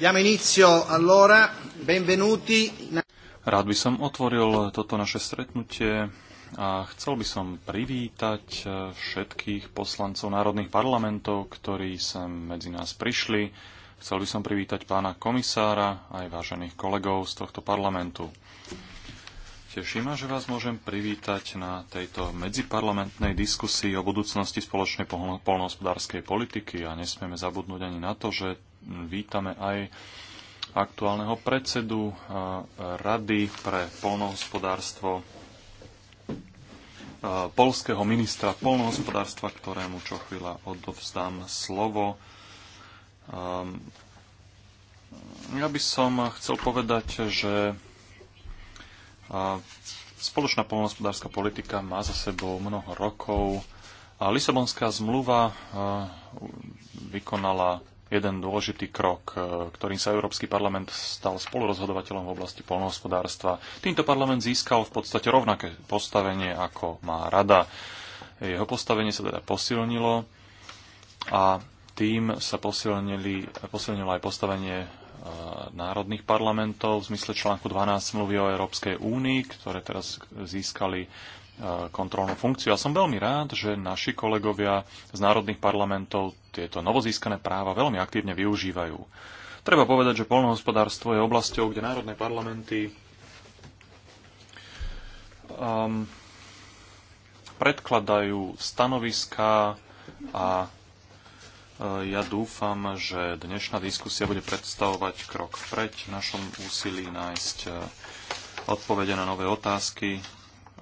Diamo inizio allora, benvenuti. Rád by som otvoril toto naše stretnutie a chcel by som privítať všetkých poslancov národných parlamentov, ktorí sem medzi nás prišli. Chcel by som privítať pána komisára aj vážených kolegov z tohto parlamentu. Teší ma, že vás môžem privítať na tejto medziparlamentnej diskusii o budúcnosti spoločnej polnohospodárskej politiky a nesmieme zabudnúť ani na to, že vítame aj aktuálneho predsedu Rady pre polnohospodárstvo polského ministra polnohospodárstva, ktorému čo chvíľa odovzdám slovo. Ja by som chcel povedať, že Spoločná polnohospodárska politika má za sebou mnoho rokov a Lisabonská zmluva vykonala jeden dôležitý krok, ktorým sa Európsky parlament stal spolurozhodovateľom v oblasti polnohospodárstva. Týmto parlament získal v podstate rovnaké postavenie, ako má rada. Jeho postavenie sa teda posilnilo a tým sa posilnilo aj postavenie Eh, národných parlamentov v zmysle článku 12 mluví o Európskej únii, ktoré teraz získali eh, kontrolnú funkciu. A som veľmi rád, že naši kolegovia z národných parlamentov tieto novozískané práva veľmi aktívne využívajú. Treba povedať, že polnohospodárstvo je oblasťou, kde národné parlamenty um, predkladajú stanoviská a ja dúfam, že dnešná diskusia bude predstavovať krok vpred v našom úsilí nájsť eh, odpovede na nové otázky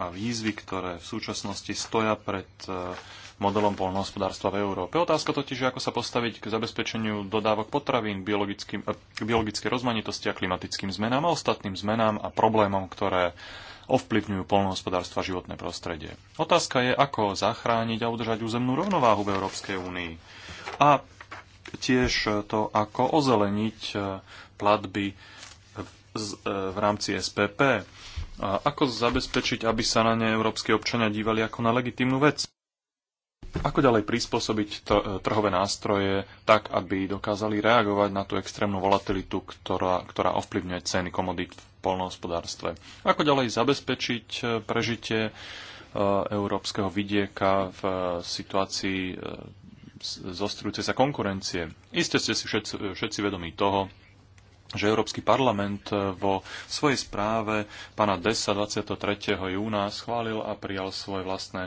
a výzvy, ktoré v súčasnosti stoja pred eh, modelom polnohospodárstva v Európe. Otázka totiž ako sa postaviť k zabezpečeniu dodávok potravín, eh, biologickej rozmanitosti a klimatickým zmenám a ostatným zmenám a problémom, ktoré ovplyvňujú polnohospodárstvo a životné prostredie. Otázka je, ako zachrániť a udržať územnú rovnováhu v Európskej únii. A tiež to, ako ozeleniť e, platby v e, rámci SPP. A ako zabezpečiť, aby sa na ne európsky občania dívali ako na legitímnu vec? Ako ďalej prispôsobiť e, trhové nástroje tak, aby dokázali reagovať na tú extrémnu volatilitu, ktorá, ktorá ovplyvňuje ceny komodít v polnohospodárstve? Ako ďalej zabezpečiť e, prežitie e, európskeho vidieka v situácii zostrujúcej sa konkurencie? Isté ste si všetci, všetci vedomí toho, že Európsky parlament vo svojej správe pána Dessa 23. júna schválil a prijal svoje vlastné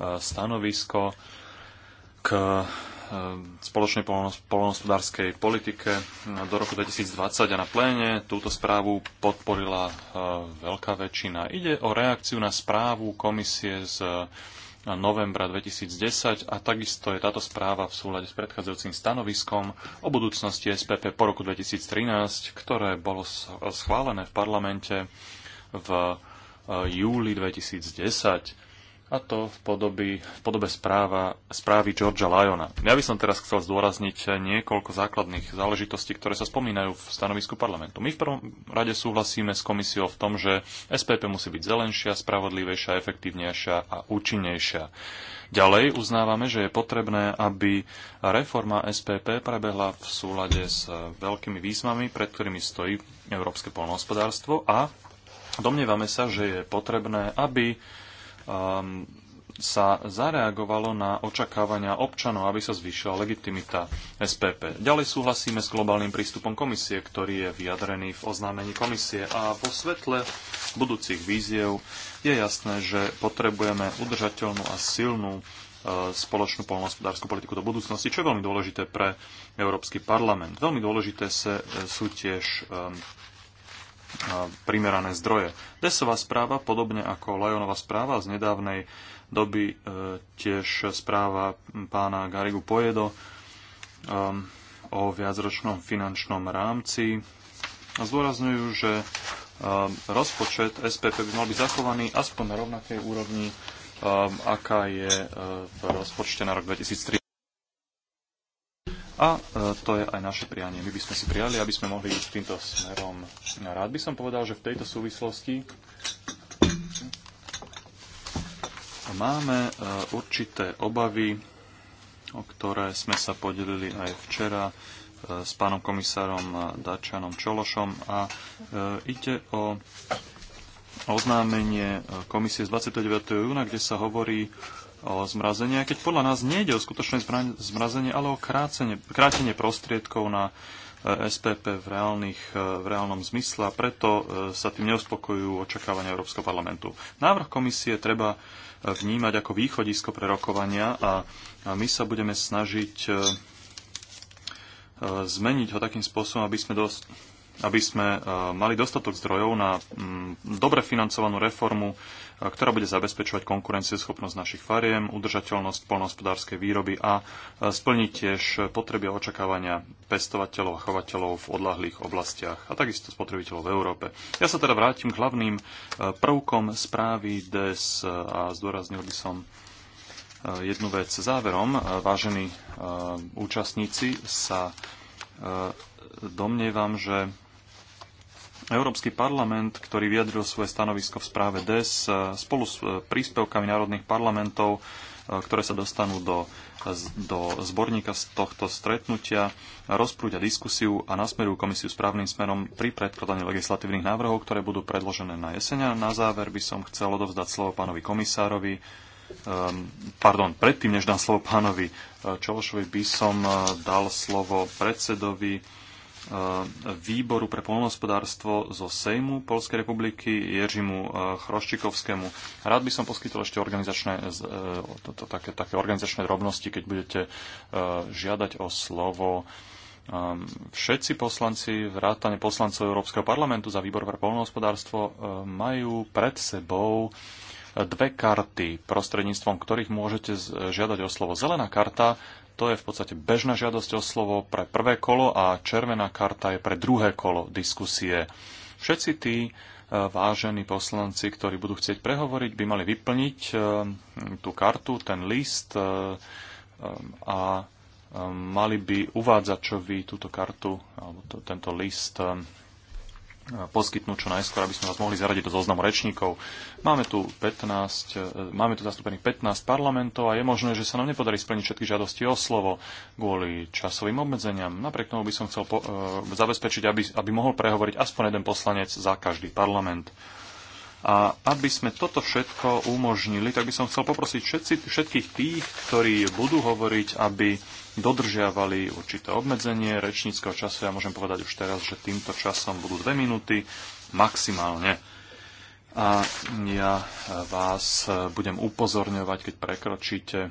stanovisko k e, spoločnej polnohospodárskej politike do roku 2020 a na pléne túto správu podporila e, veľká väčšina. Ide o reakciu na správu komisie z e, novembra 2010 a takisto je táto správa v súlade s predchádzajúcim stanoviskom o budúcnosti SPP po roku 2013, ktoré bolo schválené v parlamente v júli 2010 a to v, podoby, v podobe správa, správy Georgia Lyona. Ja by som teraz chcel zdôrazniť niekoľko základných záležitostí, ktoré sa spomínajú v stanovisku parlamentu. My v prvom rade súhlasíme s komisiou v tom, že SPP musí byť zelenšia, spravodlivejšia, efektívnejšia a účinnejšia. Ďalej uznávame, že je potrebné, aby reforma SPP prebehla v súlade s veľkými výzvami, pred ktorými stojí európske polnohospodárstvo a domnievame sa, že je potrebné, aby Ehm, sa zareagovalo na očakávania občanov, aby sa zvýšila legitimita SPP. Ďalej súhlasíme s globálnym prístupom komisie, ktorý je vyjadrený v oznámení komisie a vo svetle budúcich víziev je jasné, že potrebujeme udržateľnú a silnú ehm, spoločnú polnohospodárskú politiku do budúcnosti, čo je veľmi dôležité pre Európsky parlament. Veľmi dôležité e, sú tiež ehm, primerané zdroje. Desová správa, podobne ako Lajonová správa z nedávnej doby, e, tiež správa pána Garigu Pojedo um, o viacročnom finančnom rámci zdôrazňujú, že um, rozpočet SPP by mal byť zachovaný aspoň na rovnakej úrovni, um, aká je e, v rozpočte na rok 2003. A e, to je aj naše prianie. My by sme si prijali, aby sme mohli ísť týmto smerom. Rád by som povedal, že v tejto súvislosti máme e, určité obavy, o ktoré sme sa podelili aj včera e, s pánom komisárom Dačanom Čološom a ide o oznámenie komisie z 29. júna, kde sa hovorí o zmrazenie, keď podľa nás nejde o skutočné zmrazenie, ale o krátenie, krátenie prostriedkov na e, SPP v, reálnych, e, v reálnom zmysle a preto e, sa tým neuspokojujú očakávania Európskeho parlamentu. Návrh komisie treba vnímať ako východisko pre rokovania a my sa budeme snažiť zmeniť ho takým spôsobom, aby sme dos- aby sme e, mali dostatok zdrojov na mm, dobre financovanú reformu, e, ktorá bude zabezpečovať konkurencieschopnosť našich fariem, udržateľnosť polnohospodárskej výroby a e, splniť tiež potreby a očakávania pestovateľov a chovateľov v odlahlých oblastiach a takisto spotrebiteľov v Európe. Ja sa teda vrátim k hlavným prvkom správy DES a zdôraznil by som jednu vec. Záverom, vážení účastníci, sa domnievam, že Európsky parlament, ktorý vyjadril svoje stanovisko v správe DES eh, spolu s eh, príspevkami národných parlamentov, eh, ktoré sa dostanú do, do zborníka z tohto stretnutia, rozprúďa diskusiu a nasmerujú komisiu správnym smerom pri predkladaní legislatívnych návrhov, ktoré budú predložené na jeseň. A na záver by som chcel odovzdať slovo pánovi komisárovi, um, pardon, predtým, než dám slovo pánovi Čološovi, by som dal slovo predsedovi výboru pre polnohospodárstvo zo Sejmu Polskej republiky Ježimu e, Chroščikovskému. Rád by som poskytol ešte organizačné, e, to, to, také, také organizačné drobnosti, keď budete e, žiadať o slovo. Všetci poslanci, vrátane poslancov Európskeho parlamentu za výbor pre polnohospodárstvo, majú pred sebou dve karty, prostredníctvom ktorých môžete žiadať o slovo. Zelená karta to je v podstate bežná žiadosť o slovo pre prvé kolo a červená karta je pre druhé kolo diskusie. Všetci tí e, vážení poslanci, ktorí budú chcieť prehovoriť, by mali vyplniť e, tú kartu, ten list e, a mali by uvádzačovi túto kartu alebo tento list poskytnúť čo najskôr, aby sme vás mohli zaradiť do zoznamu rečníkov. Máme tu, 15, e, máme tu zastúpených 15 parlamentov a je možné, že sa nám nepodarí splniť všetky žiadosti o slovo kvôli časovým obmedzeniam. Napriek tomu by som chcel po, e, zabezpečiť, aby, aby mohol prehovoriť aspoň jeden poslanec za každý parlament. A aby sme toto všetko umožnili, tak by som chcel poprosiť všetci, všetkých tých, ktorí budú hovoriť, aby dodržiavali určité obmedzenie rečníckého času. Ja môžem povedať už teraz, že týmto časom budú dve minúty maximálne a ja e, vás e, budem upozorňovať, keď prekročíte e,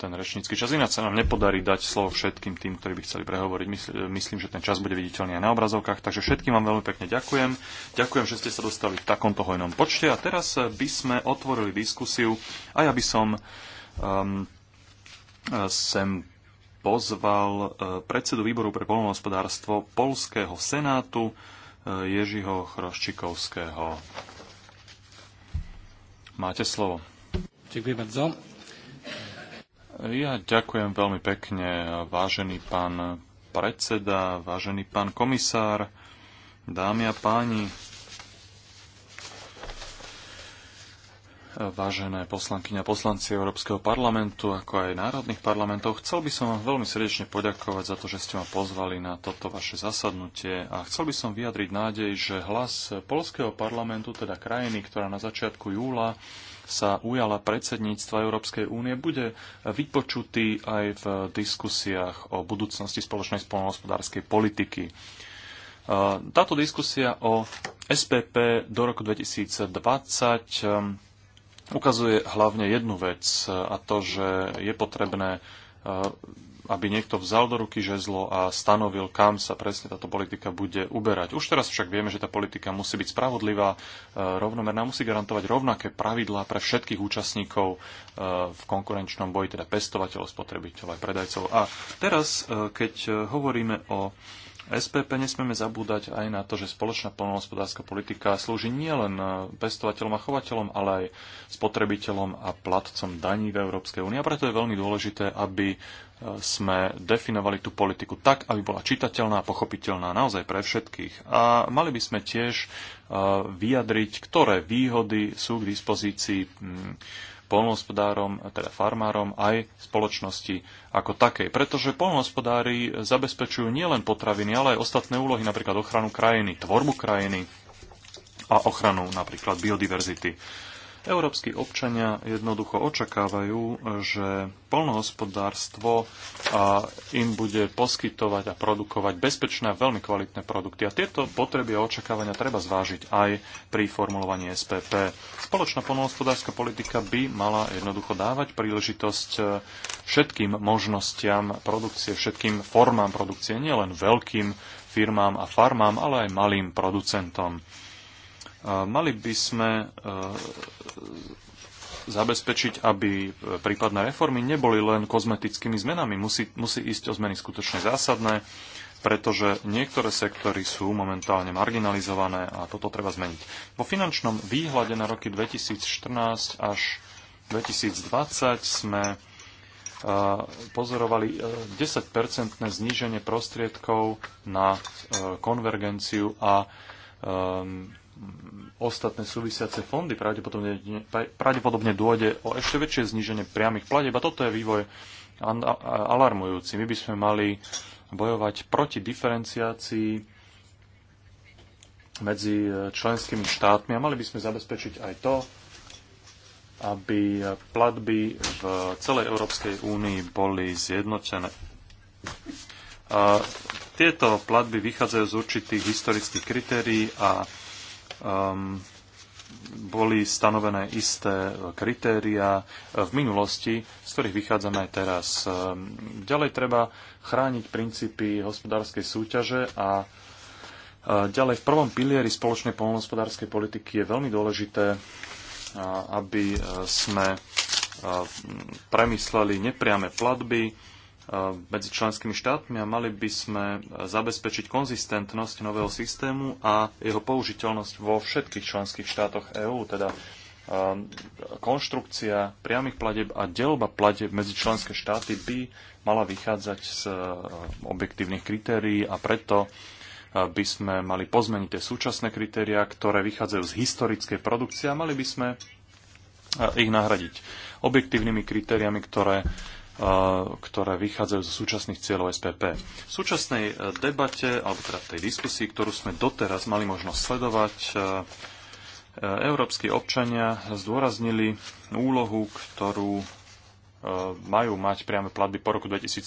ten rečnícky čas. Ináč sa nám nepodarí dať slovo všetkým tým, ktorí by chceli prehovoriť. Myslím, že ten čas bude viditeľný aj na obrazovkách. Takže všetkým vám veľmi pekne ďakujem. Ďakujem, že ste sa dostali v takomto hojnom počte. A teraz by sme otvorili diskusiu a ja by som um, sem pozval predsedu výboru pre polnohospodárstvo Polského senátu Ježiho Chroščikovského. Máte slovo. Ja ďakujem veľmi pekne, vážený pán predseda, vážený pán komisár, dámy a páni. vážené poslankyňa poslanci Európskeho parlamentu, ako aj národných parlamentov. Chcel by som vám veľmi srdečne poďakovať za to, že ste ma pozvali na toto vaše zasadnutie a chcel by som vyjadriť nádej, že hlas Polského parlamentu, teda krajiny, ktorá na začiatku júla sa ujala predsedníctva Európskej únie, bude vypočutý aj v diskusiách o budúcnosti spoločnej spolnohospodárskej politiky. Táto diskusia o SPP do roku 2020 ukazuje hlavne jednu vec e, a to, že je potrebné, e, aby niekto vzal do ruky žezlo a stanovil, kam sa presne táto politika bude uberať. Už teraz však vieme, že tá politika musí byť spravodlivá, e, rovnomerná, musí garantovať rovnaké pravidlá pre všetkých účastníkov v konkurenčnom boji, teda pestovateľov, spotrebiteľov aj predajcov. A teraz, keď hovoríme o SPP nesmieme zabúdať aj na to, že spoločná polnohospodárska politika slúži nielen e, pestovateľom a chovateľom, ale aj spotrebiteľom a platcom daní v Európskej únii. A preto je veľmi dôležité, aby e, sme definovali tú politiku tak, aby bola čitateľná a pochopiteľná naozaj pre všetkých. A mali by sme tiež e, vyjadriť, ktoré výhody sú k dispozícii polnohospodárom, teda farmárom, aj spoločnosti ako takej. Pretože polnohospodári zabezpečujú nielen potraviny, ale aj ostatné úlohy, napríklad ochranu krajiny, tvorbu krajiny a ochranu napríklad biodiverzity. Európsky občania jednoducho očakávajú, že polnohospodárstvo im bude poskytovať a produkovať bezpečné a veľmi kvalitné produkty. A tieto potreby a očakávania treba zvážiť aj pri formulovaní SPP. Spoločná polnohospodárska politika by mala jednoducho dávať príležitosť e, všetkým možnostiam produkcie, všetkým formám produkcie, nielen veľkým firmám a farmám, ale aj malým producentom. Mali by sme e, zabezpečiť, aby e, prípadné reformy neboli len kozmetickými zmenami. Musí, musí ísť o zmeny skutočne zásadné, pretože niektoré sektory sú momentálne marginalizované a toto treba zmeniť. Po finančnom výhľade na roky 2014 až 2020 sme e, pozorovali 10-percentné zníženie prostriedkov na konvergenciu a Mm, ostatné súvisiace fondy, pravdepodobne, pravdepodobne dôjde o ešte väčšie zníženie priamých platieb a toto je vývoj alarmujúci. My by sme mali bojovať proti diferenciácii medzi e, členskými štátmi a mali by sme zabezpečiť aj to, aby platby v celej Európskej únii boli zjednotené. A tieto platby vychádzajú z určitých historických kritérií a um, boli stanovené isté kritéria eh, v minulosti, z ktorých vychádzame aj teraz. Ehm, ďalej treba chrániť princípy hospodárskej súťaže a eh, ďalej v prvom pilieri spoločnej polnohospodárskej politiky je veľmi dôležité, eh, aby sme premysleli nepriame platby, Eh, medzi členskými štátmi a mali by sme eh, zabezpečiť konzistentnosť nového systému a jeho použiteľnosť vo všetkých členských štátoch EÚ, teda eh, konštrukcia priamých pladeb a delba pladeb medzi členské štáty by mala vychádzať z objektívnych kritérií a preto by sme mali pozmeniť tie súčasné kritériá, ktoré vychádzajú z historickej produkcie a mali by sme ich nahradiť objektívnymi kritériami, ktoré ktoré vychádzajú zo súčasných cieľov SPP. V súčasnej e, debate, alebo teda v tej diskusii, ktorú sme doteraz mali možnosť sledovať, e, e, európsky občania zdôraznili úlohu, ktorú majú mať priame platby po roku 2013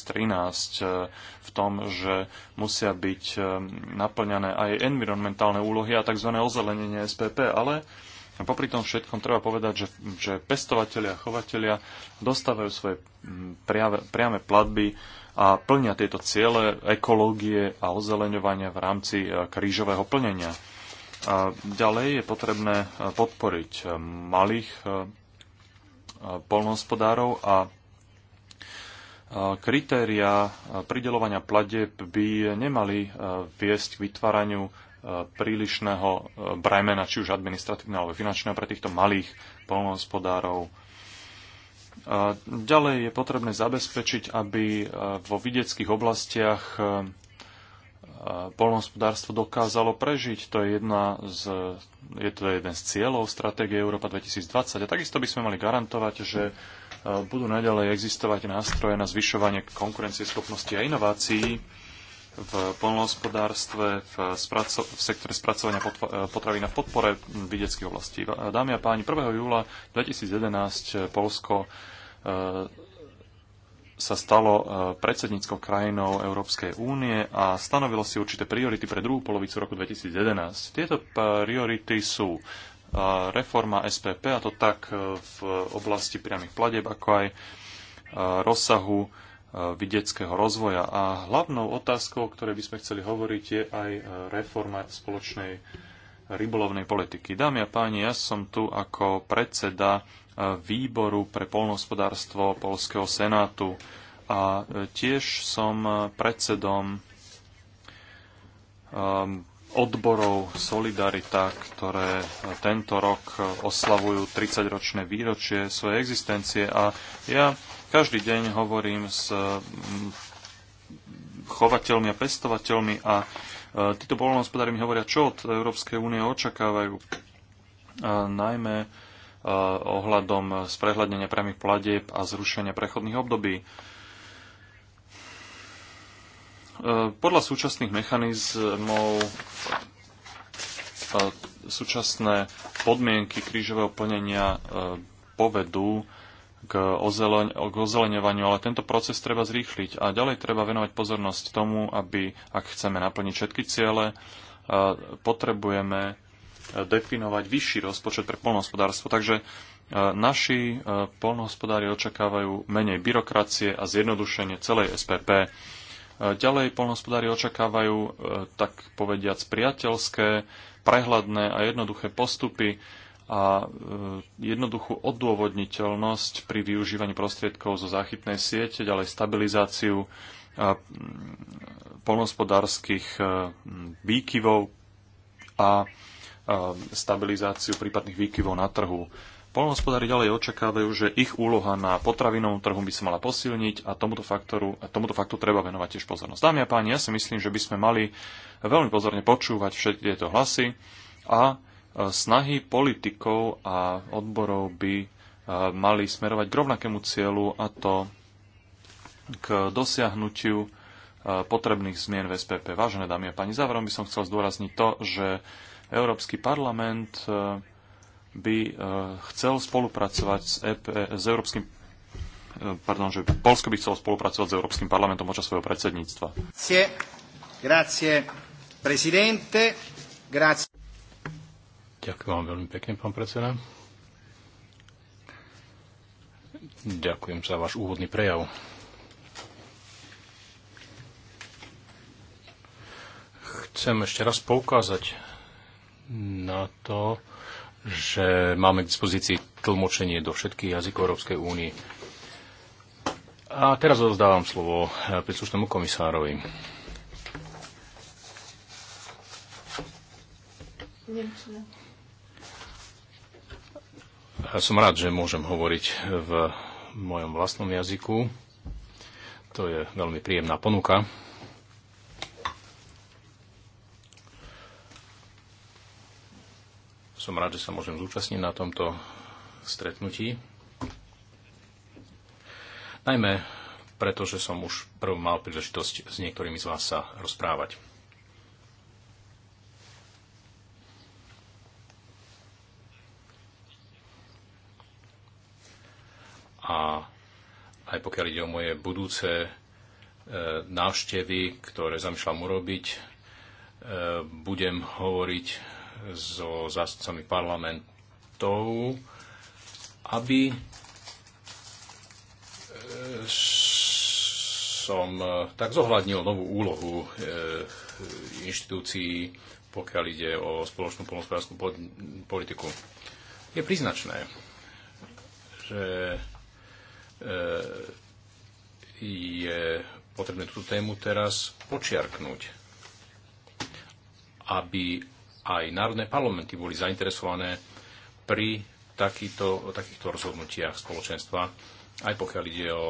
v tom, že musia byť naplňané aj environmentálne úlohy a tzv. ozelenenie SPP, ale a popri tom všetkom treba povedať, že, že pestovateľia a chovatelia dostávajú svoje mm, priame platby a plnia tieto ciele ekológie a ozeleňovania v rámci e, krížového plnenia. A ďalej je potrebné e, podporiť e, malých polnohospodárov a kritéria pridelovania pladeb by nemali viesť k vytváraniu prílišného e, bremena, či už administratívneho alebo finančného pre týchto malých polnohospodárov. E, ďalej je potrebné zabezpečiť, aby e, vo videckých oblastiach polnohospodárstvo dokázalo prežiť. To je, jedna z, je to jeden z cieľov stratégie Európa 2020. A takisto by sme mali garantovať, že budú naďalej existovať nástroje na zvyšovanie konkurencieschopnosti a inovácií v polnohospodárstve, v, spraco- v sektore spracovania e, potravín a v podpore vidieckých oblastí. E, dámy a páni, 1. júla 2011 e, Polsko sa stalo predsedníckou krajinou Európskej únie a stanovilo si určité priority pre druhú polovicu roku 2011. Tieto priority sú reforma SPP, a to tak v oblasti priamých pladeb, ako aj rozsahu Eh, vidieckého rozvoja. A hlavnou otázkou, o ktorej by sme chceli hovoriť, je aj eh, reforma spoločnej rybolovnej politiky. Dámy a páni, ja som tu ako predseda eh, výboru pre polnohospodárstvo Polského senátu a tiež som predsedom odborov Solidarita, ktoré tento rok oslavujú 30-ročné výročie svojej existencie. A ja každý deň hovorím s chovateľmi a pestovateľmi a e, títo polnohospodári mi hovoria, čo od Európskej únie očakávajú. A e, najmä e, ohľadom sprehľadnenia priamých platieb a zrušenia prechodných období. Podľa súčasných mechanizmov súčasné podmienky krížového plnenia povedú k, ozeleň, k ozeleňovaniu, ale tento proces treba zrýchliť a ďalej treba venovať pozornosť tomu, aby, ak chceme naplniť všetky ciele, potrebujeme e, definovať vyšší rozpočet pre polnohospodárstvo. Takže e, naši e, polnohospodári očakávajú menej byrokracie a zjednodušenie celej SPP. Ďalej polnohospodári očakávajú, tak povediac, priateľské, prehľadné a jednoduché postupy, a e, jednoduchú odôvodniteľnosť pri využívaní prostriedkov zo záchytnej siete, ďalej stabilizáciu e, polnospodárskych e, výkyvov a stabilizáciu prípadných výkyvov na trhu. Polnohospodári ďalej očakávajú, že ich úloha na potravinovom trhu by sa mala posilniť a tomuto, faktoru, a tomuto faktu treba venovať tiež pozornosť. Dámy a páni, ja si myslím, že by sme mali veľmi pozorne počúvať všetky tieto hlasy a E, snahy politikov a odborov by e, mali smerovať k rovnakému cieľu a to k dosiahnutiu e, potrebných zmien v SPP. Vážené dámy a páni, záverom by som chcel zdôrazniť to, že Európsky parlament by chcel spolupracovať s, EP, s Európskym pardon, že Polsko by chcelo spolupracovať s Európskym parlamentom počas svojho predsedníctva. Grazie, grazie, presidente, grazie. Ďakujem vám veľmi pekne, pán predseda. Ďakujem za váš úvodný prejav. Chcem ešte raz poukázať na to, že máme k dispozícii tlmočenie do všetkých jazykov Európskej únie. A teraz odzdávam slovo príslušnému komisárovi. Nemčina. Som rád, že môžem hovoriť v mojom vlastnom jazyku. To je veľmi príjemná ponuka. Som rád, že sa môžem zúčastniť na tomto stretnutí. Najmä preto, že som už prv mal príležitosť s niektorými z vás sa rozprávať. a aj pokiaľ ide o moje budúce e, návštevy, ktoré zamýšľam urobiť, e, budem hovoriť so zástupcami parlamentov, aby e, som tak zohľadnil novú úlohu inštitúcií, pokiaľ ide o spoločnú polnospodárskú politiku. Je príznačné, že E, je potrebné túto tému teraz počiarknúť, aby aj národné parlamenty boli zainteresované pri takýto, takýchto rozhodnutiach spoločenstva, aj pokiaľ ide o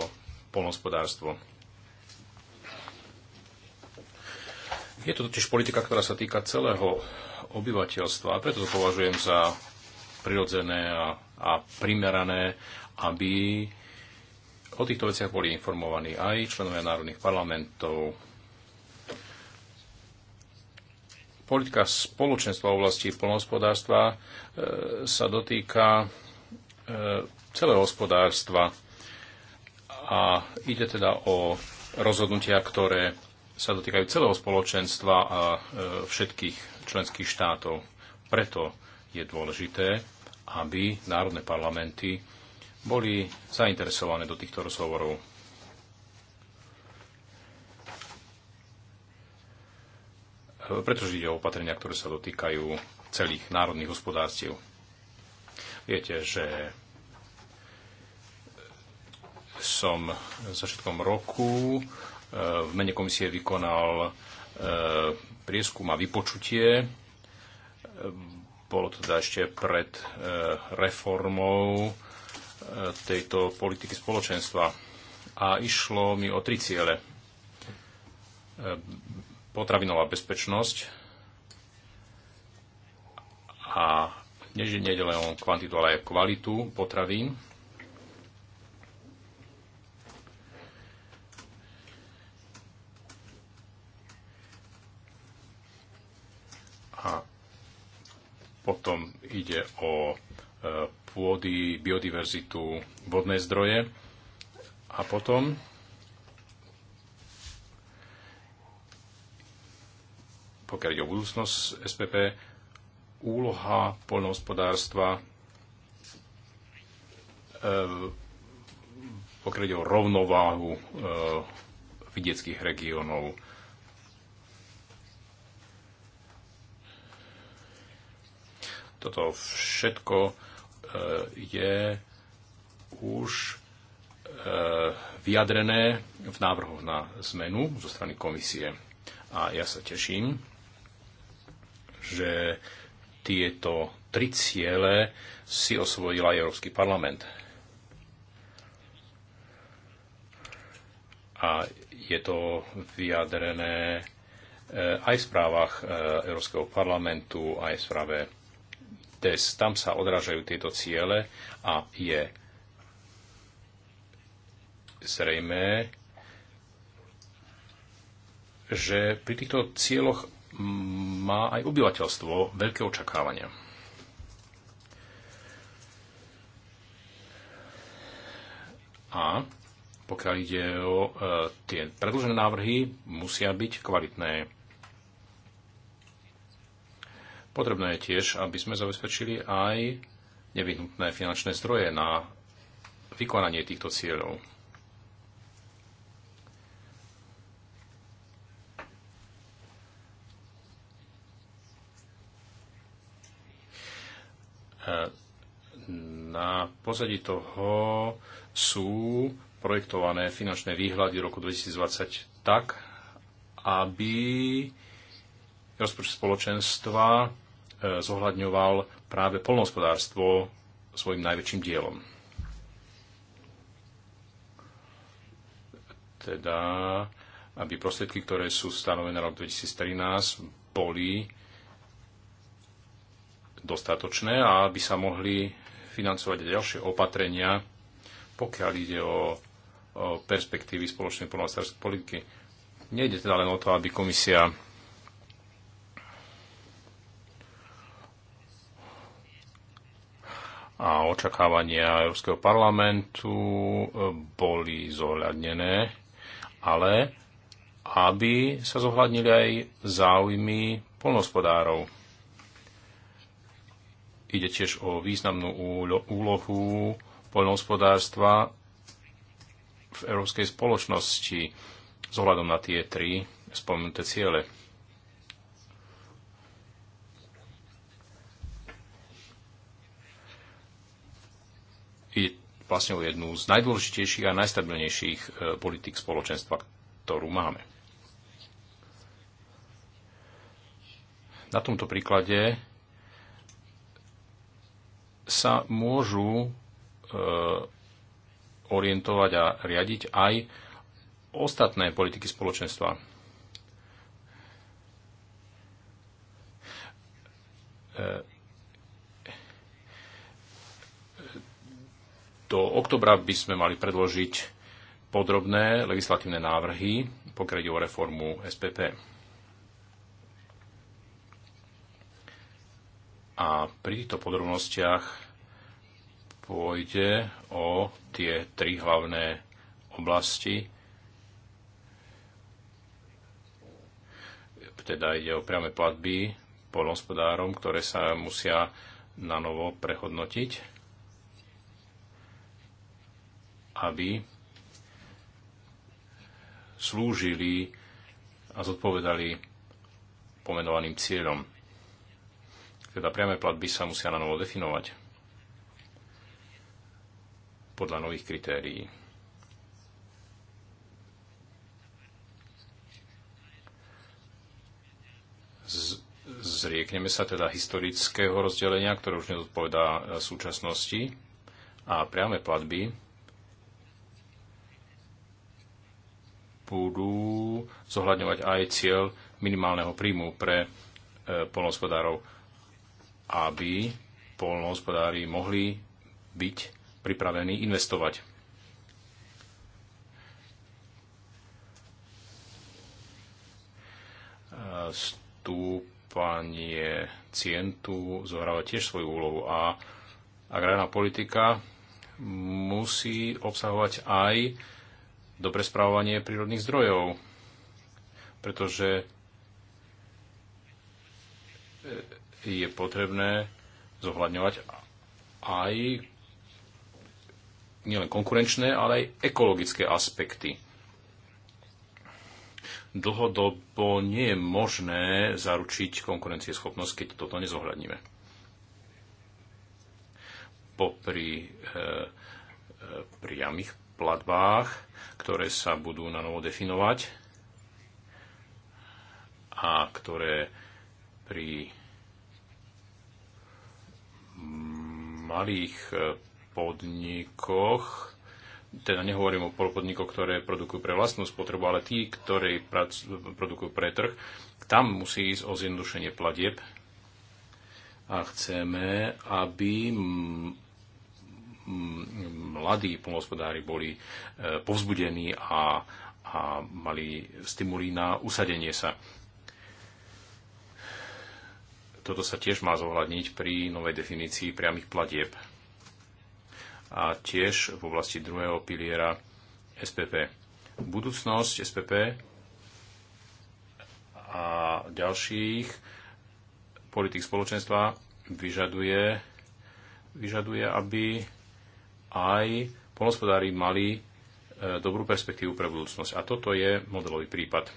polnospodárstvo. Je to totiž politika, ktorá sa týka celého obyvateľstva a preto to považujem za prirodzené a, a primerané, aby O týchto veciach boli informovaní aj členovia národných parlamentov. Politika spoločenstva v oblasti polnohospodárstva e, sa dotýka e, celého hospodárstva a ide teda o rozhodnutia, ktoré sa dotýkajú celého spoločenstva a e, všetkých členských štátov. Preto je dôležité, aby národné parlamenty boli zainteresované do týchto rozhovorov. Pretože ide o opatrenia, ktoré sa dotýkajú celých národných hospodárstiev. Viete, že som začiatkom roku eh, v mene komisie vykonal eh, prieskum a vypočutie. Bolo to teda ešte pred eh, reformou tejto politiky spoločenstva. A išlo mi o tri ciele. Potravinová bezpečnosť a je len o kvantitu, ale aj kvalitu potravín. A potom ide o e, pôdy, biodiverzitu, vodné zdroje. A potom pokiaľ ide o budúcnosť SPP, úloha poľnohospodárstva, eh, pokiaľ ide o rovnováhu eh, vidieckých regiónov. Toto všetko E, je už e, vyjadrené v návrhoch na zmenu zo strany komisie. A ja sa teším, že tieto tri ciele si osvojila Európsky parlament. A je to vyjadrené e, aj v správach Európskeho parlamentu, aj v správe DES. Tam sa odrážajú tieto ciele a je zrejmé, že pri týchto cieľoch má aj obyvateľstvo veľké očakávania. A pokiaľ ide o e, tie predložené návrhy, musia byť kvalitné Potrebné je tiež, aby sme zabezpečili aj nevyhnutné finančné zdroje na vykonanie týchto cieľov. Na pozadí toho sú projektované finančné výhľady roku 2020 tak, aby rozpočet spoločenstva Eh, zohľadňoval práve polnohospodárstvo svojim najväčším dielom. Teda, aby prostriedky, ktoré sú stanovené rok 2013, boli dostatočné a aby sa mohli financovať ďalšie opatrenia, pokiaľ ide o, o perspektívy spoločnej polnohospodárskej politiky. Nejde teda len o to, aby komisia a očakávania Európskeho parlamentu e, boli zohľadnené, ale aby sa zohľadnili aj záujmy polnospodárov. Ide tiež o významnú úlohu poľnohospodárstva v európskej spoločnosti s ohľadom na tie tri spomenuté ciele. vlastne o jednu z najdôležitejších a najstabilnejších e, politik spoločenstva, ktorú máme. Na tomto príklade sa môžu e, orientovať a riadiť aj ostatné politiky spoločenstva. E, do oktobra by sme mali predložiť podrobné legislatívne návrhy, pokiaľ o reformu SPP. A pri týchto podrobnostiach pôjde o tie tri hlavné oblasti. Teda ide o priame platby polnospodárom, ktoré sa musia na novo prehodnotiť aby slúžili a zodpovedali pomenovaným cieľom. Teda priame platby sa musia na novo definovať podľa nových kritérií. zriekneme sa teda historického rozdelenia, ktoré už nezodpovedá e, súčasnosti a priame platby budú zohľadňovať aj cieľ minimálneho príjmu pre e, polnohospodárov, aby polnohospodári mohli byť pripravení investovať. E, stúpanie cien tu zohráva tiež svoju úlohu a agrárna politika musí obsahovať aj dobre správovanie prírodných zdrojov, pretože e, je potrebné zohľadňovať aj nielen konkurenčné, ale aj ekologické aspekty. Dlhodobo nie je možné zaručiť konkurencieschopnosť, keď toto nezohľadníme. Popri e, e priamých platbách, ktoré sa budú na novo definovať a ktoré pri malých eh, podnikoch, teda nehovorím o podnikoch, ktoré produkujú pre vlastnú spotrebu, ale tí, ktorí produkujú pre trh, tam musí ísť o zjednodušenie platieb a chceme, aby mladí polnohospodári boli e, povzbudení a, a mali stimuli na usadenie sa. Toto sa tiež má zohľadniť pri novej definícii priamých platieb. A tiež v oblasti druhého piliera SPP. Budúcnosť SPP a ďalších politik spoločenstva vyžaduje, vyžaduje aby aj polnospodári mali e, dobrú perspektívu pre budúcnosť. A toto je modelový prípad.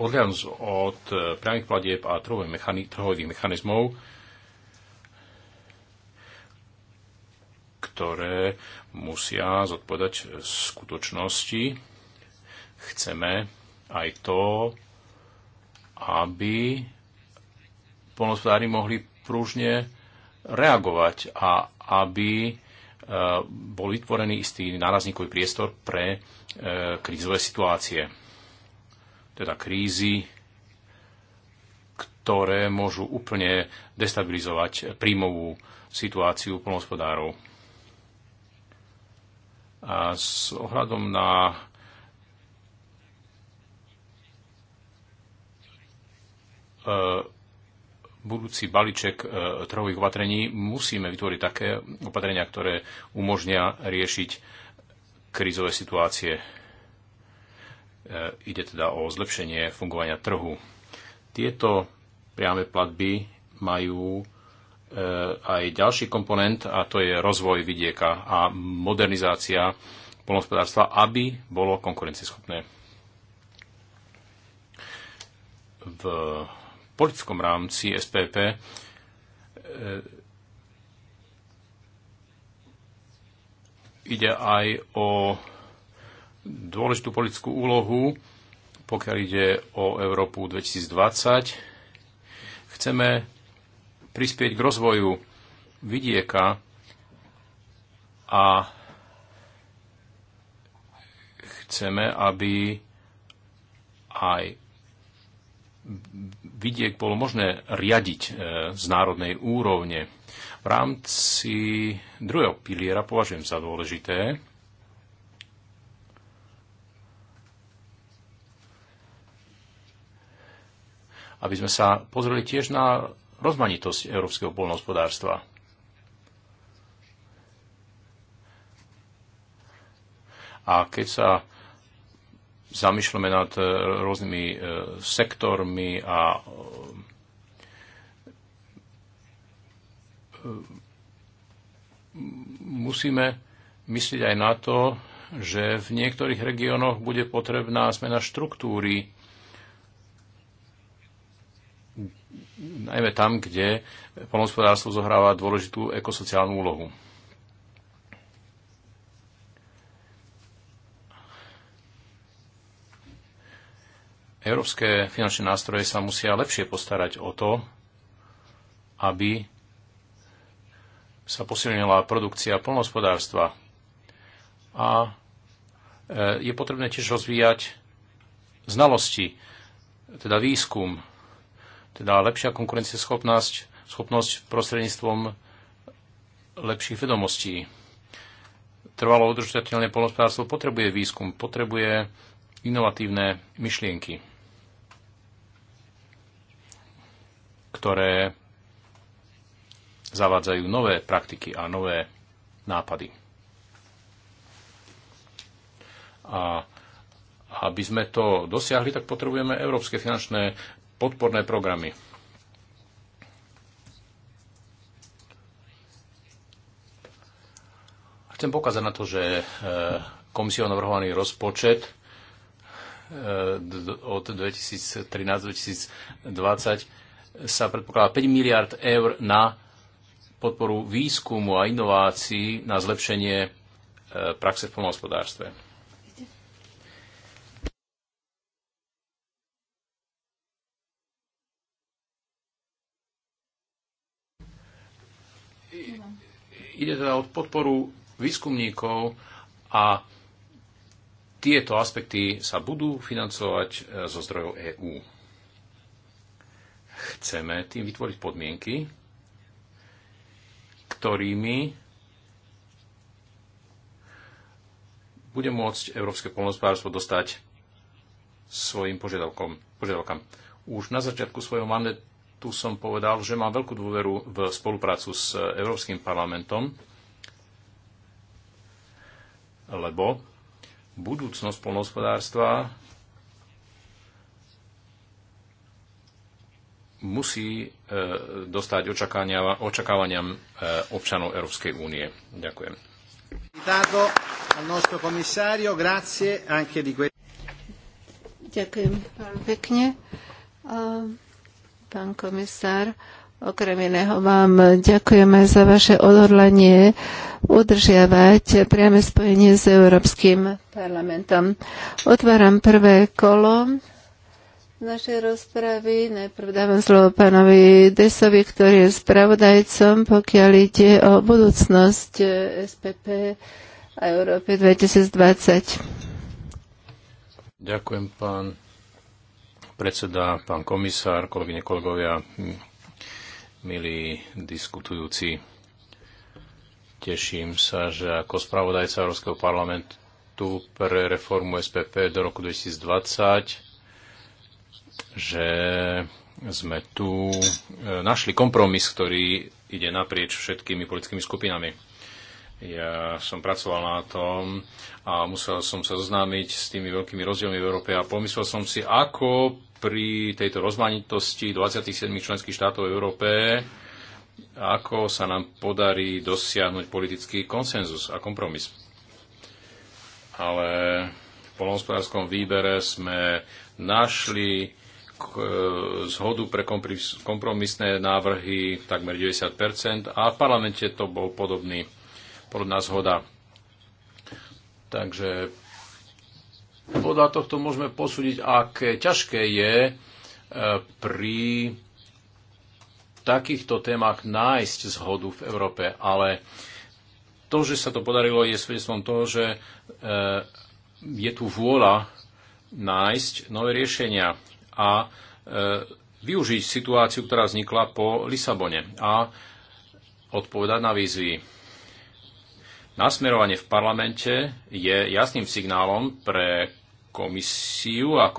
Odhľadnúť od e, priamých platieb a trhových mechanizmov, ktoré musia zodpovedať skutočnosti, chceme aj to, aby polnospodári mohli pružne reagovať a aby e, bol vytvorený istý nárazníkový priestor pre e, krízové situácie. Teda krízy, ktoré môžu úplne destabilizovať príjmovú situáciu plnohospodárov. A s ohľadom na e, budúci balíček e, trhových opatrení musíme vytvoriť také opatrenia, ktoré umožnia riešiť krízové situácie. E, ide teda o zlepšenie fungovania trhu. Tieto priame platby majú e, aj ďalší komponent a to je rozvoj vidieka a modernizácia polnospodárstva, aby bolo konkurencieschopné. V politickom rámci SPP e, ide aj o dôležitú politickú úlohu, pokiaľ ide o Európu 2020. Chceme prispieť k rozvoju vidieka a chceme, aby aj vidiek bolo možné riadiť e, z národnej úrovne. V rámci druhého piliera považujem za dôležité, aby sme sa pozreli tiež na rozmanitosť európskeho polnohospodárstva. A keď sa zamýšľame nad e, rôznymi e, sektormi a e, musíme myslieť aj na to, že v niektorých regiónoch bude potrebná zmena štruktúry, najmä tam, kde polnospodárstvo zohráva dôležitú ekosociálnu úlohu. Európske finančné nástroje sa musia lepšie postarať o to, aby sa posilnila produkcia plnohospodárstva. A e, je potrebné tiež rozvíjať znalosti, teda výskum, teda lepšia konkurencieschopnosť, schopnosť prostredníctvom lepších vedomostí. Trvalo udržateľné polnospodárstvo potrebuje výskum, potrebuje inovatívne myšlienky. ktoré zavádzajú nové praktiky a nové nápady. A aby sme to dosiahli, tak potrebujeme európske finančné podporné programy. Chcem pokázať na to, že e, komisiou navrhovaný rozpočet e, od 2013-2020 sa predpokladá 5 miliard eur na podporu výskumu a inovácií na zlepšenie e, praxe v pomohospodárstve. Ide teda o podporu výskumníkov a tieto aspekty sa budú financovať e, zo zdrojov EÚ. Chceme tým vytvoriť podmienky, ktorými bude môcť európske polnospodárstvo dostať svojim požiadavkom, požiadavkám. Už na začiatku svojho mandátu som povedal, že mám veľkú dôveru v spoluprácu s Európskym parlamentom, lebo budúcnosť polnospodárstva musí e, dostať očakávania, očakávaniam e, občanov Európskej únie. Ďakujem. Ďakujem pekne. Pán komisár, Okrem iného vám ďakujeme za vaše odhodlanie udržiavať priame spojenie s Európskym parlamentom. Otváram prvé kolo našej rozpravy. Najprv dávam slovo pánovi Desovi, ktorý je spravodajcom, pokiaľ ide o budúcnosť eh, SPP a Európy 2020. Ďakujem, pán predseda, pán komisár, kolegyne, kolegovia, milí diskutujúci. Teším sa, že ako spravodajca Európskeho parlamentu pre reformu SPP do roku 2020 že sme tu e, našli kompromis, ktorý ide naprieč všetkými politickými skupinami. Ja som pracoval na tom a musel som sa zoznámiť s tými veľkými rozdielmi v Európe a pomyslel som si, ako pri tejto rozmanitosti 27 členských štátov v Európe, ako sa nám podarí dosiahnuť politický konsenzus a kompromis. Ale v polnohospodárskom výbere sme našli E, zhodu pre kompromisné návrhy takmer 90% a v parlamente to bol podobný, podobná zhoda. Takže podľa tohto môžeme posúdiť, aké ťažké je e, pri takýchto témach nájsť zhodu v Európe, ale to, že sa to podarilo, je svedectvom toho, že e, je tu vôľa nájsť nové riešenia a e, využiť situáciu, ktorá vznikla po Lisabone a odpovedať na výzvy. Nasmerovanie v parlamente je jasným signálom pre komisiu a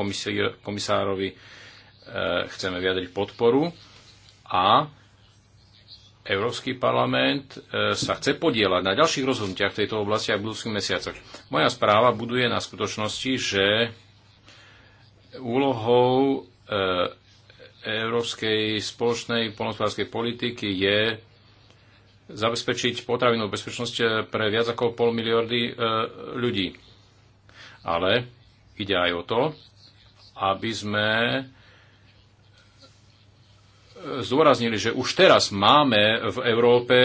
komisárovi e, chceme vyjadriť podporu a Európsky parlament e, sa chce podielať na ďalších rozhodnutiach v tejto oblasti aj v budúcich mesiacoch. Moja správa buduje na skutočnosti, že Úlohou e, európskej spoločnej polnospodárskej politiky je zabezpečiť potravinovú bezpečnosť e, pre viac ako pol miliardy e, ľudí. Ale ide aj o to, aby sme zdôraznili, že už teraz máme v Európe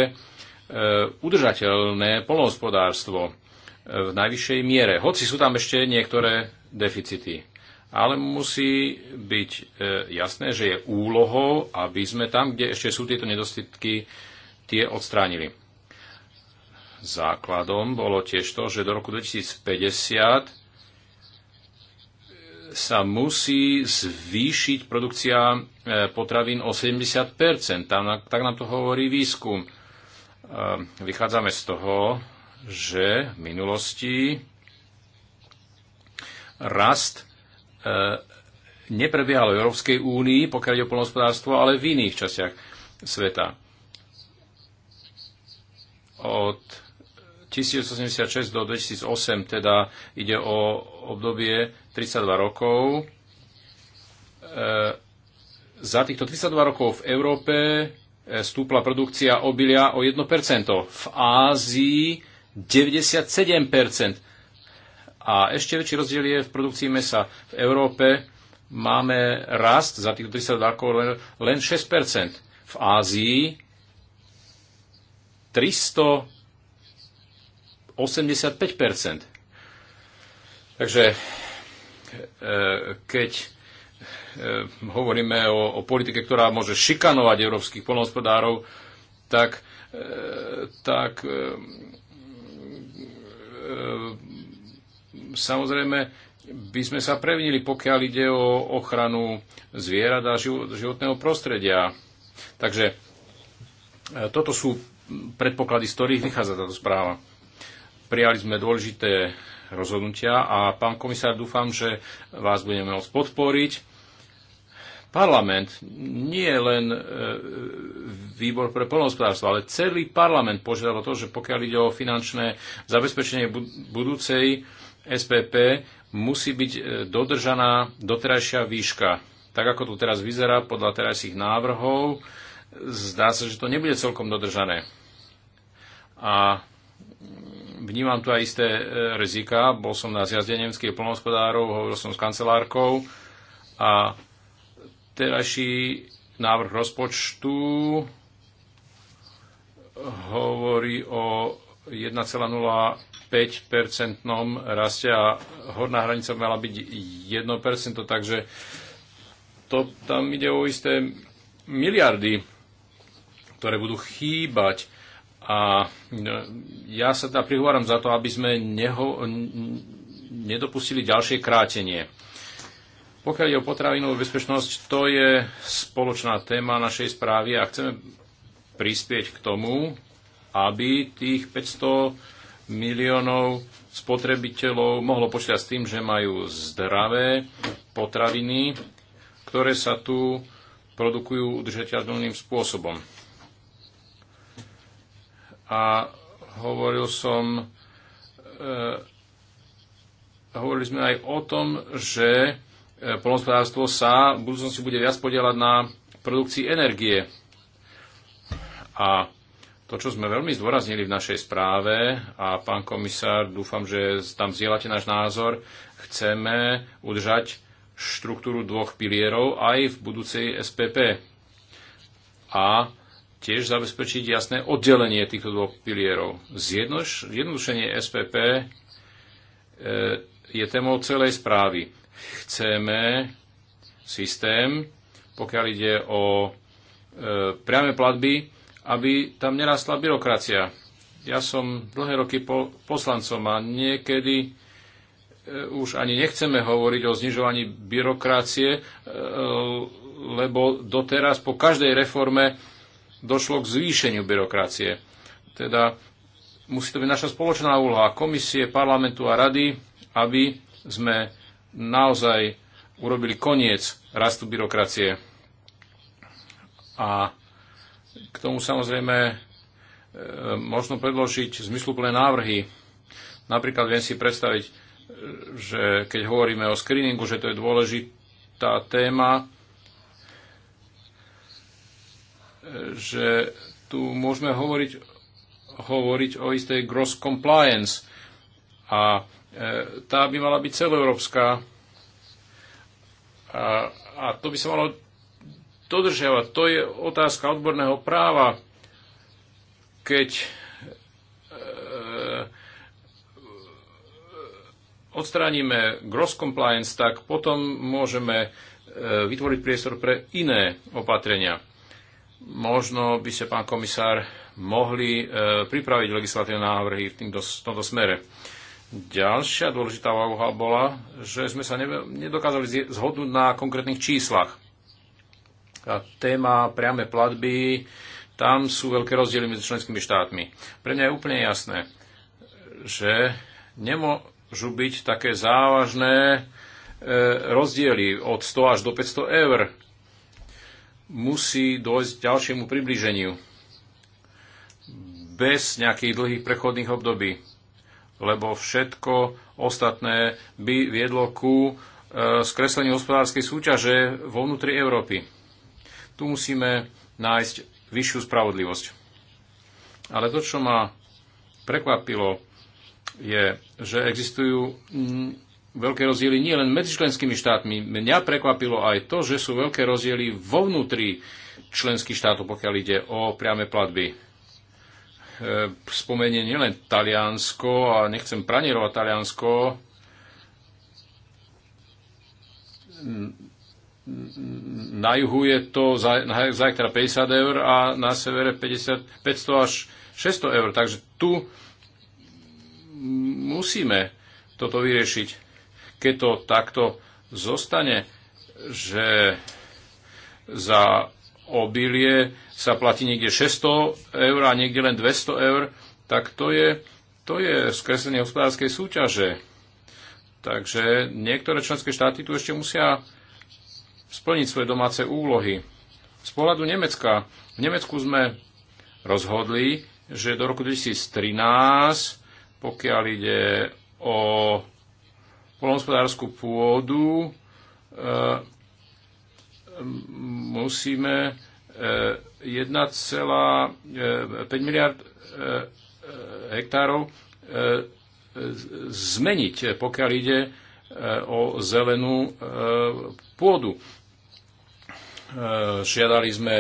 udržateľné polnohospodárstvo v najvyššej miere, hoci sú tam ešte niektoré deficity ale musí byť e, jasné, že je úlohou, aby sme tam, kde ešte sú tieto nedostatky, tie odstránili. Základom bolo tiež to, že do roku 2050 e, sa musí zvýšiť produkcia e, potravín o 70 tam, Tak nám to hovorí výskum. Vychádzame z toho, že v minulosti rast E, neprebiehalo v Európskej únii, pokiaľ ide o polnohospodárstvo, ale v iných častiach sveta. Od 1086 do 2008 teda ide o obdobie 32 rokov. E, za týchto 32 rokov v Európe e, stúpla produkcia obilia o 1%, v Ázii 97%, a ešte väčší rozdiel je v produkcii mesa. V Európe máme rast za tých 30 rokov len, len 6 V Ázii 385 Takže e, keď e, hovoríme o, o politike, ktorá môže šikanovať európskych polnohospodárov, tak, e, tak samozrejme by sme sa prevnili, pokiaľ ide o ochranu zvierat a životného prostredia. Takže e, toto sú predpoklady, z ktorých vychádza táto správa. Prijali sme dôležité rozhodnutia a pán komisár, dúfam, že vás budeme môcť podporiť. Parlament, nie len e, výbor pre plnohospodárstvo, ale celý parlament požiadal o to, že pokiaľ ide o finančné zabezpečenie budúcej SPP musí byť e, dodržaná doterajšia výška. Tak ako to teraz vyzerá podľa terajších návrhov, zdá sa, že to nebude celkom dodržané. A vnímam tu aj isté e, rizika. Bol som na zjazde nemeckých plnohospodárov, hovoril som s kancelárkou a terajší návrh rozpočtu hovorí o 1,0 5-percentnom raste a horná hranica mala byť 1%, takže to, tam ide o isté miliardy, ktoré budú chýbať. A no, ja sa teda prihovorám za to, aby sme neho, nedopustili ďalšie krátenie. Pokiaľ je o potravinovú bezpečnosť, to je spoločná téma našej správy a chceme prispieť k tomu, aby tých 500 miliónov spotrebiteľov mohlo počítať s tým, že majú zdravé potraviny, ktoré sa tu produkujú udržateľným spôsobom. A hovoril som, e, hovorili sme aj o tom, že e, polnospodárstvo sa v budúcnosti bude viac podielať na produkcii energie. A to, čo sme veľmi zdôraznili v našej správe a pán komisár, dúfam, že tam zdieľate náš názor, chceme udržať štruktúru dvoch pilierov aj v budúcej SPP a tiež zabezpečiť jasné oddelenie týchto dvoch pilierov. Zjednodušenie SPP e, je témou celej správy. Chceme systém, pokiaľ ide o e, priame platby, aby tam nerastla byrokracia. Ja som dlhé roky po, poslancom a niekedy e, už ani nechceme hovoriť o znižovaní byrokracie, e, lebo doteraz po každej reforme došlo k zvýšeniu byrokracie. Teda musí to byť naša spoločná úloha komisie, parlamentu a rady, aby sme naozaj urobili koniec rastu byrokracie. A k tomu samozrejme e, možno predložiť zmysluplné návrhy. Napríklad viem si predstaviť, e, že keď hovoríme o screeningu, že to je dôležitá téma, e, že tu môžeme hovoriť, hovoriť o istej gross compliance a tá by mala byť celoeurópska a, a to by sa malo dodržiavať. To je otázka odborného práva, keď e, e, odstránime gross compliance, tak potom môžeme e, vytvoriť priestor pre iné opatrenia. Možno by sa, pán komisár, mohli pripraviť legislatívne návrhy v tomto, smere. Ďalšia dôležitá úloha bola, že sme sa nedokázali zhodnúť na konkrétnych číslach. Tá téma priame platby, tam sú veľké rozdiely medzi členskými štátmi. Pre mňa je úplne jasné, že nemôžu byť také závažné e, rozdiely od 100 až do 500 eur. Musí dojsť k ďalšiemu približeniu bez nejakých dlhých prechodných období, lebo všetko ostatné by viedlo ku e, skresleniu hospodárskej súťaže vo vnútri Európy. Tu musíme nájsť vyššiu spravodlivosť. Ale to, čo ma prekvapilo, je, že existujú mm, veľké rozdiely nie len medzi členskými štátmi. Mňa prekvapilo aj to, že sú veľké rozdiely vo vnútri členských štátov, pokiaľ ide o priame platby. E, spomenie nielen Taliansko, a nechcem pranierovať Taliansko, na juhu je to za, 50 eur a na severe 50, 500 až 600 eur. Takže tu musíme toto vyriešiť. Keď to takto zostane, že za obilie sa platí niekde 600 eur a niekde len 200 eur, tak to je, to je skreslenie hospodárskej súťaže. Takže niektoré členské štáty tu ešte musia splniť svoje domáce úlohy. Z pohľadu Nemecka, v Nemecku sme rozhodli, že do roku 2013, pokiaľ ide o polnospodárskú pôdu, e, musíme e, 1,5 e, miliard e, e, hektárov e, e zmeniť, pokiaľ ide E, o zelenú e, pôdu. Žiadali e, sme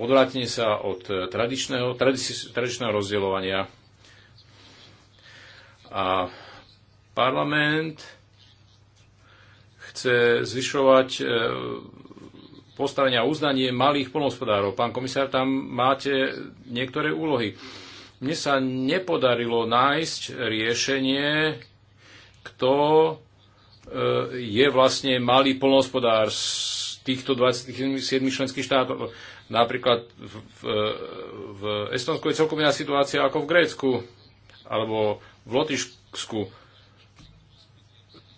odvrátenie sa od tradičného, tradičného rozdielovania a parlament chce zvyšovať postavenie a uznanie malých polnospodárov. Pán komisár, tam máte niektoré úlohy. Mne sa nepodarilo nájsť riešenie kto e, je vlastne malý polnohospodár z týchto 27 členských štátov. Napríklad v, v, e, v Estonsku je celkom iná situácia ako v Grécku alebo v Lotyšsku.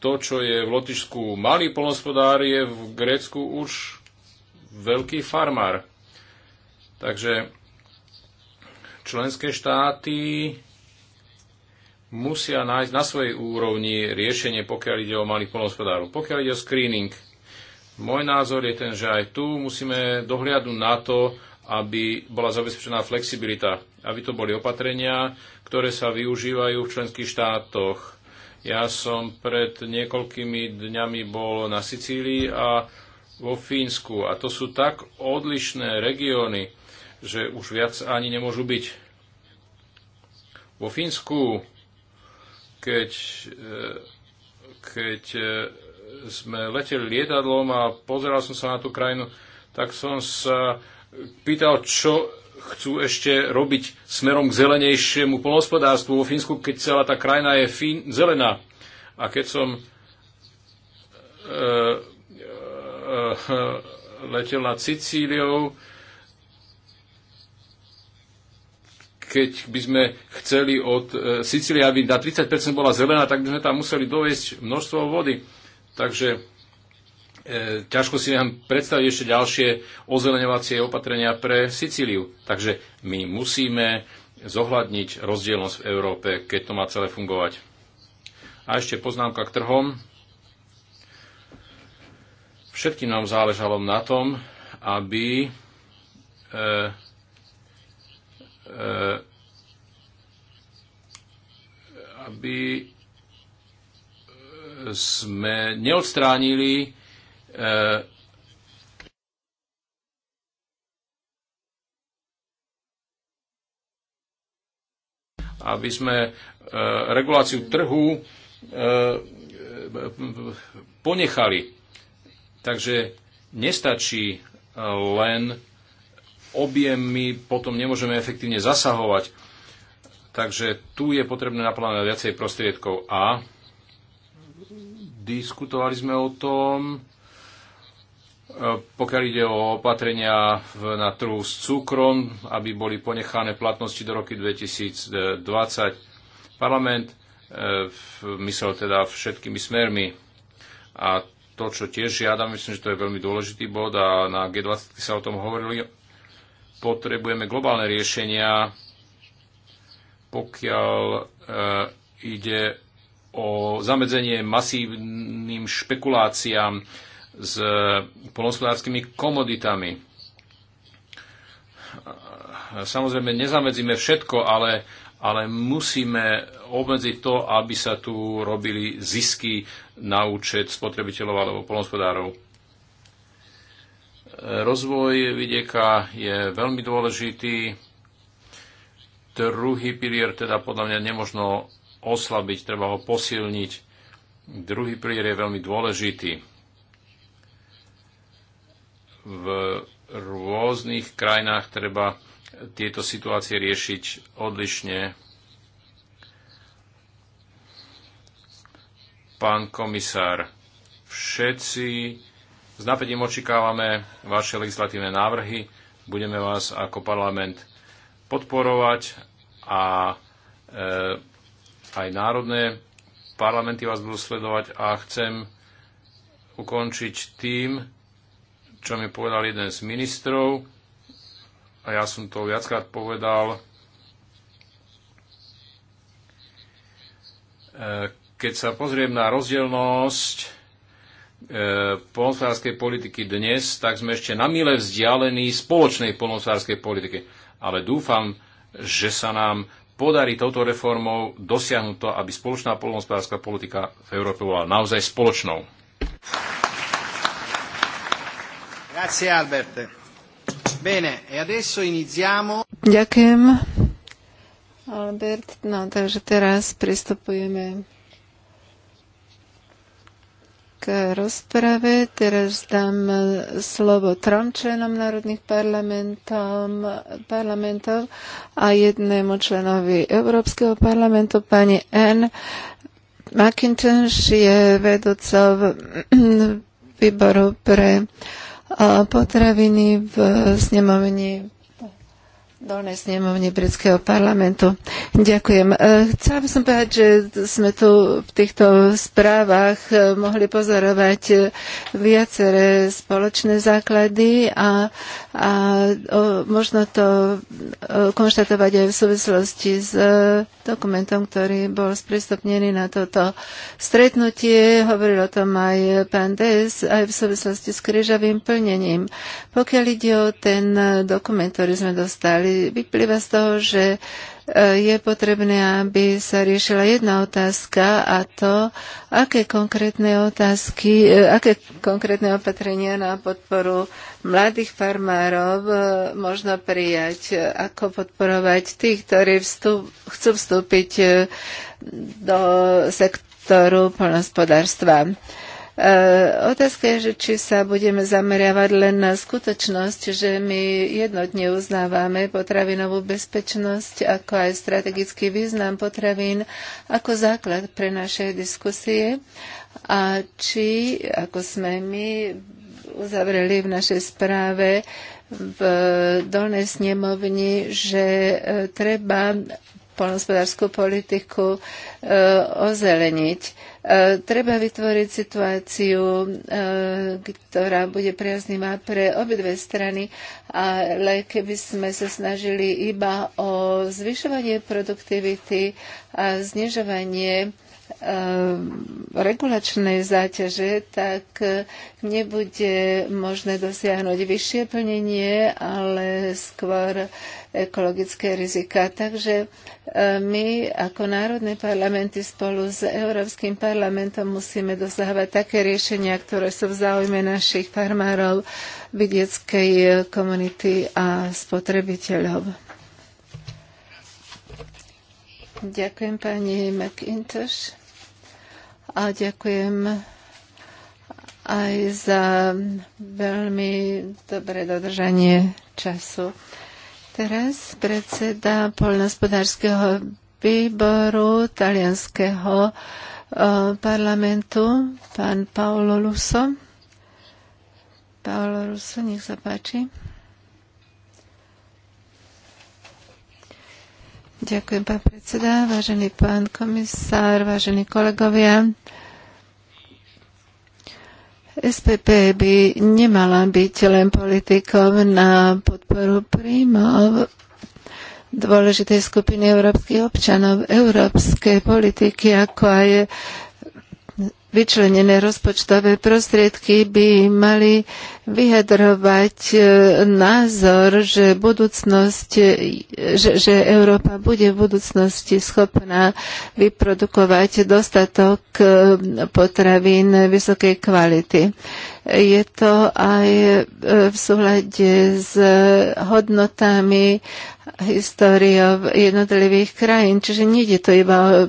To, čo je v Lotyšsku malý polnohospodár, je v Grécku už veľký farmár. Takže členské štáty musia nájsť na svojej úrovni riešenie, pokiaľ ide o malých polnohospodárov. Pokiaľ ide o screening, môj názor je ten, že aj tu musíme dohliadnúť na to, aby bola zabezpečená flexibilita, aby to boli opatrenia, ktoré sa využívajú v členských štátoch. Ja som pred niekoľkými dňami bol na Sicílii a vo Fínsku a to sú tak odlišné regióny, že už viac ani nemôžu byť. Vo Fínsku keď, eh, keď eh, sme leteli lietadlom a pozeral som sa na tú krajinu, tak som sa pýtal, čo chcú ešte robiť smerom k zelenejšiemu polnospodárstvu vo Fínsku, keď celá tá krajina je fín, zelená. A keď som e, e, letel nad Sicíliou, keď by sme chceli od e, Sicílie, aby na 30% bola zelená, tak by sme tam museli dovieť množstvo vody. Takže e, ťažko si nám predstaviť ešte ďalšie ozeleňovacie opatrenia pre Sicíliu. Takže my musíme zohľadniť rozdielnosť v Európe, keď to má celé fungovať. A ešte poznámka k trhom. Všetkým nám záležalo na tom, aby e, Eh, aby sme neodstránili eh, aby sme eh, reguláciu trhu ponechali. Takže nestačí len objem my potom nemôžeme efektívne zasahovať. Takže tu je potrebné naplánovať viacej prostriedkov. A diskutovali sme o tom, e, pokiaľ ide o opatrenia na trhu s cukrom, aby boli ponechané platnosti do roky 2020. Parlament e, myslel teda všetkými smermi a to, čo tiež žiadam, myslím, že to je veľmi dôležitý bod a na G20 sa o tom hovorili, potrebujeme globálne riešenia, pokiaľ eh, ide o zamedzenie masívnym špekuláciám s eh, polnospodárskymi komoditami. Eh, samozrejme, nezamedzíme všetko, ale, ale musíme obmedziť to, aby sa tu robili zisky na účet spotrebiteľov alebo polnospodárov. Rozvoj vidieka je veľmi dôležitý. Druhý pilier teda podľa mňa nemožno oslabiť, treba ho posilniť. Druhý pilier je veľmi dôležitý. V rôznych krajinách treba tieto situácie riešiť odlišne. Pán komisár, všetci s napätím očakávame vaše legislatívne návrhy. Budeme vás ako parlament podporovať a e, aj národné parlamenty vás budú sledovať a chcem ukončiť tým, čo mi povedal jeden z ministrov, a ja som to viackrát povedal, e, keď sa pozriem na rozdielnosť E, polnospodárskej politiky dnes, tak sme ešte na mile vzdialení spoločnej polnospodárskej politiky. Ale dúfam, že sa nám podarí touto reformou dosiahnuť to, aby spoločná polnospodárska politika v Európe bola naozaj spoločnou. Grazie Albert. Bene, e adesso iniziamo. Ďakujem. Albert, no takže teraz pristupujeme rozprave. Teraz dám slovo trom členom národných parlamentov a jednému členovi Európskeho parlamentu, pani N. McIntosh je v výboru pre eh, potraviny v snemovni dolnej snemovne britského parlamentu. Ďakujem. E, chcela by som povedať, že sme tu v týchto správach e, mohli pozorovať e, viaceré spoločné základy a, a o, možno to konštatovať aj v súvislosti s dokumentom, ktorý bol sprístupnený na toto stretnutie. Hovoril o tom aj pán Des, aj v súvislosti s krížovým plnením. Pokiaľ ide o ten dokument, ktorý sme dostali, vyplýva z toho, že e, je potrebné, aby sa riešila jedna otázka a to, aké konkrétne otázky, e, aké konkrétne opatrenia na podporu mladých farmárov e, možno prijať, ako podporovať tých, ktorí vstup, chcú vstúpiť do sektoru polnospodárstva. E, otázka je, že či sa budeme zameriavať len na skutočnosť, že my jednotne uznávame potravinovú bezpečnosť, ako aj strategický význam potravín ako základ pre naše diskusie a či, ako sme my uzavreli v našej správe v dolnej snemovni, že e, treba polnospodárskú politiku e, ozeleniť. E, treba vytvoriť situáciu, e, ktorá bude priaznivá pre obidve strany, ale keby sme sa snažili iba o zvyšovanie produktivity a znižovanie E, regulačnej záťaže, tak e, nebude možné dosiahnuť vyššie plnenie, ale skôr ekologické rizika. Takže e, my ako národné parlamenty spolu s Európskym parlamentom musíme dosahovať také riešenia, ktoré sú v záujme našich farmárov, vidieckej komunity a spotrebiteľov. Ďakujem pani McIntosh a ďakujem aj za veľmi dobré dodržanie času. Teraz predseda polnospodárskeho výboru talianského e, parlamentu, pán Paolo Luso. Paolo Russo, nech sa páči. Ďakujem, pán predseda, vážený pán komisár, vážení kolegovia. SPP by nemala byť len politikom na podporu príjmov dôležitej skupiny európskych občanov. Európske politiky, ako aj vyčlenené rozpočtové prostriedky by mali vyhadrovať e, názor, že, budúcnosť, e, že, že Európa bude v budúcnosti schopná vyprodukovať dostatok e, potravín vysokej kvality. Je to aj e, v súhľade s hodnotami históriou jednotlivých krajín. Čiže je to iba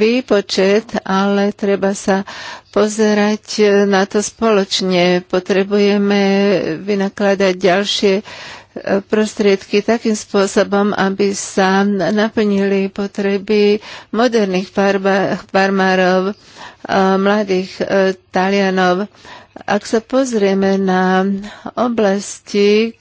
výpočet, ale treba sa pozerať e, na to spoločne. Potrebujeme vynakladať ďalšie e, prostriedky takým spôsobom, aby sa naplnili potreby moderných farmárov, mladých Talianov. Ak sa pozrieme na oblasti,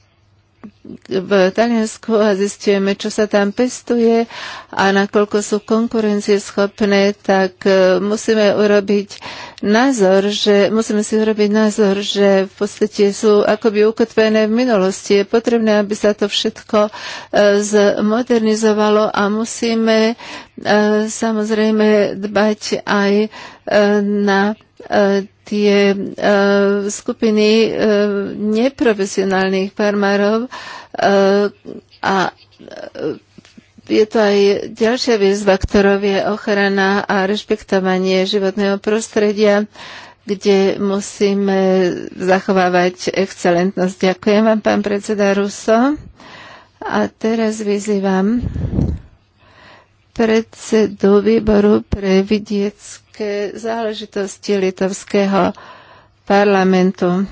v Taliansku a zistujeme, čo sa tam pestuje a nakoľko sú konkurencieschopné, tak e, musíme urobiť názor, že, musíme si urobiť názor, že v podstate sú akoby ukotvené v minulosti. Je potrebné, aby sa to všetko e, zmodernizovalo a musíme e, samozrejme dbať aj na tie e, skupiny e, neprofesionálnych farmárov e, a je to aj ďalšia výzva, ktorou je ochrana a rešpektovanie životného prostredia, kde musíme zachovávať excelentnosť. Ďakujem vám, pán predseda Ruso. A teraz vyzývam predsedu výboru pre vidiecky politické záležitosti litovského parlamentu.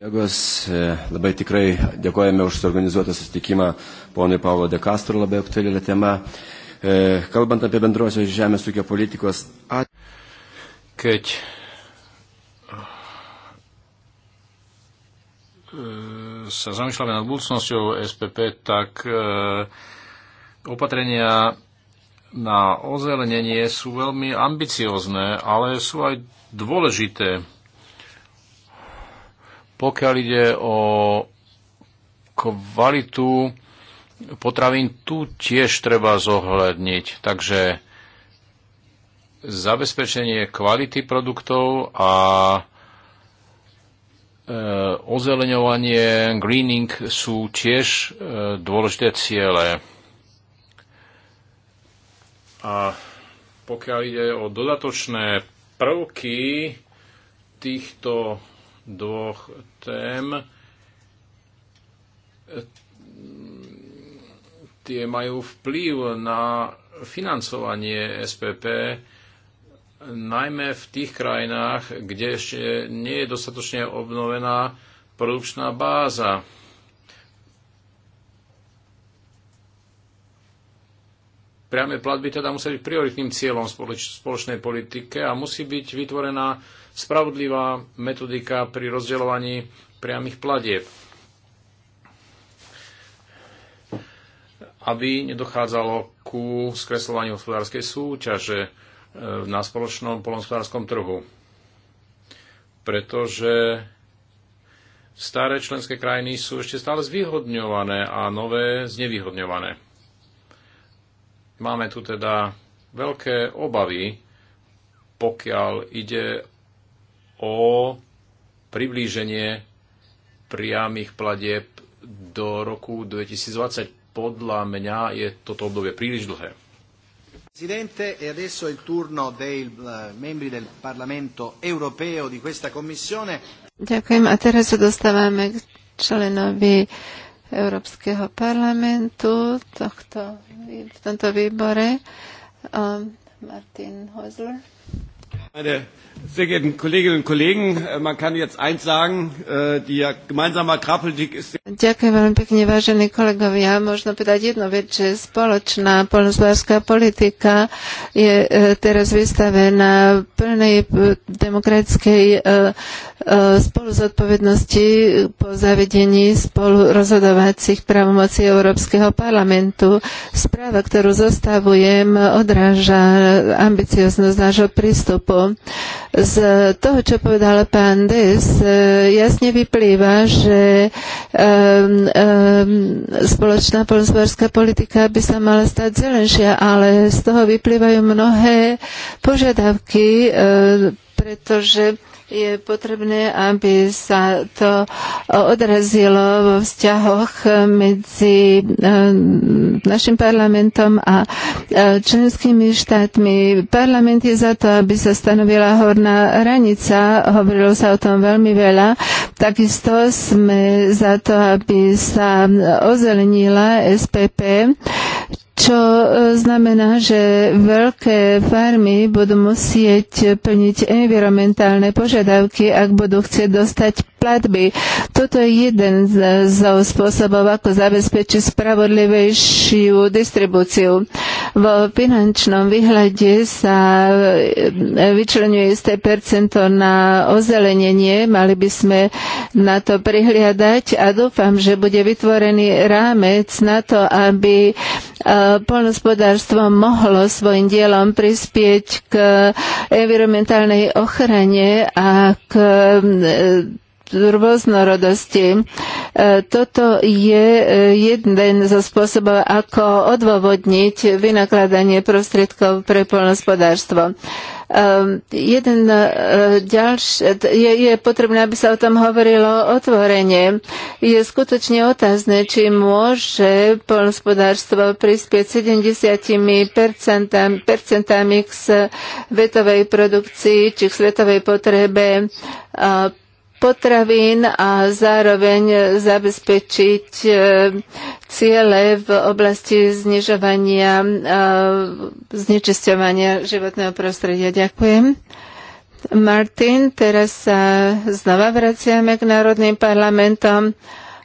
Kolegos, eh, labai tikrai dėkojame už suorganizuotą susitikimą ponui Paulo de Castro, labai aktuali aktualią tema. Eh, kalbant apie bendrosios žemės ūkio politikos at... Keď eh, sa zamýšľame nad budúcnosťou SPP, tak opatrenia na ozelenenie sú veľmi ambiciozne, ale sú aj dôležité. Pokiaľ ide o kvalitu potravín, tu tiež treba zohľadniť. Takže zabezpečenie kvality produktov a e, ozeleňovanie, greening sú tiež e, dôležité ciele a pokiaľ ide o dodatočné prvky týchto dvoch tém, tie majú vplyv na financovanie SPP, najmä v tých krajinách, kde ešte nie je dostatočne obnovená produkčná báza. Priame platby teda musia byť prioritným cieľom spoloč- spoločnej politike a musí byť vytvorená spravodlivá metodika pri rozdeľovaní priamých platieb, aby nedochádzalo ku skresľovaniu hospodárskej súťaže e, na spoločnom polnospodárskom trhu. Pretože staré členské krajiny sú ešte stále zvýhodňované a nové znevýhodňované Máme tu teda veľké obavy, pokiaľ ide o priblíženie priamých platieb do roku 2020. Podľa mňa je toto obdobie príliš dlhé. Presidente, e adesso il turno dei eh, membri del Parlamento europeo di questa Commissione. Ďakujem a teraz sa dostávame k členovi Európskeho parlamentu tohto, v tomto výbore. Um, Martin Hozler. Meine sehr geehrten Kolleginnen und Kollegen, äh, man kann jetzt eins sagen, äh, die gemeinsame Agrarpolitik ist... Ďakujem veľmi pekne, vážení kolegovia. Možno povedať jednu vec, že spoločná polnospodárska politika je e, teraz vystavená plnej e, demokratickej e, spoluzodpovednosti po zavedení spolurozhodovacích právomocí Európskeho parlamentu. Správa, ktorú zostavujem, odráža ambicioznosť nášho prístupu vstupu. Z toho, čo povedal pán Des, e, jasne vyplýva, že um, um, spoločná polnospodárska politika by sa mala stať zelenšia, ale z toho vyplývajú mnohé požiadavky, um, pretože je potrebné, aby sa to odrazilo vo vzťahoch medzi e, našim parlamentom a e, členskými štátmi. Parlament je za to, aby sa stanovila horná hranica. Hovorilo sa o tom veľmi veľa. Takisto sme za to, aby sa ozelenila SPP, čo e, znamená, že veľké farmy budú musieť plniť environmentálne požiadavky, ak budú chcieť dostať platby. Toto je jeden zo spôsobov, ako zabezpečiť spravodlivejšiu distribúciu. Uh, vo finančnom výhľade sa e, vyčlenuje isté percento na ozelenenie. Mali by sme na to prihliadať a dúfam, že bude vytvorený rámec na to, aby e, polnospodárstvo mohlo svojim dielom prispieť k environmentálnej ochrane a k e, rôznorodosti. E, toto je e, jeden zo spôsobov, ako odôvodniť vynakladanie prostriedkov pre polnospodárstvo. E, jeden ďalší, je, je potrebné, aby sa o tom hovorilo otvorene. Je skutočne otázne, či môže polnospodárstvo prispieť 70 percentami k svetovej produkcii či k svetovej potrebe potravín a zároveň zabezpečiť e, ciele v oblasti znižovania e, znečisťovania životného prostredia. Ďakujem. Martin, teraz sa znova vraciame k národným parlamentom.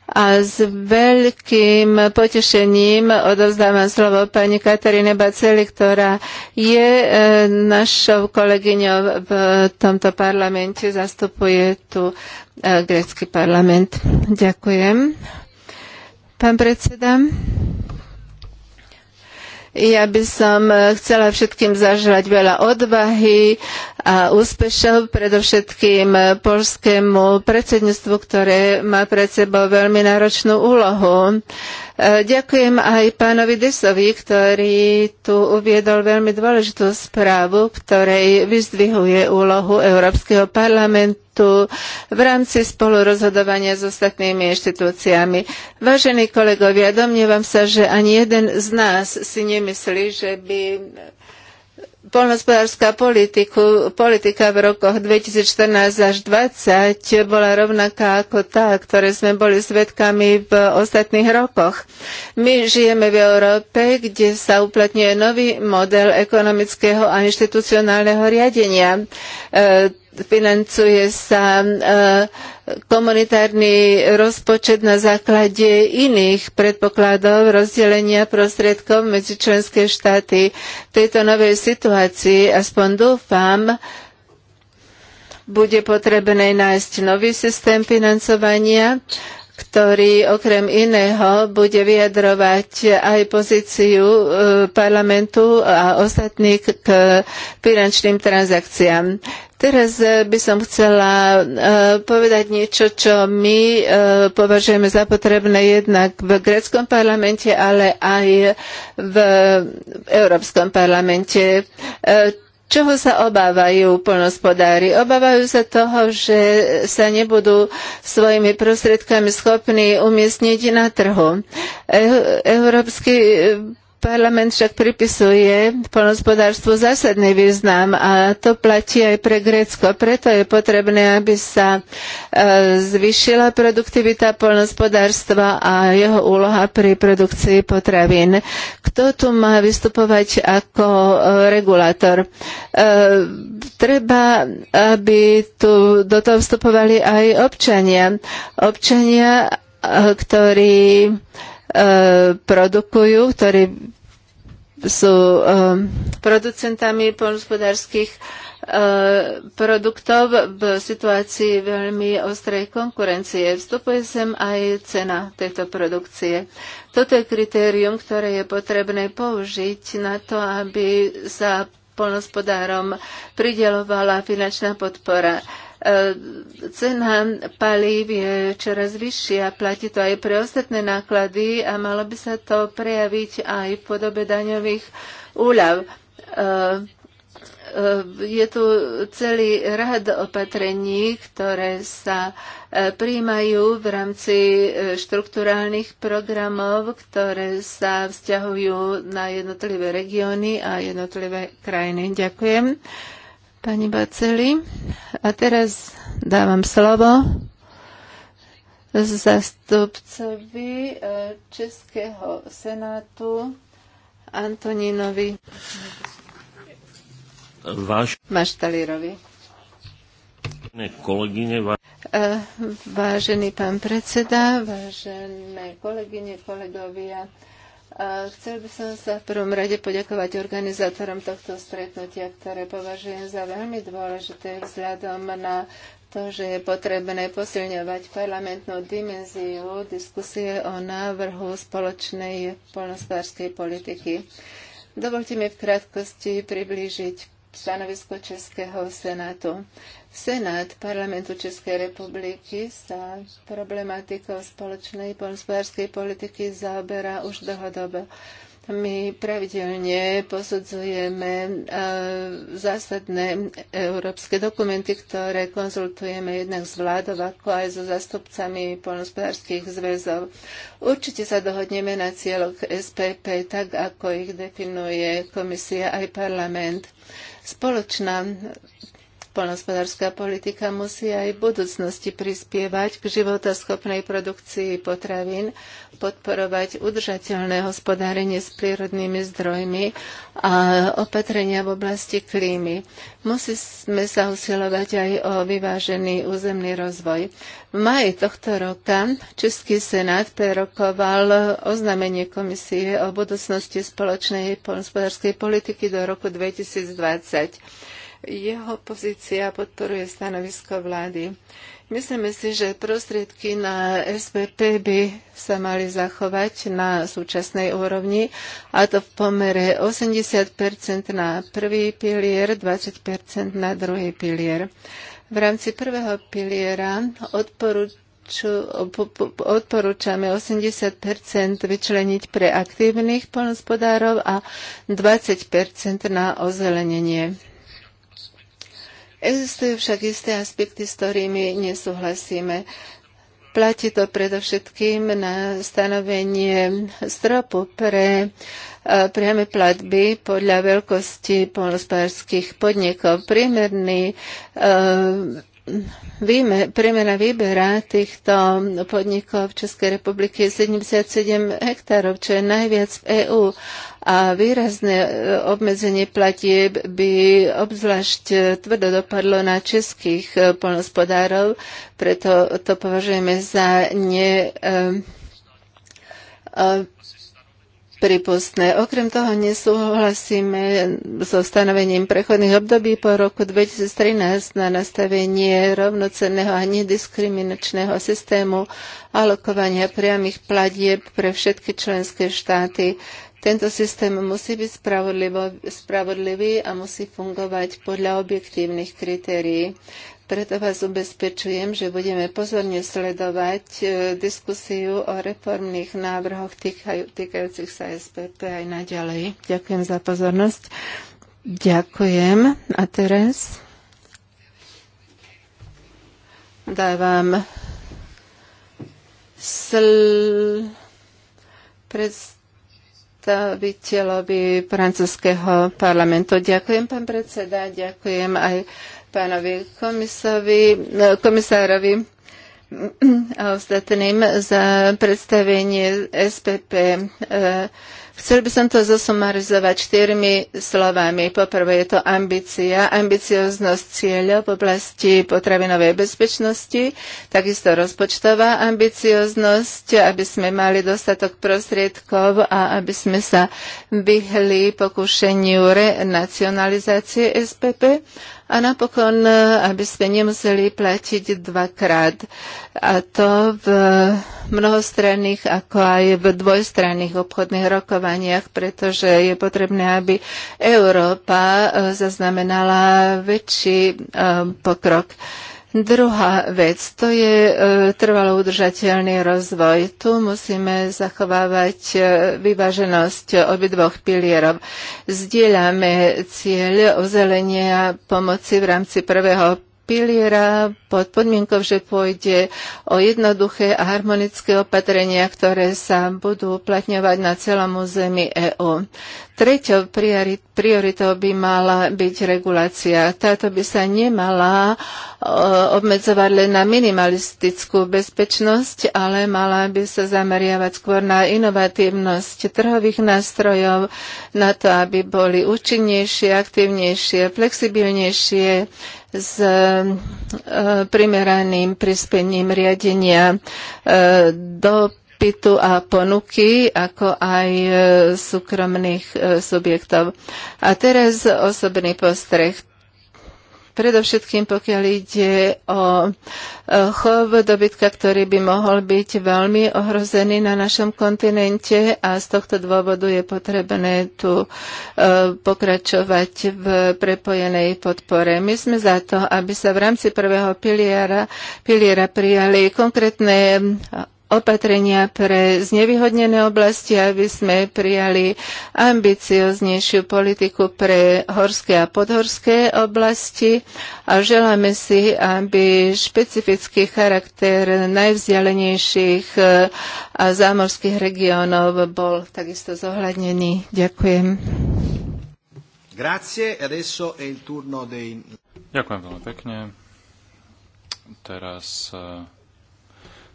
A s veľkým potešením odovzdávam slovo pani Katarine Baceli, ktorá je e, našou kolegyňou v tomto parlamente, zastupuje tu e, grécky parlament. Ďakujem. Pán predseda. Ja by som e, chcela všetkým zaželať veľa odvahy a úspešov, predovšetkým e, polskému predsedníctvu, ktoré má pred sebou veľmi náročnú úlohu. E, ďakujem aj pánovi Desovi, ktorý tu uviedol veľmi dôležitú správu, ktorej vyzdvihuje úlohu Európskeho parlamentu parlamentu v rámci spolurozhodovania s ostatnými inštitúciami. Vážení kolegovia, domnievam sa, že ani jeden z nás si nemyslí, že by polnospodárska politiku, politika v rokoch 2014 až 2020 bola rovnaká ako tá, ktoré sme boli svedkami v ostatných rokoch. My žijeme v Európe, kde sa uplatňuje nový model ekonomického a inštitucionálneho riadenia. E, financuje sa e, komunitárny rozpočet na základe iných predpokladov rozdelenia prostriedkov medzi členské štáty. V tejto novej situácii, aspoň dúfam, bude potrebné nájsť nový systém financovania, ktorý okrem iného bude vyjadrovať aj pozíciu e, parlamentu a ostatných k finančným transakciám. Teraz e, by som chcela e, povedať niečo, čo my e, považujeme za potrebné jednak v greckom parlamente, ale aj v Európskom parlamente. Čoho sa obávajú poľnospodári? Obávajú sa toho, že sa nebudú svojimi prostriedkami schopní umiestniť na trhu. Európsky Parlament však pripisuje polnospodárstvu zásadný význam a to platí aj pre Grécko. Preto je potrebné, aby sa e, zvýšila produktivita polnospodárstva a jeho úloha pri produkcii potravín. Kto tu má vystupovať ako e, regulátor? E, treba, aby tu do toho vstupovali aj občania. Občania, ktorí E, produkujú, ktorí sú e, producentami poľnohospodárských e, produktov v situácii veľmi ostrej konkurencie. Vstupuje sem aj cena tejto produkcie. Toto je kritérium, ktoré je potrebné použiť na to, aby sa polnospodárom pridelovala finančná podpora. Cena palív je čoraz vyššia, platí to aj pre ostatné náklady a malo by sa to prejaviť aj v podobe daňových úľav. E, e, je tu celý rad opatrení, ktoré sa e, príjmajú v rámci štruktúrálnych programov, ktoré sa vzťahujú na jednotlivé regióny a jednotlivé krajiny. Ďakujem pani Baceli. A teraz dávam slovo zastupcovi e, Českého senátu Antonínovi Váš... Maštalírovi. Kolegyne, váž... E, vážený pán predseda, vážené kolegyne, kolegovia, chcel by som sa v prvom rade poďakovať organizátorom tohto stretnutia, ktoré považujem za veľmi dôležité vzhľadom na to, že je potrebné posilňovať parlamentnú dimenziu diskusie o návrhu spoločnej polnospodárskej politiky. Dovolte mi v krátkosti priblížiť stanovisko Českého senátu. Senát parlamentu Českej republiky sa problematikou spoločnej poľnospodárskej politiky zaoberá už dlhodobo. My pravidelne posudzujeme e, zásadné európske dokumenty, ktoré konzultujeme jednak s vládou, ako aj so zastupcami polnospodárských zväzov. Určite sa dohodneme na cieľoch SPP, tak ako ich definuje komisia aj parlament. Spoločná poľnohospodárska politika musí aj v budúcnosti prispievať k životoschopnej produkcii potravín, podporovať udržateľné hospodárenie s prírodnými zdrojmi a opatrenia v oblasti klímy. Musíme sa usilovať aj o vyvážený územný rozvoj. V maji tohto roka Český senát prerokoval oznámenie komisie o budúcnosti spoločnej poľnohospodárskej politiky do roku 2020. Jeho pozícia podporuje stanovisko vlády. Myslíme si, že prostriedky na SPP by sa mali zachovať na súčasnej úrovni, a to v pomere 80 na prvý pilier, 20 na druhý pilier. V rámci prvého piliera odporúčame 80 vyčleniť pre aktívnych polnospodárov a 20 na ozelenenie. Existujú však isté aspekty, s ktorými nesúhlasíme. Platí to predovšetkým na stanovenie stropu pre e, priame platby podľa veľkosti polnospodárských podnikov. Priemerný uh, Víme priemera výbera týchto podnikov v Českej republike je 77 hektárov, čo je najviac v EÚ a výrazné e, obmedzenie platie by obzvlášť e, tvrdo dopadlo na českých e, polnospodárov, preto to považujeme za ne prípustné. Okrem toho nesúhlasíme so stanovením prechodných období po roku 2013 na nastavenie rovnocenného a nediskriminačného systému alokovania priamých platieb pre všetky členské štáty. Tento systém musí byť spravodlivý a musí fungovať podľa objektívnych kritérií. Preto vás ubezpečujem, že budeme pozorne sledovať e, diskusiu o reformných návrhoch týkaj, týkajúcich sa SPP aj naďalej. Ďakujem za pozornosť. Ďakujem. A teraz dávam sl... Pres predstaviteľovi francúzského parlamentu. Ďakujem, pán predseda, ďakujem aj pánovi komisovi, komisárovi a ostatným za predstavenie SPP. E, eh, Chcel by som to zosumarizovať štyrmi slovami. Poprvé je to ambícia, ambicioznosť cieľov v oblasti potravinovej bezpečnosti, takisto rozpočtová ambicioznosť, aby sme mali dostatok prostriedkov a aby sme sa vyhli pokušeniu renacionalizácie SPP a napokon, e, aby ste nemuseli platiť dvakrát. A to v mnohostranných, ako aj v dvojstranných obchodných rokovaniach, pretože je potrebné, aby Európa e, zaznamenala väčší e, pokrok. Druhá vec, to je e, trvalo udržateľný rozvoj. Tu musíme zachovávať e, vyváženosť obidvoch pilierov. Zdieľame cieľ ozelenia pomoci v rámci prvého piliera pod podmienkou, že pôjde o jednoduché a harmonické opatrenia, ktoré sa budú uplatňovať na celom území EÚ. Treťou prioritou by mala byť regulácia. Táto by sa nemala obmedzovať len na minimalistickú bezpečnosť, ale mala by sa zameriavať skôr na inovatívnosť trhových nástrojov, na to, aby boli účinnejšie, aktívnejšie, flexibilnejšie, s e, primeraným prispením riadenia do e, dopytu a ponuky, ako aj e, súkromných subjektov. A teraz osobný postreh. Predovšetkým pokiaľ ide o chov dobytka, ktorý by mohol byť veľmi ohrozený na našom kontinente a z tohto dôvodu je potrebné tu e, pokračovať v prepojenej podpore. My sme za to, aby sa v rámci prvého piliera, piliera prijali konkrétne opatrenia pre znevýhodnené oblasti, aby sme prijali ambicioznejšiu politiku pre horské a podhorské oblasti a želáme si, aby špecifický charakter najvzdialenejších e, a zámorských regiónov bol takisto zohľadnený. Ďakujem. Grazie, e adesso è il turno dei... Ďakujem veľmi pekne. Teraz e,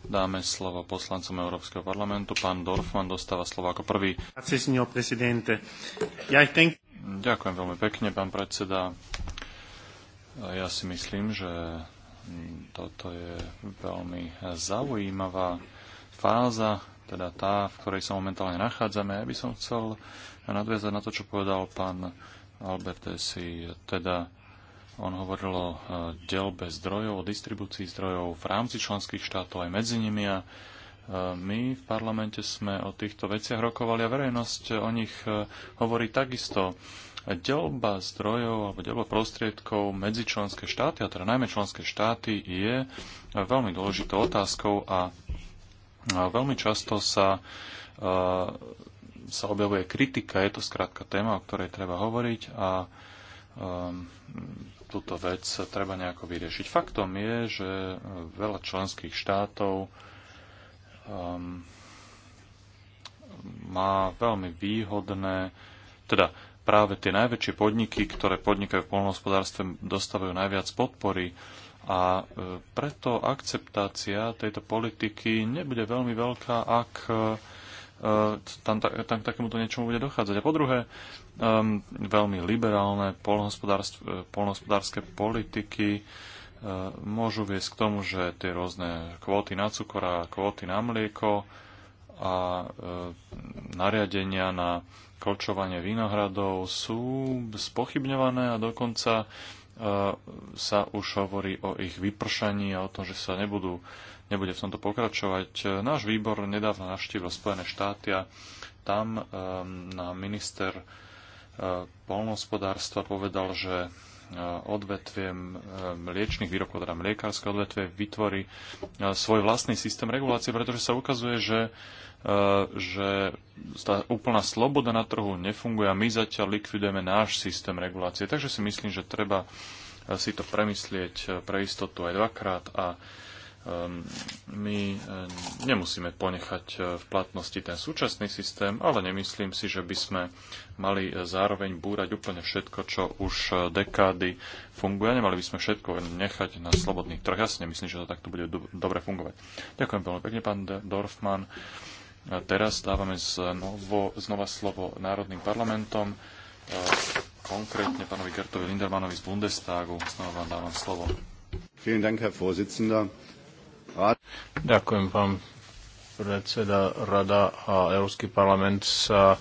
dáme slovo poslancom Európskeho parlamentu. Pán Dorfman dostáva slovo ako prvý. Ďakujem veľmi pekne, pán predseda. Ja si myslím, že toto je veľmi zaujímavá fáza, teda tá, v ktorej sa momentálne nachádzame. Ja by som chcel nadviazať na to, čo povedal pán Esi, teda on hovoril o e, delbe zdrojov, o distribúcii zdrojov v rámci členských štátov aj medzi nimi a e, my v parlamente sme o týchto veciach rokovali a verejnosť o nich e, hovorí takisto. Delba zdrojov alebo delba prostriedkov medzi členské štáty, a teda najmä členské štáty, je veľmi dôležitou otázkou a veľmi často sa, sa objavuje kritika. Je to skrátka téma, o ktorej treba hovoriť a túto vec treba nejako vyriešiť. Faktom je, že veľa členských štátov um, má veľmi výhodné, teda práve tie najväčšie podniky, ktoré podnikajú v polnohospodárstve, dostávajú najviac podpory a e, preto akceptácia tejto politiky nebude veľmi veľká, ak e, tam, tam k takémuto niečomu bude dochádzať. A po druhé, um, veľmi liberálne polnohospodárske politiky uh, môžu viesť k tomu, že tie rôzne kvóty na cukor a kvóty na mlieko a e, nariadenia na kolčovanie vinohradov sú spochybňované a dokonca e, sa už hovorí o ich vypršaní a o tom, že sa nebudú nebude v tomto pokračovať. E, náš výbor nedávno navštívil Spojené štáty a tam e, na nám minister e, polnohospodárstva povedal, že odvetvie mliečných výrobkov, teda mliekárske odvetvie, vytvorí svoj vlastný systém regulácie, pretože sa ukazuje, že, že tá úplná sloboda na trhu nefunguje a my zatiaľ likvidujeme náš systém regulácie. Takže si myslím, že treba si to premyslieť pre istotu aj dvakrát a Ehm, my eh, nemusíme ponechať eh, v platnosti ten súčasný systém, ale nemyslím si, že by sme mali eh, zároveň búrať úplne všetko, čo už dekády funguje. Nemali by sme všetko nechať na slobodných trh. Ja si nemyslím, že to takto bude do- dobre fungovať. Ďakujem veľmi pekne, pán Dorfman. A teraz dávame znovo, znova slovo Národným parlamentom, konkrétne pánovi Gertovi Lindermanovi z Bundestagu. Znova vám dávam slovo. Vielen Dank, Herr Vorsitzender. Ďakujem, pán predseda. Rada a Európsky parlament sa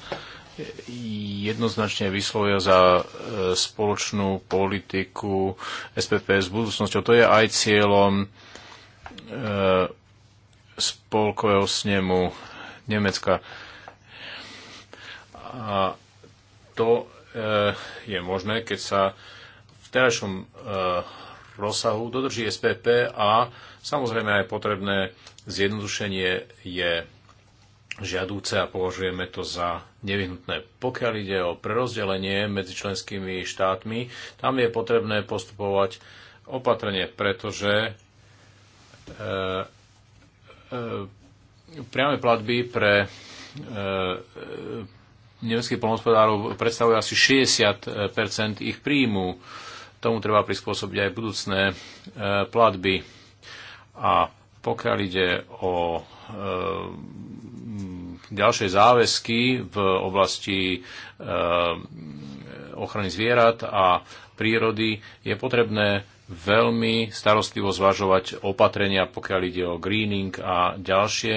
jednoznačne vyslovia za e, spoločnú politiku SPP s budúcnosťou. To je aj cieľom e, spolkového snemu Nemecka. A to e, je možné, keď sa v terajšom rozsahu dodrží SPP a samozrejme aj potrebné zjednodušenie je žiadúce a považujeme to za nevyhnutné. Pokiaľ ide o prerozdelenie medzi členskými štátmi, tam je potrebné postupovať opatrne, pretože e, e, priame platby pre e, e nemeckých polnospodárov predstavujú asi 60 ich príjmu. E, Tomu treba prispôsobiť aj budúcné e, platby. A pokiaľ ide o e, ďalšie záväzky v oblasti e, ochrany zvierat a prírody, je potrebné veľmi starostlivo zvažovať opatrenia, pokiaľ ide o greening a ďalšie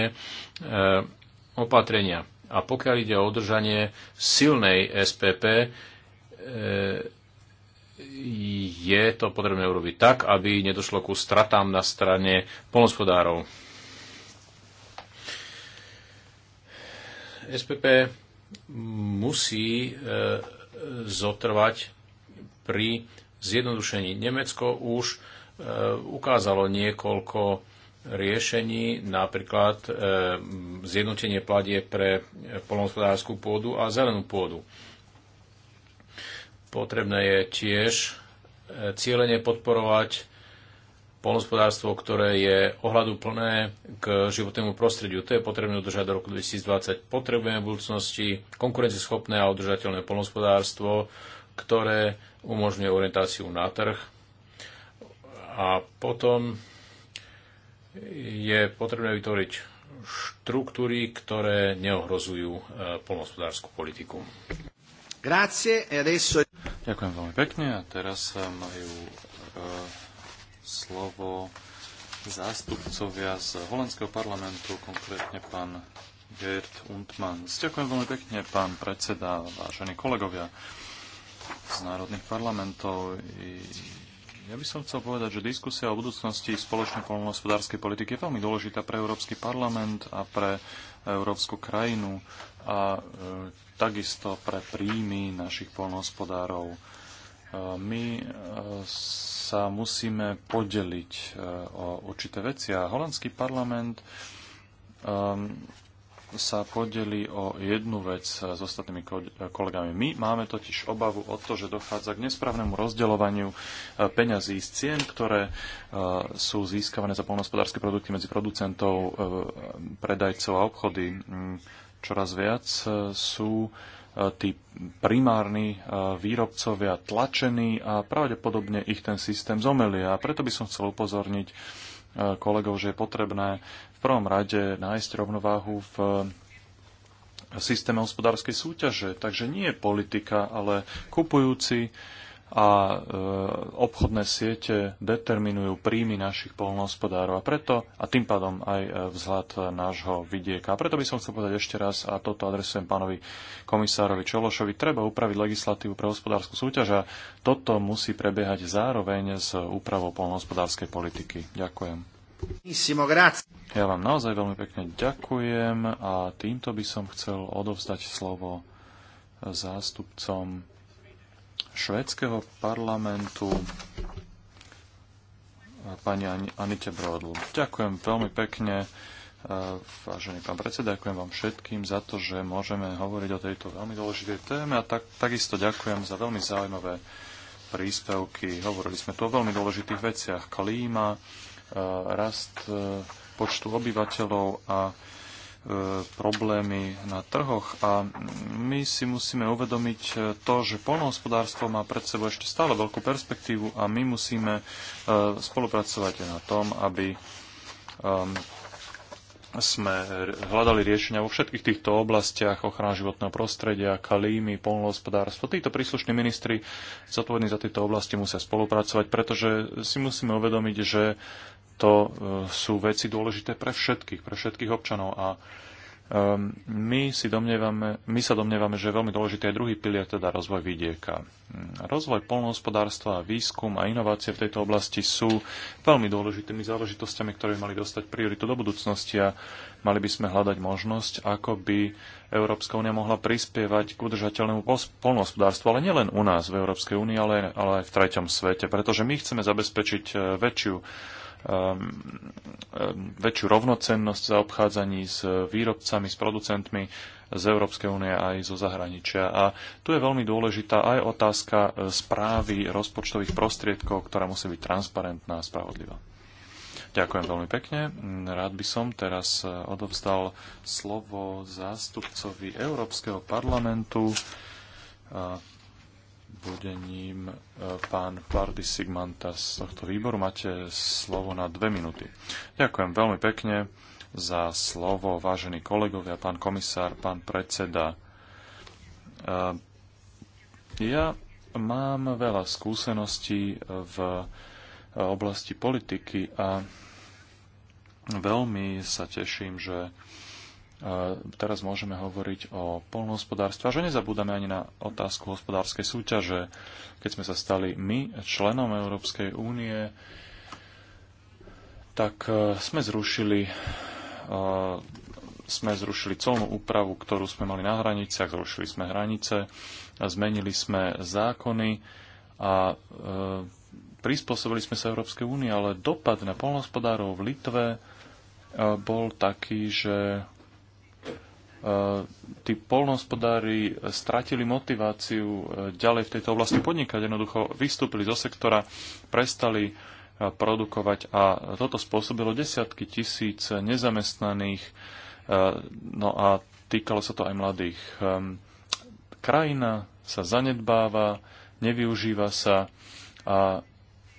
opatrenia. A pokiaľ ide o udržanie silnej SPP, je to potrebné urobiť tak, aby nedošlo ku stratám na strane polnospodárov. SPP musí e, zotrvať pri zjednodušení. Nemecko už e, ukázalo niekoľko riešení, napríklad e, zjednotenie pladie pre polnospodárskú pôdu a zelenú pôdu. Potrebné je tiež e, cieľene podporovať polnospodárstvo, ktoré je ohľadu plné k životnému prostrediu. To je potrebné udržať do roku 2020. Potrebujeme v budúcnosti konkurencieschopné a udržateľné polnospodárstvo, ktoré umožňuje orientáciu na trh. A potom je potrebné vytvoriť štruktúry, ktoré neohrozujú e, polnospodárskú politiku. Grazie e adesso... Ďakujem veľmi pekne a teraz majú e, slovo zástupcovia z holandského parlamentu, konkrétne pán Gerd Untman. Ďakujem veľmi pekne, pán predseda, vážení kolegovia z národných parlamentov. Ja by som chcel povedať, že diskusia o budúcnosti spoločnej poľnohospodárskej politiky je veľmi dôležitá pre Európsky parlament a pre európsku krajinu. A e, takisto pre príjmy našich polnohospodárov. E, my e, sa musíme podeliť e, o určité veci a holandský parlament ehm, sa podeli o jednu vec s ostatnými kolegami. My máme totiž obavu o to, že dochádza k nesprávnemu rozdeľovaniu peňazí z cien, ktoré sú získavané za polnohospodárske produkty medzi producentov, predajcov a obchody. Mm, čoraz viac e, sú e, tí primárni e, výrobcovia tlačení a pravdepodobne ich ten systém zomelie. A preto by som chcel upozorniť kolegov, že je potrebné v prvom rade nájsť rovnováhu v systéme hospodárskej súťaže. Takže nie je politika, ale kupujúci a e, obchodné siete determinujú príjmy našich polnohospodárov a preto, a tým pádom aj e, vzhľad nášho vidieka. A preto by som chcel povedať ešte raz, a toto adresujem pánovi komisárovi Čološovi, treba upraviť legislatívu pre hospodárskú súťaž a toto musí prebiehať zároveň s úpravou polnohospodárskej politiky. Ďakujem. Ja vám naozaj veľmi pekne ďakujem a týmto by som chcel odovzdať slovo zástupcom švédskeho parlamentu eh, pani Anite Brodl. Ďakujem veľmi pekne, eh, vážený pán predseda, ďakujem vám všetkým za to, že môžeme hovoriť o tejto veľmi dôležitej téme a tak, takisto ďakujem za veľmi zaujímavé príspevky. Hovorili sme tu o veľmi dôležitých veciach. Klíma, eh, rast počtu obyvateľov a problémy na trhoch a my si musíme uvedomiť to, že polnohospodárstvo má pred sebou ešte stále veľkú perspektívu a my musíme e, spolupracovať na tom, aby e, sme hľadali riešenia vo všetkých týchto oblastiach ochrana životného prostredia, kalímy, polnohospodárstvo. Títo príslušní ministri zodpovední za tieto oblasti musia spolupracovať, pretože si musíme uvedomiť, že to e, sú veci dôležité pre všetkých, pre všetkých občanov. A ehm, my, si domnievame, my sa domnievame, že je veľmi dôležitý aj druhý pilier, teda rozvoj vidieka. Mm, rozvoj polnohospodárstva, výskum a inovácie v tejto oblasti sú veľmi dôležitými záležitosťami, ktoré by mali dostať prioritu do budúcnosti a mali by sme hľadať možnosť, ako by Európska únia mohla prispievať k udržateľnému polnohospodárstvu, ale nielen u nás v Európskej únii, ale, ale aj v treťom svete, pretože my chceme zabezpečiť e, väčšiu Um, um, väčšiu rovnocennosť za obchádzaní s uh, výrobcami, s producentmi z Európskej únie aj zo zahraničia. A tu je veľmi dôležitá aj otázka uh, správy rozpočtových prostriedkov, ktorá musí byť transparentná a spravodlivá. Ďakujem veľmi pekne. Mm, rád by som teraz uh, odovzdal slovo zástupcovi Európskeho parlamentu budením e, pán Pardy Sigmanta z tohto výboru. Máte slovo na dve minúty. Ďakujem veľmi pekne za slovo, vážení kolegovia, pán komisár, pán predseda. E, ja mám veľa skúseností v oblasti politiky a veľmi sa teším, že teraz môžeme hovoriť o polnohospodárstve a že nezabúdame ani na otázku hospodárskej súťaže. Keď sme sa stali my členom Európskej únie, tak e, sme zrušili e, sme zrušili colnú úpravu, ktorú sme mali na hraniciach, zrušili sme hranice, zmenili sme zákony a e, prispôsobili sme sa Európskej únie, ale dopad na polnospodárov v Litve e, bol taký, že Eh, tí polnohospodári stratili motiváciu eh, ďalej v tejto oblasti podnikať. Jednoducho vystúpili zo sektora, prestali eh, produkovať a toto spôsobilo desiatky tisíc nezamestnaných, no a týkalo sa to aj mladých. Ehm, krajina sa zanedbáva, nevyužíva sa a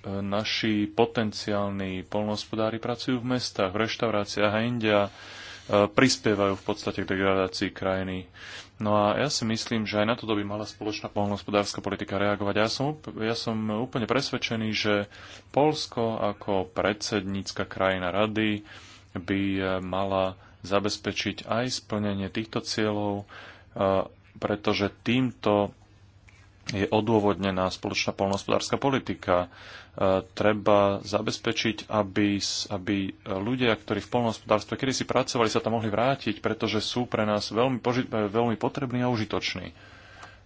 naši potenciálni polnohospodári pracujú v mestách, v reštauráciách a india Eh, prispievajú v podstate k degradácii krajiny. No a ja si myslím, že aj na toto by mala spoločná poľnohospodárska politika reagovať. Ja som, ja som úplne presvedčený, že Polsko ako predsednícka krajina rady by eh, mala zabezpečiť aj splnenie týchto cieľov, eh, pretože týmto je odôvodnená spoločná polnohospodárska politika. E, treba zabezpečiť, aby, aby ľudia, ktorí v polnohospodárstve kedysi pracovali, sa tam mohli vrátiť, pretože sú pre nás veľmi, e, veľmi potrební a užitoční.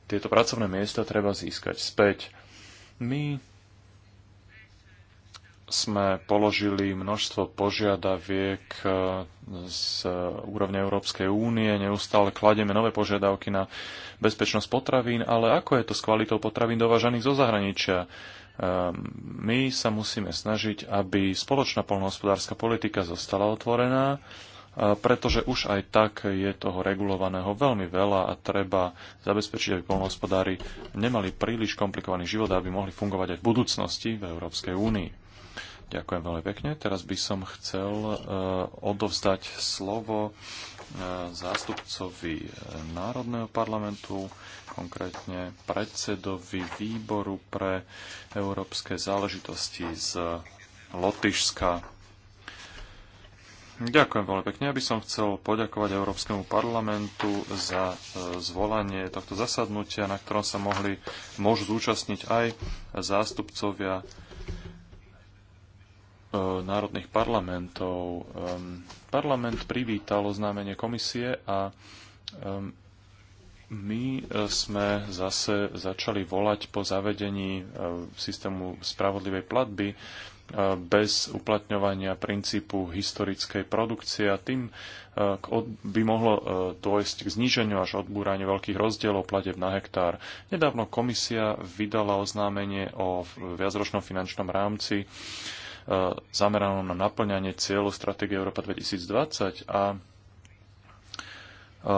Tieto pracovné miesta treba získať späť. My sme položili množstvo požiadaviek e, z úrovne Európskej únie, neustále kladieme nové požiadavky na bezpečnosť potravín, ale ako je to s kvalitou potravín dovážaných zo zahraničia? E, my sa musíme snažiť, aby spoločná polnohospodárska politika zostala otvorená, e, pretože už aj tak je toho regulovaného veľmi veľa a treba zabezpečiť, aby polnohospodári nemali príliš komplikovaný život aby mohli fungovať aj v budúcnosti v Európskej únii. Ďakujem veľmi pekne. Teraz by som chcel uh, odovzdať slovo uh, zástupcovi e, Národného parlamentu, konkrétne predsedovi výboru pre európske záležitosti z Lotyšska. Ďakujem veľmi pekne. Ja by som chcel poďakovať Európskemu parlamentu za zvolanie tohto zasadnutia, na ktorom sa mohli, môžu zúčastniť aj zástupcovia E, národných parlamentov. Parlament privítal oznámenie komisie a my e, sme zase začali volať po zavedení e, systému spravodlivej platby bez uplatňovania princípu historickej produkcie a tým by mohlo dôjsť k zníženiu až odbúraniu veľkých rozdielov plateb na hektár. Nedávno komisia vydala oznámenie o viacročnom finančnom rámci E, zameranú na naplňanie cieľu stratégie Európa 2020 a e,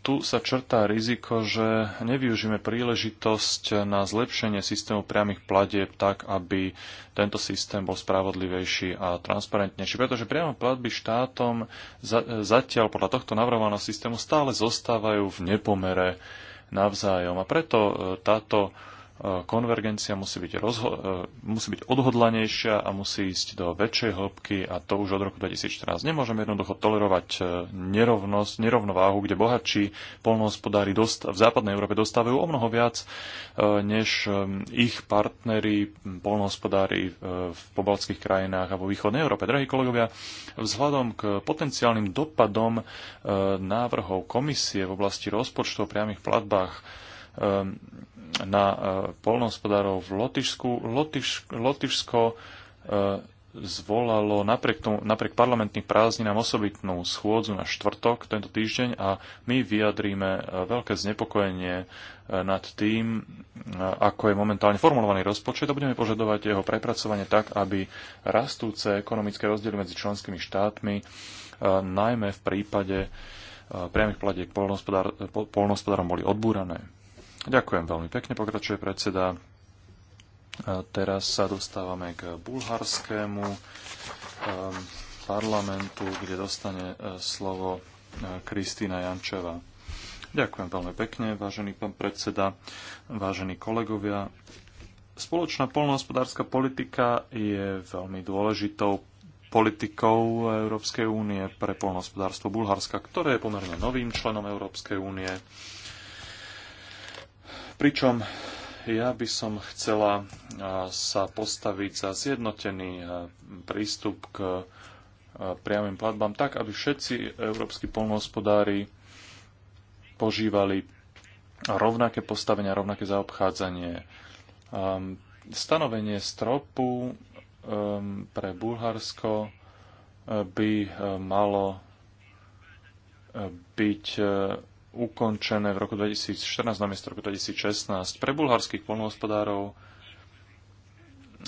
tu sa črtá riziko, že nevyužíme príležitosť na zlepšenie systému priamých platieb tak, aby tento systém bol spravodlivejší a transparentnejší. Pretože priamo platby štátom za, e, zatiaľ podľa tohto navrhovaného systému stále zostávajú v nepomere navzájom. A preto táto konvergencia musí byť, rozho- e, musí byť odhodlanejšia a musí ísť do väčšej hĺbky a to už od roku 2014. Nemôžeme jednoducho tolerovať e, nerovnosť, nerovnováhu, kde bohatší polnohospodári dost- v západnej Európe dostávajú o mnoho viac, e, než ich partneri polnohospodári v pobaltských krajinách a vo východnej Európe. Drahí kolegovia, vzhľadom k potenciálnym dopadom návrhov komisie v oblasti rozpočtov priamých platbách na e, polnohospodárov v Lotyšsku. Lotyš, Lotyšsko e, zvolalo napriek, tomu, napriek parlamentným prázdninám osobitnú schôdzu na štvrtok tento týždeň a my vyjadríme e, veľké znepokojenie nad tým, ako je momentálne formulovaný rozpočet a budeme požadovať jeho prepracovanie tak, aby rastúce ekonomické rozdiely medzi členskými štátmi, najmä v prípade priamých platiek polnohospodárom, boli odbúrané. Ďakujem veľmi pekne, pokračuje predseda. A teraz sa dostávame k bulharskému um, parlamentu, kde dostane uh, slovo uh, Kristýna Jančeva. Ďakujem veľmi pekne, vážený pán predseda, vážení kolegovia. Spoločná polnohospodárska politika je veľmi dôležitou politikou Európskej únie pre polnohospodárstvo Bulharska, ktoré je pomerne novým členom Európskej únie Pričom ja by som chcela sa postaviť za zjednotený prístup k priamým platbám tak, aby všetci európsky polnohospodári požívali rovnaké postavenia, rovnaké zaobchádzanie. Stanovenie stropu pre Bulharsko by malo byť ukončené v roku 2014 namiesto roku 2016. Pre bulharských polnohospodárov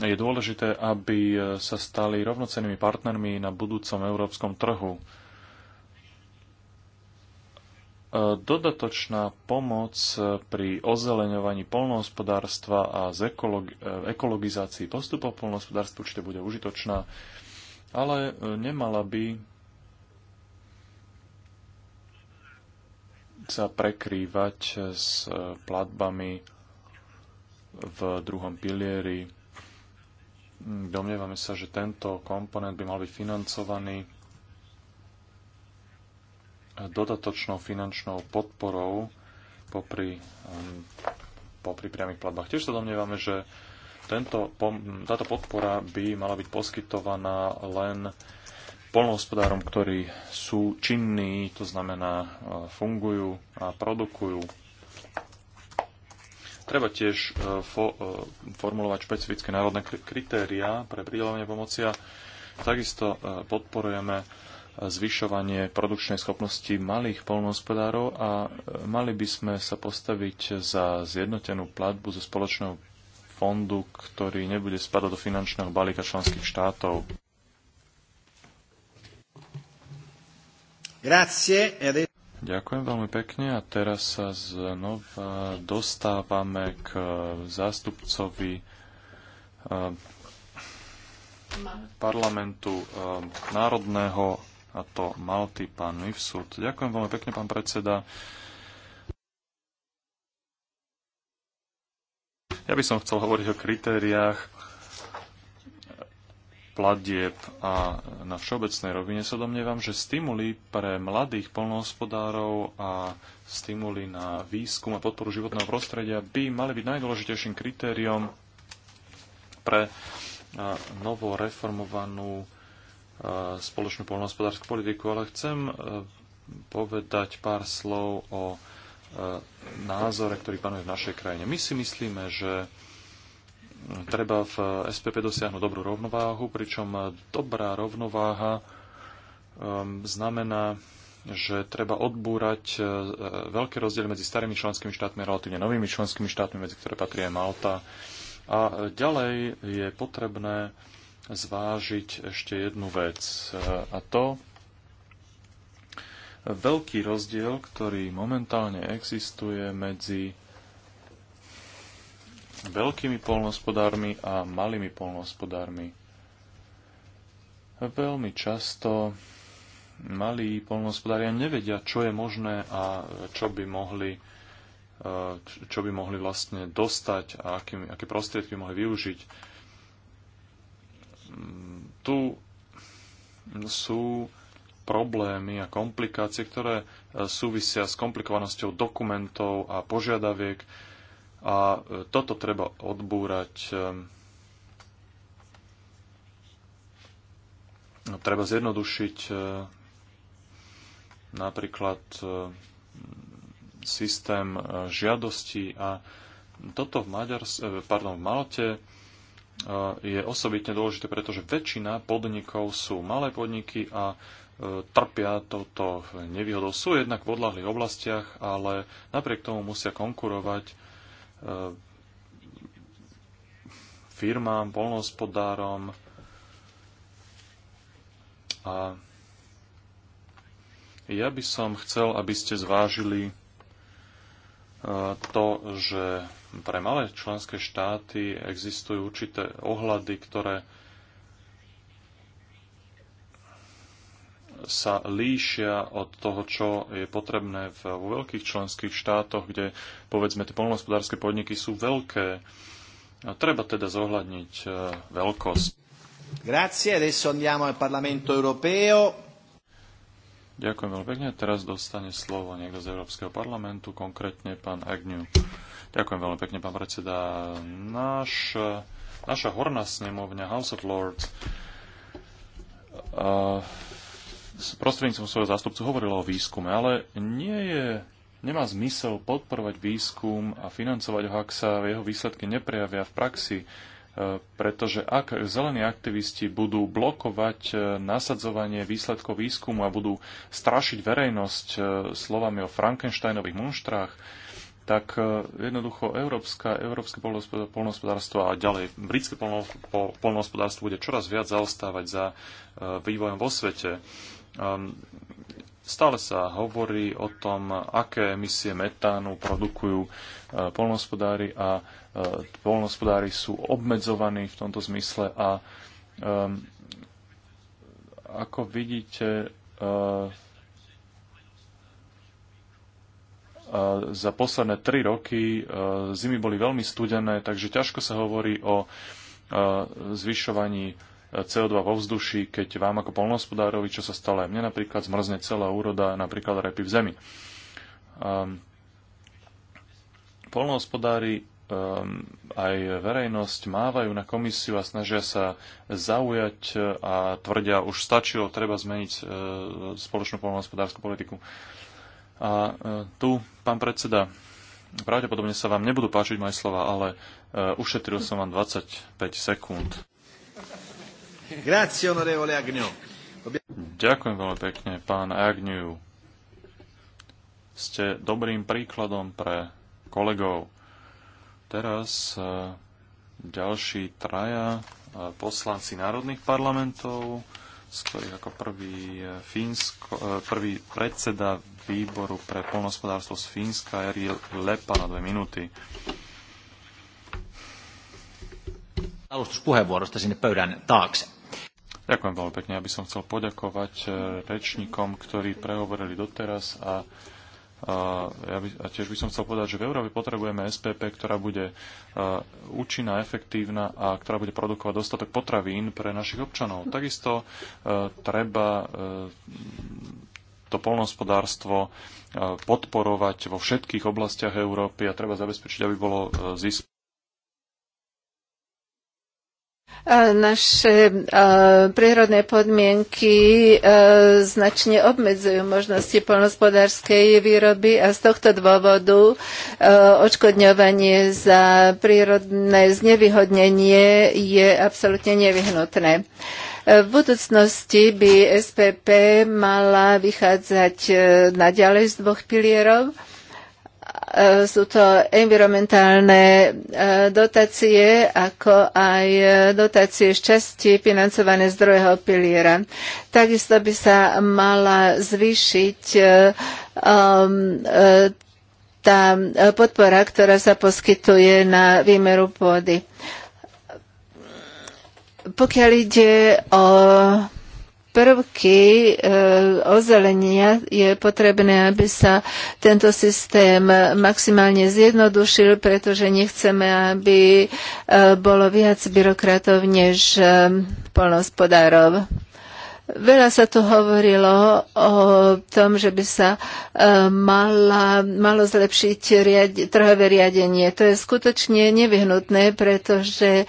je dôležité, aby sa stali rovnocennými partnermi na budúcom európskom trhu. Dodatočná pomoc pri ozeleňovaní polnohospodárstva a z ekologi- ekologizácii postupov polnohospodárstva určite bude užitočná, ale nemala by sa prekrývať s platbami v druhom pilieri. Domnievame sa, že tento komponent by mal byť financovaný dodatočnou finančnou podporou popri, um, popri priamých platbách. Tiež sa domnievame, že tento, táto podpora by mala byť poskytovaná len polnohospodárom, ktorí sú činní, to znamená e, fungujú a produkujú. Treba tiež e, fo- e, formulovať špecifické národné kritériá pre pridelovanie pomoci a takisto podporujeme zvyšovanie produkčnej schopnosti malých polnohospodárov a mali by sme sa postaviť za zjednotenú platbu zo spoločného fondu, ktorý nebude spadať do finančného balíka členských štátov. E Ďakujem veľmi pekne a teraz sa znova dostávame k e, zástupcovi e, parlamentu národného a to Malty, pán Mivsud. Ďakujem veľmi pekne, pán predseda. Ja by som chcel hovoriť o kritériách platieb a na všeobecnej rovine sa domnievam, že stimuly pre mladých polnohospodárov a stimuly na výskum a podporu životného prostredia by mali byť najdôležitejším kritériom pre novo reformovanú spoločnú polnohospodárskú politiku, ale chcem povedať pár slov o názore, ktorý panuje v našej krajine. My si myslíme, že treba v SPP dosiahnuť dobrú rovnováhu, pričom dobrá rovnováha um, znamená, že treba odbúrať uh, veľké rozdiely medzi starými členskými štátmi a relatívne novými členskými štátmi, medzi ktoré patrí aj Malta. A ďalej je potrebné zvážiť ešte jednu vec. Uh, a to veľký rozdiel, ktorý momentálne existuje medzi veľkými polnospodármi a malými polnospodármi. Veľmi často malí polnohospodária nevedia, čo je možné a čo by mohli, e, čo by mohli vlastne dostať a aký, aké prostriedky by mohli využiť. Tu sú problémy a komplikácie, ktoré e, súvisia s komplikovanosťou dokumentov a požiadaviek, a e, toto treba odbúrať. E, no, treba zjednodušiť e, napríklad systém žiadosti a toto v, Maďars- pardon, v Malte je osobitne dôležité, pretože väčšina podnikov sú malé podniky a trpia touto nevýhodou. Sú jednak v odlahlých oblastiach, ale napriek tomu musia konkurovať E, firmám, polnohospodárom a ja by som chcel, aby ste zvážili e, to, že pre malé členské štáty existujú určité ohľady, ktoré sa líšia od toho, čo je potrebné vo veľkých členských štátoch, kde povedzme tie polnohospodárske podniky sú veľké. Treba teda zohľadniť e, veľkosť. Grazie, adesso andiamo al Parlamento europeo. Ďakujem veľmi pekne. Teraz dostane slovo niekto z Európskeho parlamentu, konkrétne pán Agnew. Ďakujem veľmi pekne, pán predseda. Náš, e, naša horná snemovňa House of Lords uh, prostredníctvom svojho zástupcu hovorilo o výskume, ale nie je, nemá zmysel podporovať výskum a financovať ho, ak sa jeho výsledky neprejavia v praxi, e, pretože ak zelení aktivisti budú blokovať e, nasadzovanie výsledkov výskumu a budú strašiť verejnosť e, slovami o Frankensteinových monštrách, tak jednoducho európska, európske polnohospodárstvo a ďalej britské polnohospodárstvo bude čoraz viac zaostávať za vývojom vo svete. Ehm, stále sa hovorí o tom, aké emisie metánu produkujú e, poľnohospodári a e, polnospodári sú obmedzovaní v tomto zmysle a ehm, ako vidíte, e, za posledné tri roky zimy boli veľmi studené, takže ťažko sa hovorí o zvyšovaní CO2 vo vzduši, keď vám ako polnohospodárovi, čo sa stalo aj mne napríklad, zmrzne celá úroda, napríklad repy v zemi. Um, polnohospodári um, aj verejnosť mávajú na komisiu a snažia sa zaujať e, a tvrdia, už stačilo, treba zmeniť uh, spoločnú polnohospodárskú politiku. A uh, tu, pán predseda, pravdepodobne sa vám nebudú páčiť moje slova, ale uh, ušetril som vám 25 sekúnd. Grazie, onorevole Agnew. Ďakujem veľmi pekne, pán Agnew. Ste dobrým príkladom pre kolegov. Teraz e, ďalší traja e, poslanci národných parlamentov, z ktorých ako prvý, e, Fínsko, prvý predseda výboru pre polnospodárstvo z Fínska, Eril Lepa na dve minúty. alustuspuheenvuorosta sinne pöydän taakse. Ďakujem veľmi pekne. Ja by som chcel poďakovať eh, rečníkom, ktorí prehovorili doteraz a, a, ja by, a tiež by som chcel povedať, že v Európe potrebujeme SPP, ktorá bude a, eh, účinná, efektívna a ktorá bude produkovať dostatok potravín pre našich občanov. Takisto a, eh, treba a, to polnohospodárstvo podporovať vo všetkých oblastiach Európy a treba zabezpečiť, aby bolo zisk naše prírodné podmienky značne obmedzujú možnosti polnospodárskej výroby a z tohto dôvodu odškodňovanie za prírodné znevýhodnenie je absolútne nevyhnutné. V budúcnosti by SPP mala vychádzať e, naďalej z dvoch pilierov E, sú to environmentálne e, dotácie, ako aj e, dotácie z časti financované z druhého piliera. Takisto by sa mala zvýšiť um, tá podpora, ktorá sa poskytuje na výmeru pôdy. Pokiaľ ide o prvky e, ozelenia je potrebné, aby sa tento systém maximálne zjednodušil, pretože nechceme, aby e, bolo viac byrokratov než e, polnospodárov. Veľa sa tu hovorilo o tom, že by sa e, mala, malo zlepšiť riadi, trhové riadenie. To je skutočne nevyhnutné, pretože e,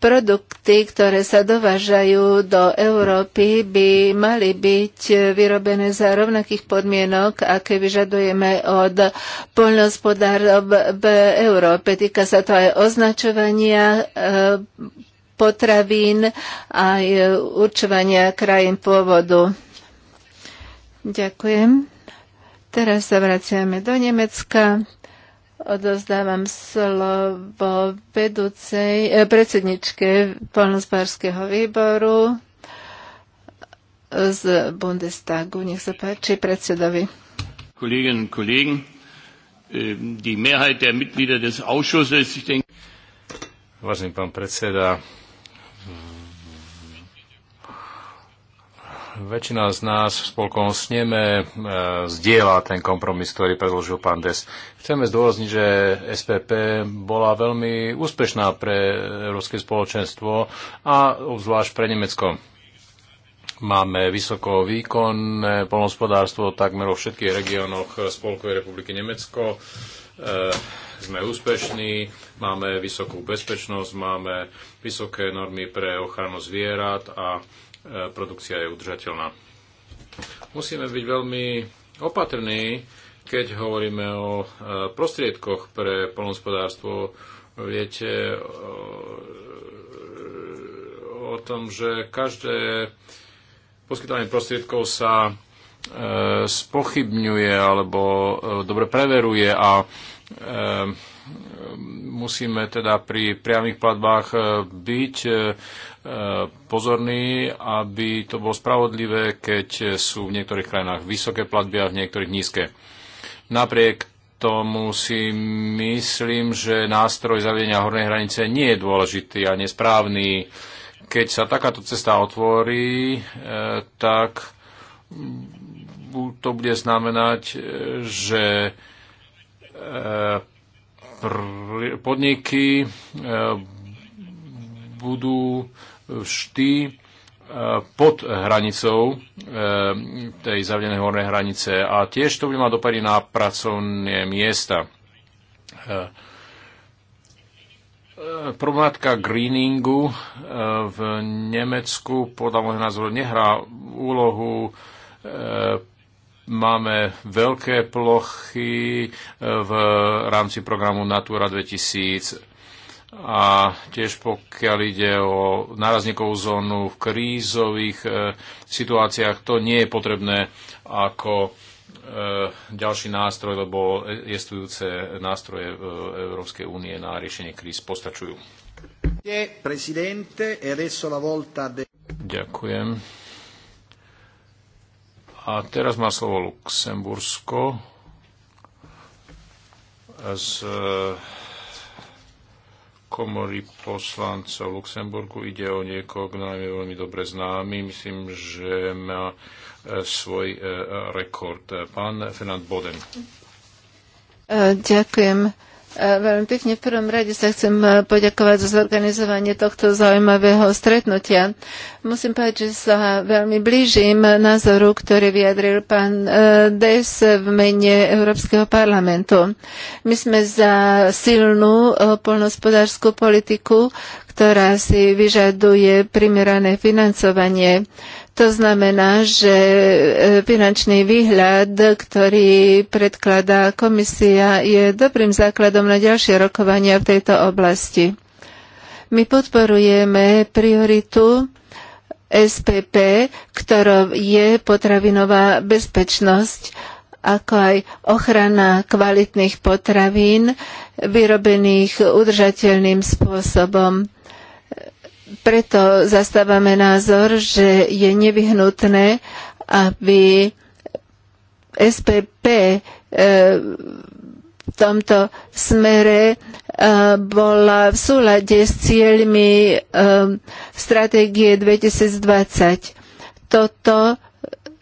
produkty, ktoré sa dovážajú do Európy, by mali byť vyrobené za rovnakých podmienok, aké vyžadujeme od poľnohospodárov v Európe. Týka sa to aj označovania e, potravín aj e, určovania krajín pôvodu. Ďakujem. Teraz sa vraciame do Nemecka. Odozdávam slovo vedúcej, eh, predsedničke Polnospárskeho výboru z Bundestagu. Nech sa páči predsedovi. Kolleginnen und äh, die Mehrheit der Mitglieder des Ausschusses, ich denke... Vážený pán predseda, väčšina z nás v spolkom sneme e, zdieľa ten kompromis, ktorý predložil pán Des. Chceme zdôrazniť, že SPP bola veľmi úspešná pre európske spoločenstvo a zvlášť pre Nemecko. Máme vysoko výkon, polnospodárstvo takmer vo všetkých regiónoch Spolkovej republiky Nemecko. E, sme úspešní, máme vysokú bezpečnosť, máme vysoké normy pre ochranu zvierat a produkcia je udržateľná. Musíme byť veľmi opatrní, keď hovoríme o e, prostriedkoch pre polnospodárstvo. Viete e, o tom, že každé poskytovanie prostriedkov sa e, spochybňuje alebo dobre preveruje a musíme teda pri priamých platbách byť E, pozorní, aby to bolo spravodlivé, keď sú v niektorých krajinách vysoké platby a v niektorých nízke. Napriek tomu si myslím, že nástroj zavedenia hornej hranice nie je dôležitý a nesprávny. Keď sa takáto cesta otvorí, e, tak to bude znamenať, e, že podniky budú vždy e, pod hranicou e, tej zavedenej hornej hranice a tiež to bude mať dopady na pracovné miesta. E, problematika greeningu v Nemecku podľa môjho názoru nehrá úlohu. Máme veľké plochy v rámci programu Natura 2000 a tiež pokiaľ ide o nárazníkovú zónu v krízových e, situáciách, to nie je potrebné ako e, ďalší nástroj, lebo existujúce nástroje e, Európskej únie na riešenie kríz postačujú. E Ďakujem. A teraz má slovo Luxembursko z komory poslancov Luxemburgu. Ide o niekoho, kto nám je veľmi dobre známy. Myslím, že má e, svoj e, rekord. Pán Fernand Boden. E, ďakujem E, veľmi pekne. V prvom rade sa chcem e, poďakovať za zorganizovanie tohto zaujímavého stretnutia. Musím povedať, že sa veľmi blížim názoru, ktorý vyjadril pán e, Des v mene Európskeho parlamentu. My sme za silnú polnospodárskú politiku, ktorá si vyžaduje primerané financovanie. To znamená, že e, finančný výhľad, ktorý predkladá komisia, je dobrým základom na ďalšie rokovania v tejto oblasti. My podporujeme prioritu SPP, ktorou je potravinová bezpečnosť, ako aj ochrana kvalitných potravín vyrobených udržateľným spôsobom preto zastávame názor, že je nevyhnutné, aby SPP e, v tomto smere e, bola v súlade s cieľmi e, stratégie 2020. Toto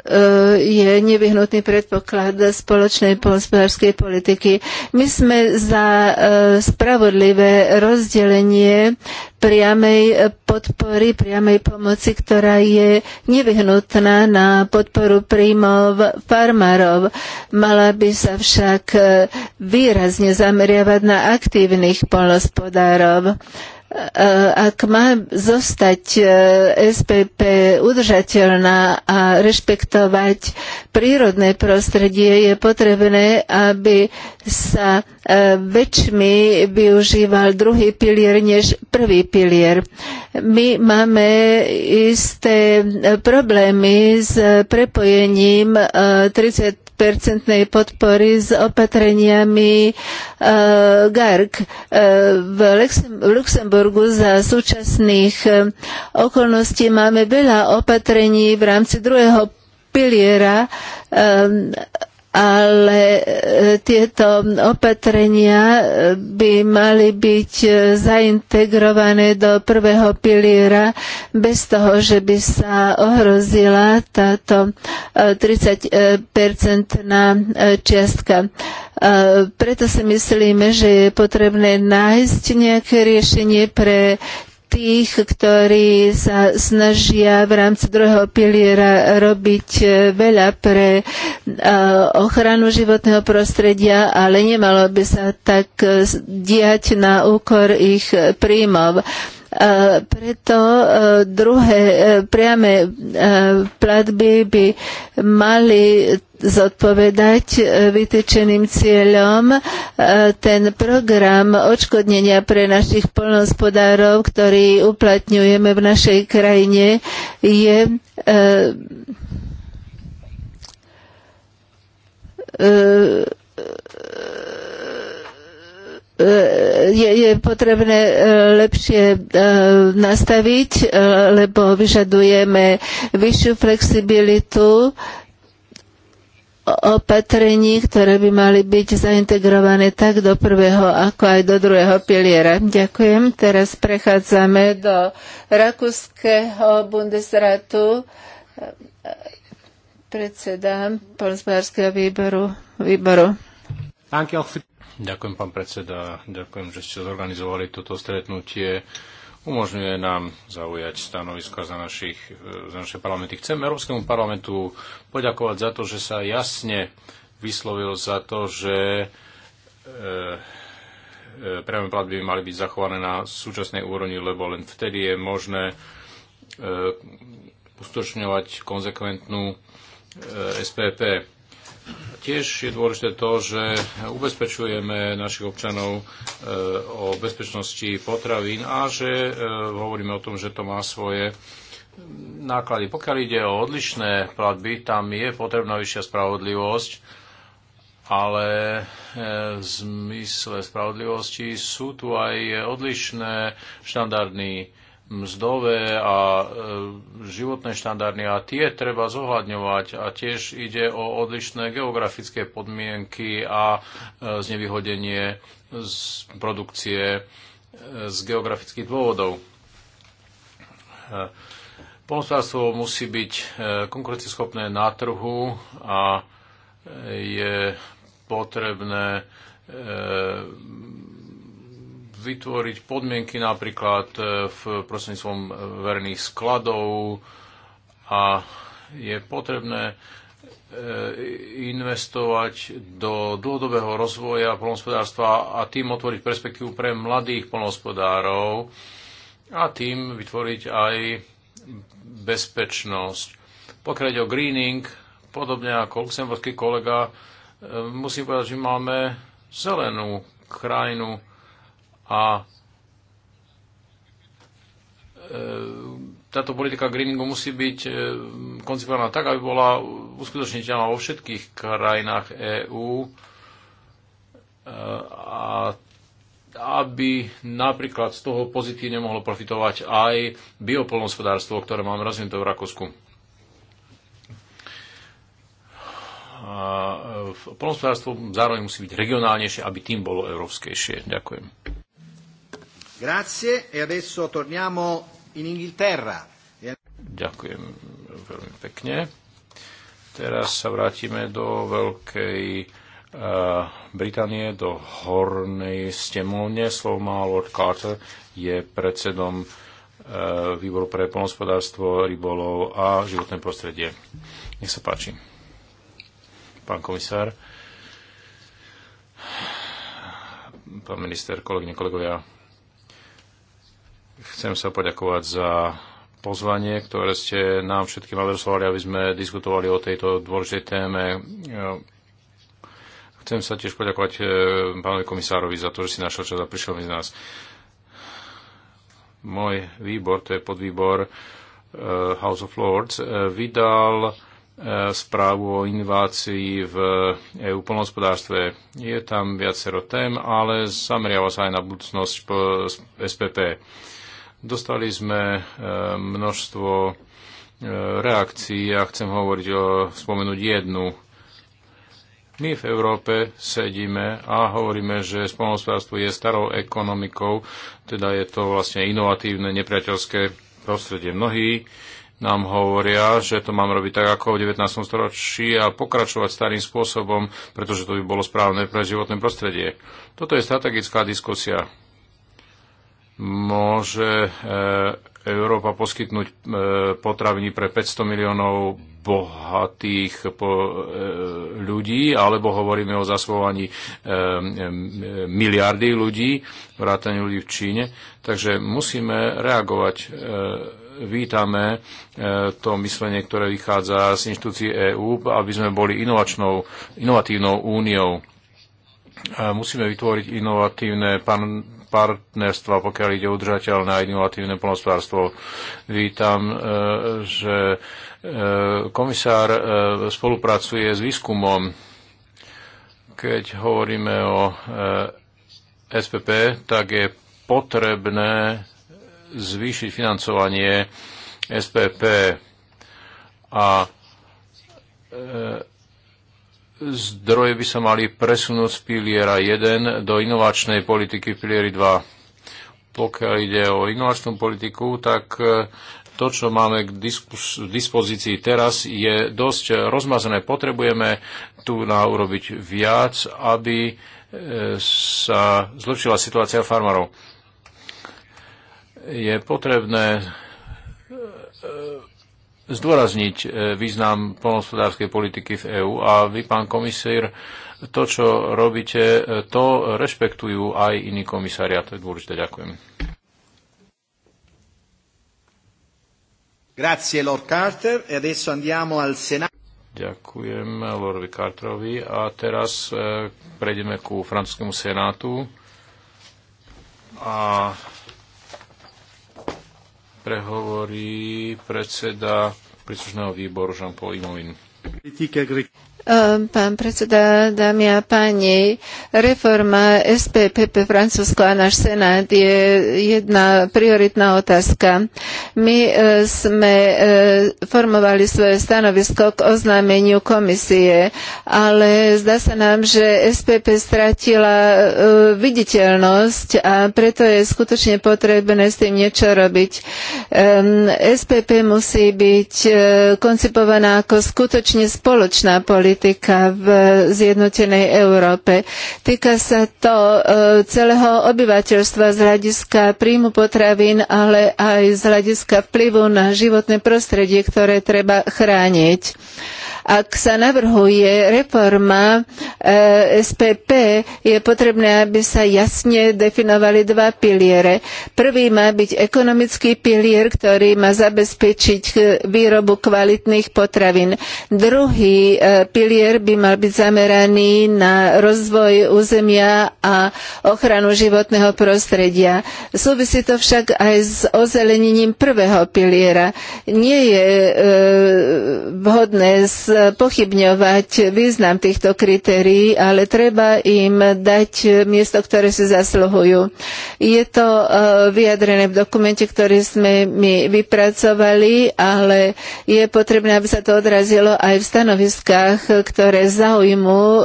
E, je nevyhnutný predpoklad spoločnej polospodárskej politiky. My sme za e, spravodlivé rozdelenie priamej podpory, priamej pomoci, ktorá je nevyhnutná na podporu príjmov farmárov. Mala by sa však e, výrazne zameriavať na aktívnych polospodárov. E, ak má zostať e, SPP udržateľná a rešpektovať prírodné prostredie, je potrebné, aby sa e, väčšmi využíval druhý pilier než prvý pilier. My máme isté problémy s prepojením 30 percentnej podpory s opatreniami e, GARC. E, v Luxemburgu za súčasných e, okolností máme veľa opatrení v rámci druhého piliera ale e, tieto opatrenia e, by mali byť e, zaintegrované do prvého piliera bez toho, že by sa ohrozila táto 30-percentná čiastka. Preto si myslíme, že je potrebné nájsť nejaké riešenie pre tých, ktorí sa snažia v rámci druhého piliera robiť e, veľa pre e, ochranu životného prostredia, ale nemalo by sa tak e, diať na úkor ich príjmov. Preto e, druhé e, priame e, platby by mali zodpovedať vytýčeným cieľom. Ten program odškodnenia pre našich polnospodárov, ktorý uplatňujeme v našej krajine, je E, je, je potrebné e, lepšie e, nastaviť, lebo vyžadujeme vyššiu flexibilitu opatrení, ktoré by mali byť zaintegrované tak do prvého, ako aj do druhého piliera. Ďakujem. Teraz prechádzame do Rakúskeho Bundesratu. Predseda Polsbárskeho výboru. výboru. Danke Ďakujem, pán predseda. Ďakujem, že ste zorganizovali toto stretnutie. Umožňuje nám zaujať stanoviska za, našich, za naše parlamenty. Chcem Európskemu parlamentu poďakovať za to, že sa jasne vyslovil za to, že e, e, priame platby by mali byť zachované na súčasnej úrovni, lebo len vtedy je možné e, ustočňovať konzekventnú e, SPP Tiež je dôležité to, že ubezpečujeme našich občanov e, o bezpečnosti potravín a že e, hovoríme o tom, že to má svoje náklady. Pokiaľ ide o odlišné platby, tam je potrebná vyššia spravodlivosť, ale e, v zmysle spravodlivosti sú tu aj odlišné štandardy mzdové a e, životné štandardy a tie treba zohľadňovať a tiež ide o odlišné geografické podmienky a e, znevýhodenie z produkcie e, z geografických dôvodov. Polnospodárstvo musí byť konkurencieschopné na trhu a je potrebné vytvoriť podmienky napríklad e, v prostredníctvom e, verejných skladov a je potrebné e, investovať do dlhodobého rozvoja polnohospodárstva a tým otvoriť perspektívu pre mladých polnohospodárov a tým vytvoriť aj bezpečnosť. Pokiaľ ide o greening, podobne ako luxemburský kolega, musím povedať, že máme zelenú krajinu, a e, táto politika greeningu musí byť e, koncipovaná tak, aby bola uskutočniteľná vo všetkých krajinách EÚ e, a aby napríklad z toho pozitívne mohlo profitovať aj biopolnospodárstvo, ktoré máme rozvinuté v Rakúsku. polnospodárstvo zároveň musí byť regionálnejšie, aby tým bolo európskejšie. Ďakujem. Grazie e adesso torniamo in Inghilterra. Ďakujem veľmi pekne. Teraz sa vrátime do Veľkej eh, Británie, do Hornej stemovne. Slovo má Lord Carter, je predsedom eh, výboru pre polnospodárstvo, rybolov a životné prostredie. Nech sa páči. Pán komisár, pán minister, kolegyne, kolegovia, Chcem sa poďakovať za pozvanie, ktoré ste nám všetkým adresovali, aby sme diskutovali o tejto dôležitej téme. Chcem sa tiež poďakovať e, pánovi komisárovi za to, že si našiel čas a prišiel medzi nás. Môj výbor, to je podvýbor e, House of Lords, e, vydal správu o inovácii v EU plnohospodárstve. Je tam viacero tém, ale zameriava sa aj na budúcnosť SPP Dostali sme e, množstvo e, reakcií a ja chcem hovoriť o spomenúť jednu. My v Európe sedíme a hovoríme, že spolnohospodárstvo je starou ekonomikou, teda je to vlastne inovatívne, nepriateľské prostredie. Mnohí nám hovoria, že to mám robiť tak ako v 19. storočí a pokračovať starým spôsobom, pretože to by bolo správne pre životné prostredie. Toto je strategická diskusia môže e, Európa poskytnúť e, potraviny pre 500 miliónov bohatých e, ľudí, alebo hovoríme o zasvovaní miliardy ľudí, vrátane ľudí v Číne. Takže musíme reagovať. Vítame to myslenie, ktoré vychádza z inštitúcií EÚ, aby sme boli inovačnou, inovatívnou úniou. Musíme vytvoriť inovatívne pan partnerstva, pokiaľ ide o udržateľné a inovatívne polnospodárstvo. Vítam, e, že e, komisár e, spolupracuje s výskumom. Keď hovoríme o SPP, tak je potrebné zvýšiť financovanie SPP a zdroje by sa mali presunúť z piliera 1 do inovačnej politiky v pilieri 2. Pokiaľ ide o inovačnú politiku, tak e, to, čo máme k dispozícii teraz, je dosť rozmazané. Potrebujeme tu na urobiť viac, aby e, sa zlepšila situácia farmárov. Je potrebné e, zdôrazniť e, význam polnospodárskej politiky v EÚ a vy, pán komisír, to, čo robíte, e, to rešpektujú aj iní komisári a to je dôležité. Ďakujem. Grazie, Lord Carter. E adesso andiamo al Senato. Ďakujem Lordovi Carterovi. A teraz e, prejdeme ku francúzskému senátu. A prehovorí predseda príslušného výboru Jean-Paul Imovin. Ehm, pán predseda, dámy a páni, reforma SPPP Francúzsko a náš Senát je jedna prioritná otázka. My eh, sme eh, formovali svoje stanovisko k oznámeniu komisie, ale zdá sa nám, že SPP stratila eh, viditeľnosť a preto je skutočne potrebné s tým niečo robiť. Ehm, SPP musí byť koncipovaná ako skutočne spoločná politika politika v zjednotenej Európe. Týka sa to e, celého obyvateľstva z hľadiska príjmu potravín, ale aj z hľadiska vplyvu na životné prostredie, ktoré treba chrániť ak sa navrhuje reforma e, SPP, je potrebné, aby sa jasne definovali dva piliere. Prvý má byť ekonomický pilier, ktorý má zabezpečiť e, výrobu kvalitných potravín. Druhý pilier pilier by mal byť zameraný na rozvoj územia a ochranu životného prostredia. Súvisí to však aj s ozelenením prvého piliera. Nie je e, vhodné pochybňovať význam týchto kritérií, ale treba im dať miesto, ktoré si zasluhujú. Je to e, vyjadrené v dokumente, ktorý sme my vypracovali, ale je potrebné, aby sa to odrazilo aj v stanoviskách ktoré zaujmú e,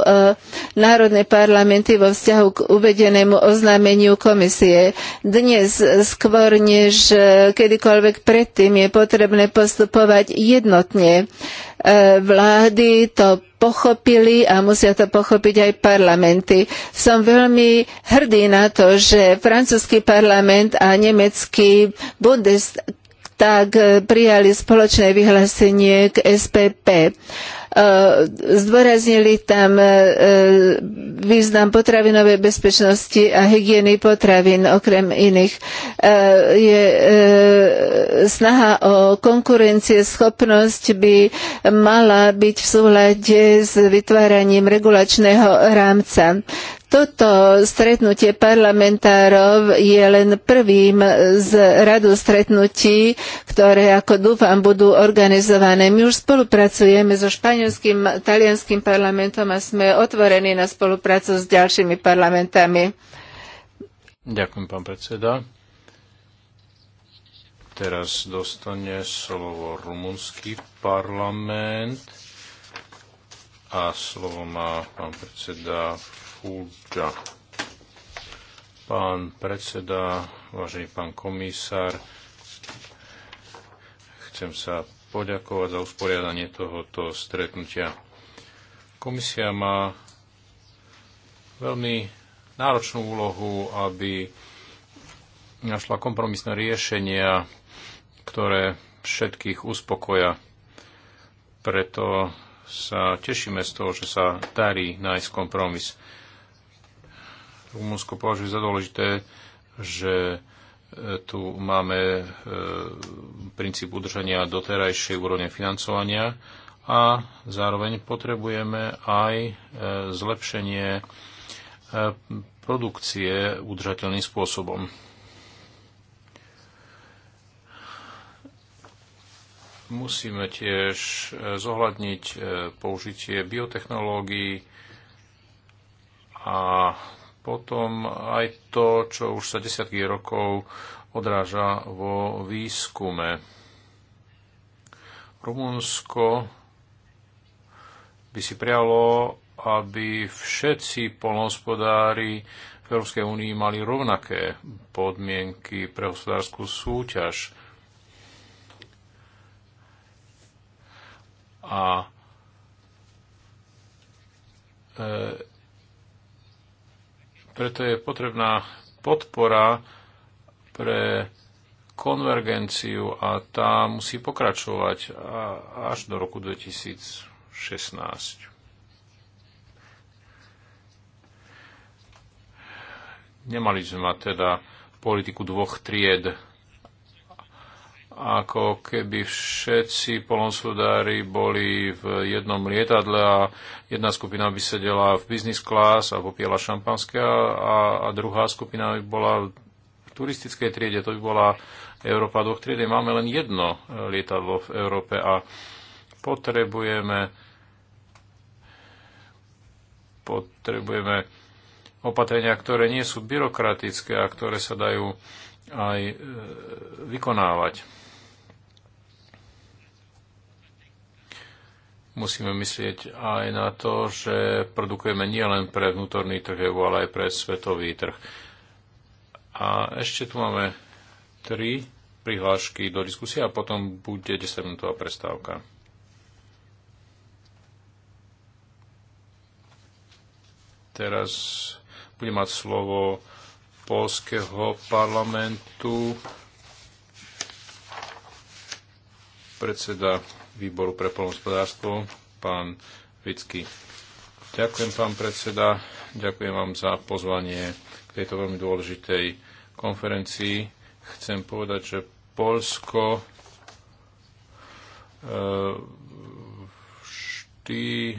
národné parlamenty vo vzťahu k uvedenému oznámeniu komisie. Dnes skôr než e, kedykoľvek predtým je potrebné postupovať jednotne. E, vlády to pochopili a musia to pochopiť aj parlamenty. Som veľmi hrdý na to, že francúzsky parlament a nemecký Bundestag tak e, prijali spoločné vyhlásenie k SPP. E, zdôraznili tam e, význam potravinovej bezpečnosti a hygieny potravín, okrem iných. Je snaha o schopnosť by mala byť v súlade s vytváraním regulačného rámca. Toto stretnutie parlamentárov je len prvým z radu stretnutí, ktoré, ako dúfam, budú organizované. My už spolupracujeme so španielským, talianským parlamentom a sme otvorení na spoluprácu s ďalšími parlamentami. Ďakujem, pán predseda. Teraz dostane slovo rumunský parlament a slovo má pán predseda Kulča. Pán predseda, vážený pán komisár, chcem sa poďakovať za usporiadanie tohoto stretnutia. Komisia má veľmi náročnú úlohu, aby našla kompromisné riešenia, ktoré všetkých uspokoja. Preto sa tešíme z toho, že sa darí nájsť kompromis. Rumunsko považuje za dôležité, že e, tu máme e, princíp udržania doterajšej úrovne financovania a zároveň potrebujeme aj e, zlepšenie produkcie udržateľným spôsobom. Musíme tiež zohľadniť použitie biotechnológií a potom aj to, čo už sa desiatky rokov odráža vo výskume. Rumunsko by si prialo, aby všetci polnohospodári v Európskej únii mali rovnaké podmienky pre hospodárskú súťaž. A e, preto je potrebná podpora pre konvergenciu a tá musí pokračovať až do roku 2016. Nemali sme mať teda politiku dvoch tried ako keby všetci polnospodári boli v jednom lietadle a jedna skupina by sedela v business class a popiela šampanské a, a druhá skupina by bola v turistickej triede. To by bola Európa dvoch triede. Máme len jedno e, lietadlo v Európe a potrebujeme potrebujeme opatrenia, ktoré nie sú byrokratické a ktoré sa dajú aj e, vykonávať. musíme myslieť aj na to, že produkujeme nielen pre vnútorný trh EU, ale aj pre svetový trh. A ešte tu máme tri prihlášky do diskusie a potom bude 10-minútová prestávka. Teraz bude mať slovo Polského parlamentu predseda výboru pre polnospodárstvo, pán Vicky. Ďakujem, pán predseda. Ďakujem vám za pozvanie k tejto veľmi dôležitej konferencii. Chcem povedať, že Polsko eh, vždy eh,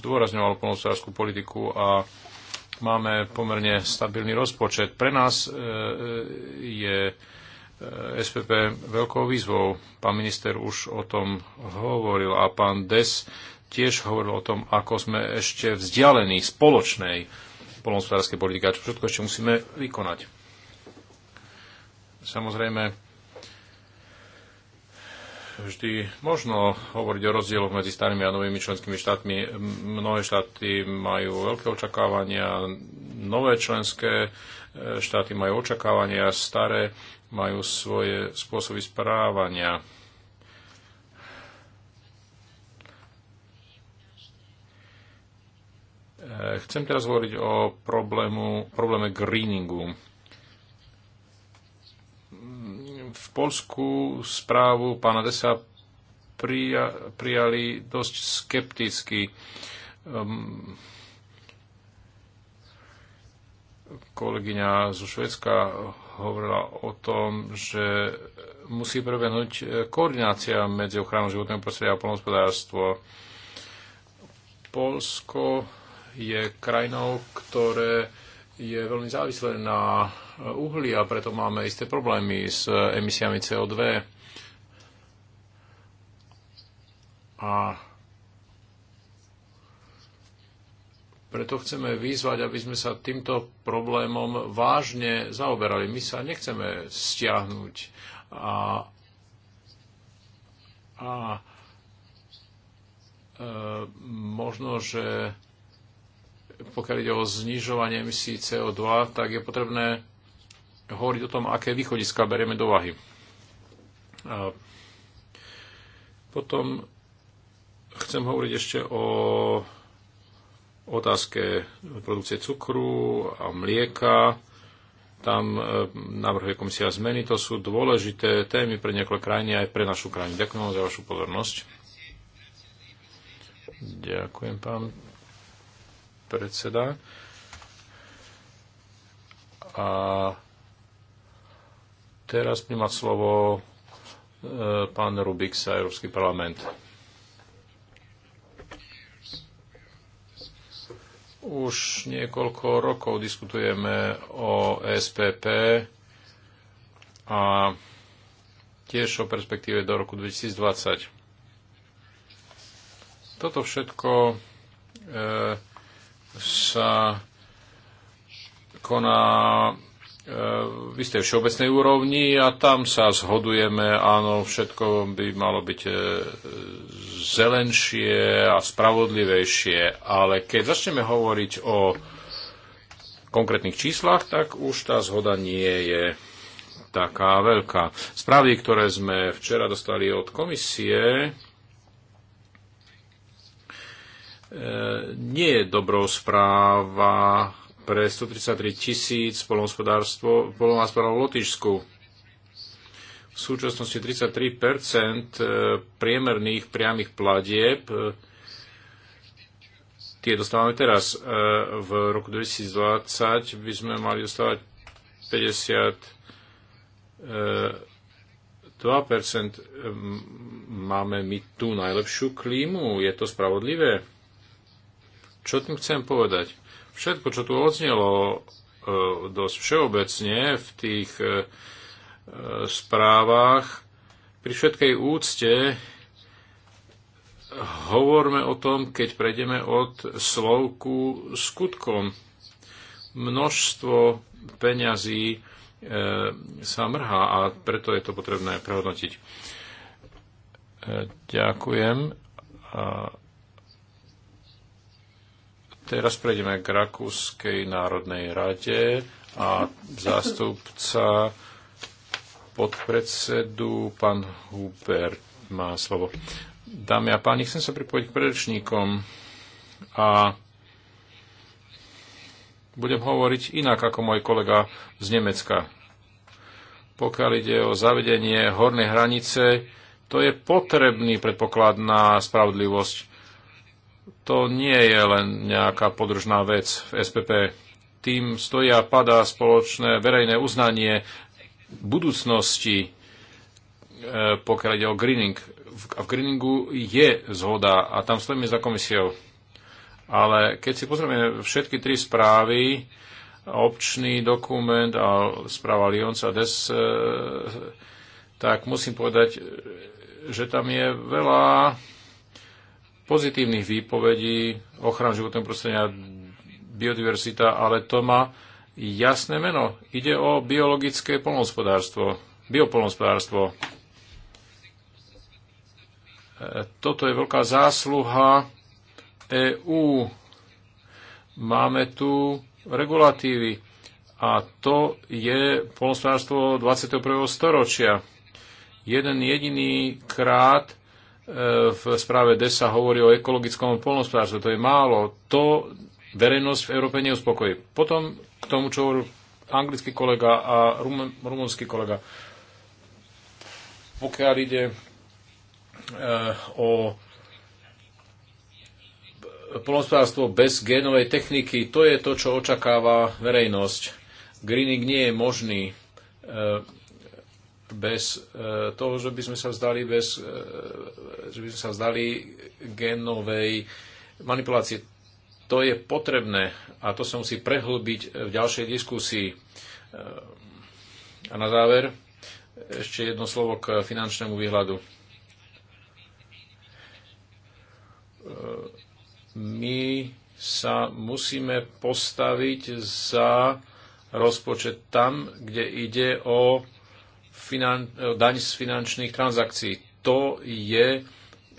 zdôrazňovalo polnospodárskú politiku a máme pomerne stabilný rozpočet. Pre nás eh, je E, SPP veľkou výzvou. Pán minister už o tom hovoril a pán Des tiež hovoril o tom, ako sme ešte vzdialení spoločnej polnospodárskej politiky a čo všetko ešte musíme vykonať. Samozrejme, vždy možno hovoriť o rozdieloch medzi starými a novými členskými štátmi. Mnohé štáty majú veľké očakávania, nové členské štáty majú očakávania, staré majú svoje spôsoby správania. Eh, chcem teraz hovoriť o problému, probléme greeningu. V Polsku správu pána Desa prija, prijali dosť skepticky. Um, kolegyňa zo Švedska hovorila o tom, že musí prebehnúť eh, koordinácia medzi ochranou životného prostredia a polnohospodárstvo. Polsko je krajinou, ktoré je veľmi závislé na eh, uhli a preto máme isté problémy s eh, emisiami CO2. A Preto chceme vyzvať, aby sme sa týmto problémom vážne zaoberali. My sa nechceme stiahnuť a, a e, možno, že pokiaľ ide o znižovanie emisí CO2, tak je potrebné hovoriť o tom, aké východiska berieme do váhy. A potom chcem hovoriť ešte o otázke produkcie cukru a mlieka. Tam e, navrhuje komisia zmeny. To sú dôležité témy pre niektoré krajiny aj pre našu krajinu. Ďakujem vám za vašu pozornosť. Ďakujem, pán predseda. A teraz príma slovo e, pán Rubik Európsky parlament. Už niekoľko rokov diskutujeme o SPP a tiež o perspektíve do roku 2020. Toto všetko e, sa koná v istej všeobecnej úrovni a tam sa zhodujeme, áno, všetko by malo byť e, zelenšie a spravodlivejšie, ale keď začneme hovoriť o konkrétnych číslach, tak už tá zhoda nie je taká veľká. Správy, ktoré sme včera dostali od komisie, e, nie je dobrou správa pre 133 tisíc polnohospodárstvo, polnohospodárstvo v Lotyšsku. V súčasnosti 33 e, priemerných priamých platieb e, tie dostávame teraz. E, v roku 2020 by sme mali dostávať 52 Máme my tú najlepšiu klímu. Je to spravodlivé? Čo tým chcem povedať? Všetko, čo tu odznelo e, dosť všeobecne v tých e, e, správach, pri všetkej úcte hovorme o tom, keď prejdeme od slovku skutkom. Množstvo peňazí e, sa mrhá a preto je to potrebné prehodnotiť. E, ďakujem. A Teraz prejdeme k Rakúskej národnej rade a zástupca podpredsedu, pán Hubert, má slovo. Dámy a páni, chcem sa pripojiť k predrečníkom a budem hovoriť inak ako môj kolega z Nemecka. Pokiaľ ide o zavedenie hornej hranice, to je potrebný predpoklad na spravodlivosť to nie je len nejaká podržná vec v SPP. Tým stojí a padá spoločné verejné uznanie budúcnosti, e, pokiaľ ide o greening. V, v greeningu je zhoda a tam stojíme za komisiou. Ale keď si pozrieme všetky tri správy, občný dokument a správa Lyonca DES, e, tak musím povedať, že tam je veľa pozitívnych výpovedí, ochrana životného prostredia, biodiverzita, ale to má jasné meno. Ide o biologické polnospodárstvo, biopolnospodárstvo. Toto je veľká zásluha EÚ. Máme tu regulatívy a to je polnospodárstvo 21. storočia. Jeden jediný krát E, v správe DESA hovorí o ekologickom polnospodárstve. To je málo. To verejnosť v Európe neuspokojí. Potom k tomu, čo hovoril anglický kolega a rumunský kolega. Pokiaľ ide e, o polnospodárstvo bez génovej techniky, to je to, čo očakáva verejnosť. Greening nie je možný. E, bez e, toho, že by sme sa vzdali, bez, e, že by sme sa vzdali genovej manipulácie. To je potrebné a to sa musí prehlbiť v ďalšej diskusii. E, a na záver ešte jedno slovo k finančnému výhľadu. My sa musíme postaviť za rozpočet tam, kde ide o finan- eh, daň z finančných transakcií. To je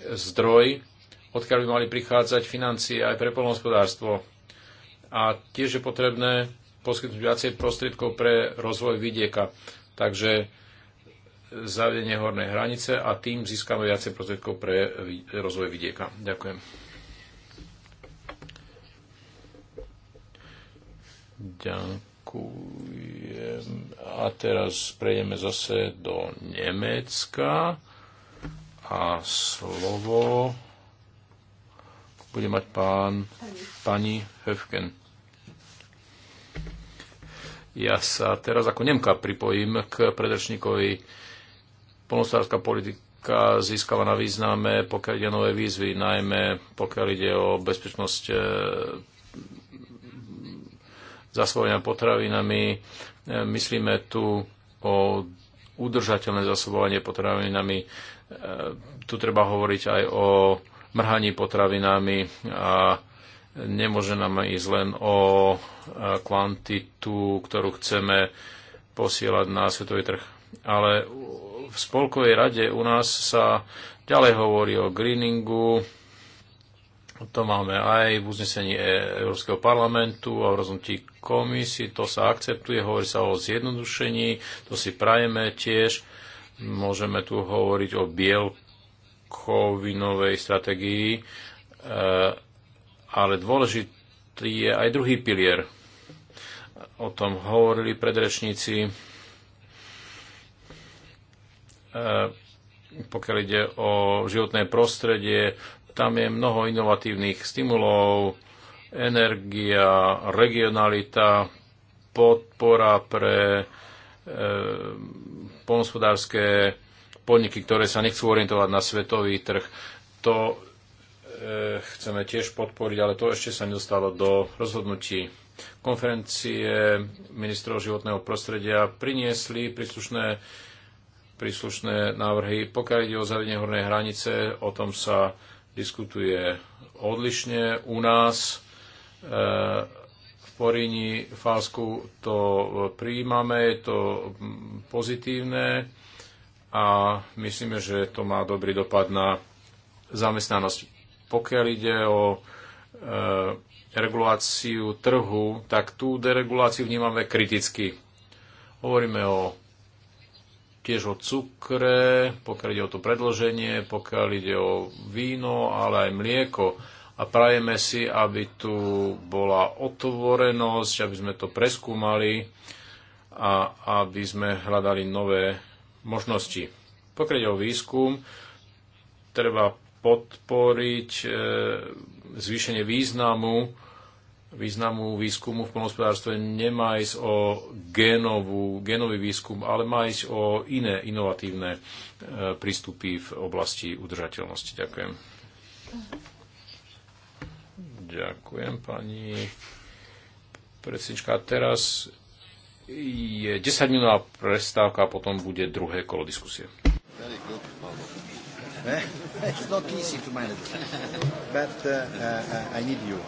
zdroj, odkiaľ by mali prichádzať financie aj pre polnohospodárstvo. A tiež je potrebné poskytnúť viacej prostriedkov pre rozvoj vidieka. Takže zavedenie hornej hranice a tým získame viacej prostriedkov pre rozvoj vidieka. Ďakujem. Ďakujem. Ďakujem. A teraz prejdeme zase do Nemecka a slovo bude mať pán, pani Höfken. Ja sa teraz ako Nemka pripojím k predrečníkovi. Polnostárska politika získava na význame, pokiaľ ide nové výzvy, najmä pokiaľ ide o bezpečnosť e, zásobovania potravinami. E, myslíme tu o udržateľné zásobovanie potravinami. E, tu treba hovoriť aj o mrhaní potravinami a nemôže nám ísť len o e, kvantitu, ktorú chceme posielať na svetový trh. Ale v Spolkovej rade u nás sa ďalej hovorí o greeningu, to máme aj v uznesení e- Európskeho parlamentu a v rozhodnutí komisii. To sa akceptuje, hovorí sa o zjednodušení, to si prajeme tiež. Môžeme tu hovoriť o bielkovinovej strategii, e, ale dôležitý je aj druhý pilier. O tom hovorili predrečníci. E, pokiaľ ide o životné prostredie, tam je mnoho inovatívnych stimulov, energia, regionalita, podpora pre e, eh, polnospodárske podniky, ktoré sa nechcú orientovať na svetový trh. To e, chceme tiež podporiť, ale to ešte sa nedostalo do rozhodnutí. Konferencie ministrov životného prostredia priniesli príslušné príslušné návrhy. Pokiaľ ide o zavedenie hornej hranice, o tom sa diskutuje odlišne. U nás e, v Poríni Falsku to prijímame, je to pozitívne a myslíme, že to má dobrý dopad na zamestnanosť. Pokiaľ ide o e, reguláciu trhu, tak tú dereguláciu vnímame kriticky. Hovoríme o tiež o cukre, pokiaľ ide o to predloženie, pokiaľ ide o víno, ale aj mlieko. A prajeme si, aby tu bola otvorenosť, aby sme to preskúmali a aby sme hľadali nové možnosti. Pokiaľ ide o výskum, treba podporiť e, zvýšenie významu významu výskumu v polnospodárstve nemá ísť o genovú, genový výskum, ale má ísť o iné inovatívne e, prístupy v oblasti udržateľnosti. Ďakujem. Ďakujem pani predsednička. Teraz je 10 minútová prestávka a potom bude druhé kolo diskusie. Eh? It's not easy to manage, but uh, uh, uh I need you.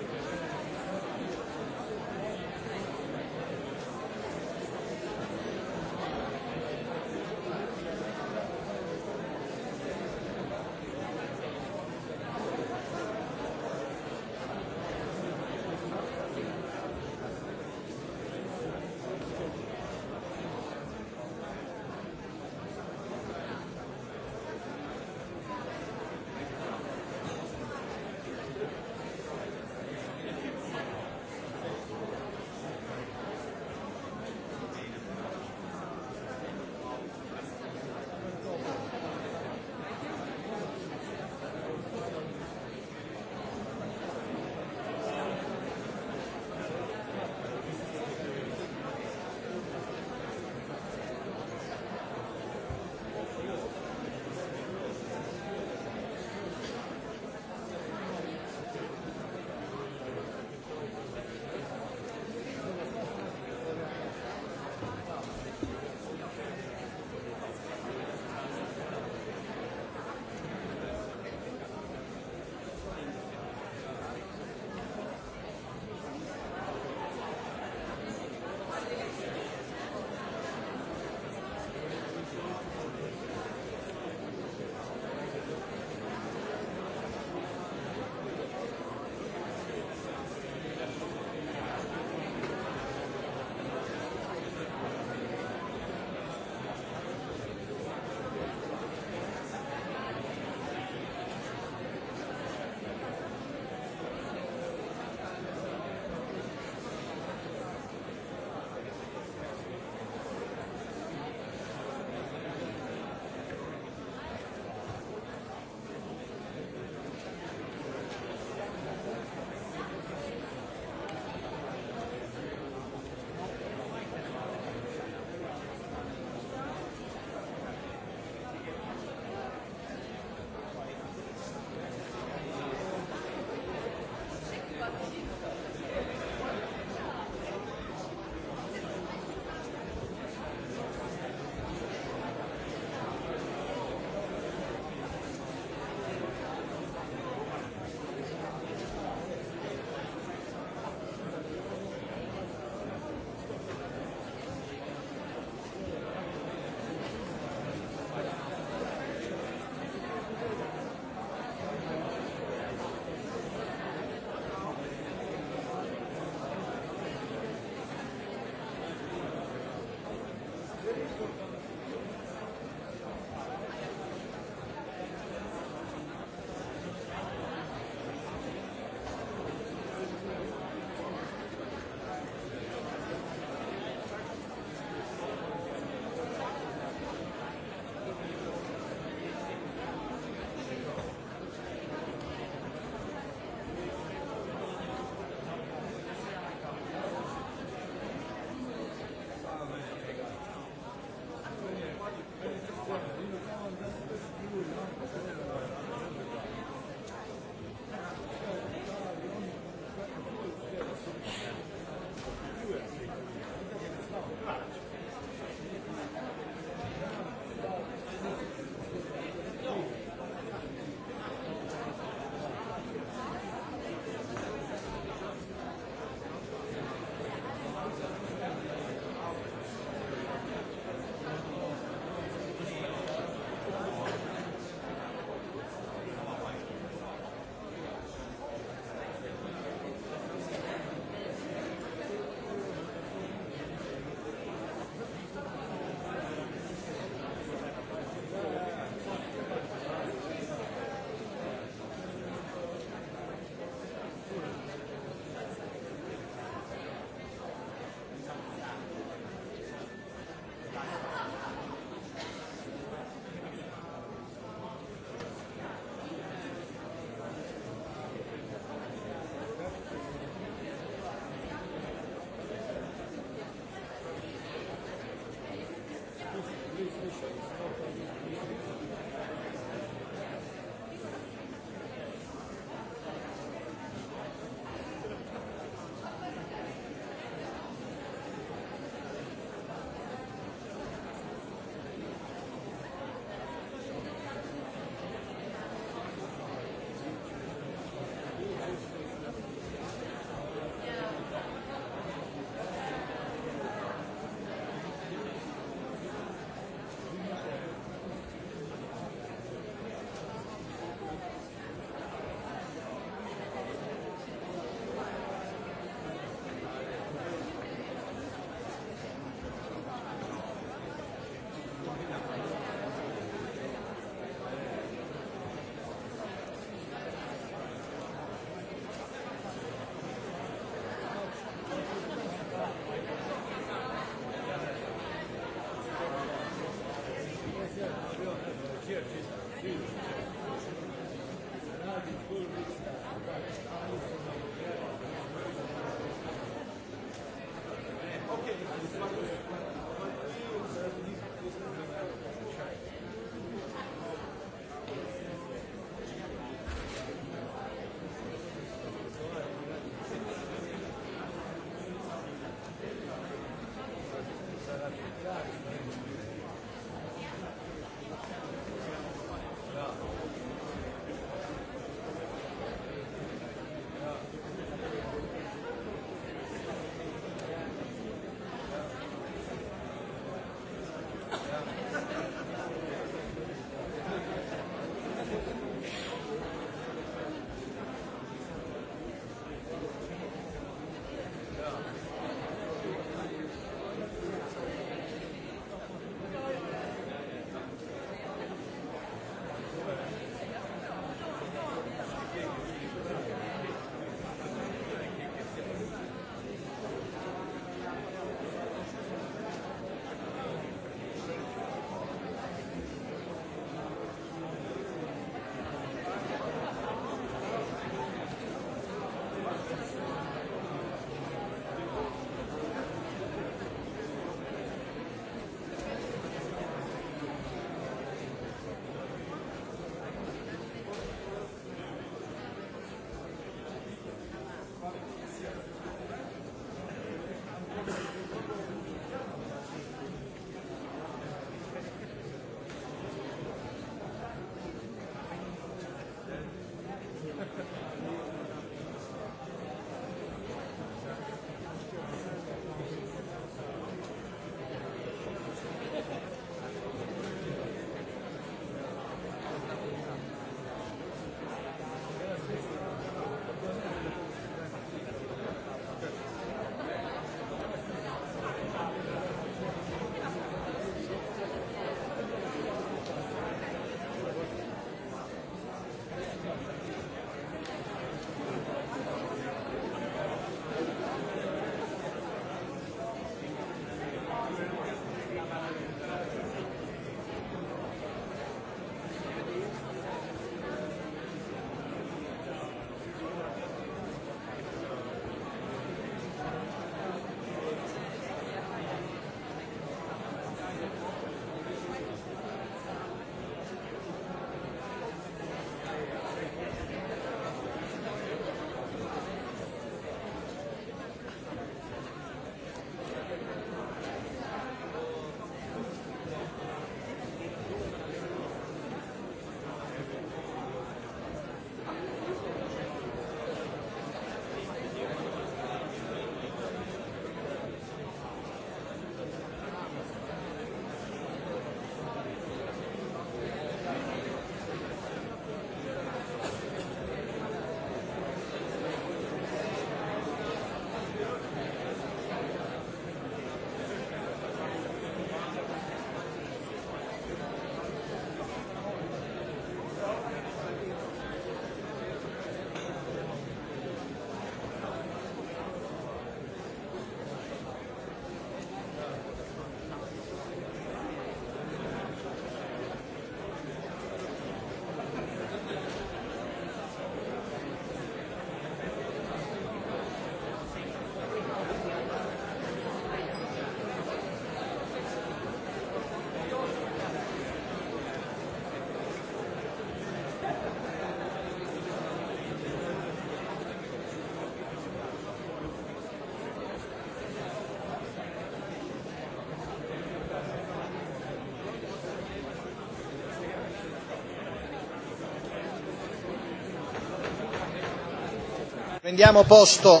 Prendiamo posto.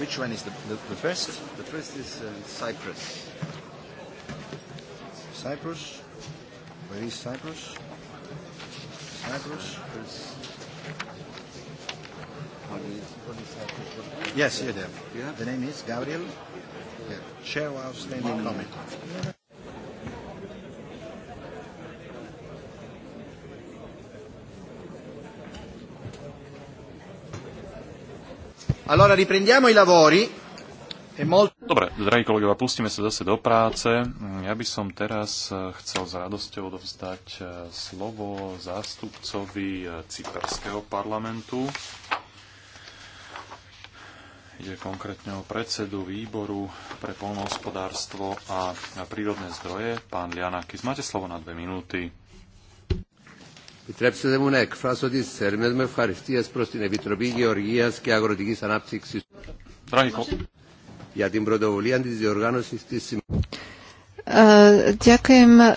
Which one is the, the, the first? The first is uh, Cyprus. Cyprus? Where is Cyprus? Cyprus? Cyprus. Yes, you have. Yeah. The name is Gabriel, Yeah. chair of standing committee. Allora riprendiamo i lavori. Dobre, drahí kolegovia, pustíme sa zase do práce. Mm, ja by som teraz eh, chcel s radosťou odovzdať eh, slovo zástupcovi eh, Cyperského parlamentu. Ide konkrétne o predsedu výboru pre polnohospodárstvo a prírodné zdroje, pán Lianakis. Máte slovo na dve minúty. Επιτρέψτε μου να εκφράσω τις θερμές μου ευχαριστίες προς την Επιτροπή Γεωργίας και Αγροτικής Ανάπτυξης για την πρωτοβουλία της διοργάνωσης της Eh, ďakujem eh,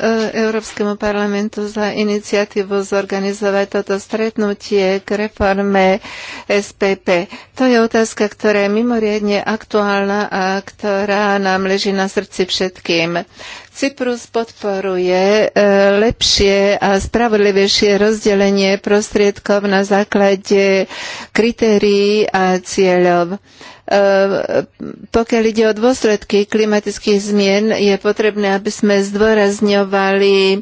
Európskemu parlamentu za iniciatívu zorganizovať toto stretnutie k reforme SPP. To je otázka, ktorá je mimoriadne aktuálna a ktorá nám leží na srdci všetkým. Cyprus podporuje eh, lepšie a spravodlivejšie rozdelenie prostriedkov na základe kritérií a cieľov. Ehm, pokiaľ ide o dôsledky klimatických zmien, je potrebné, aby sme zdôrazňovali ehm,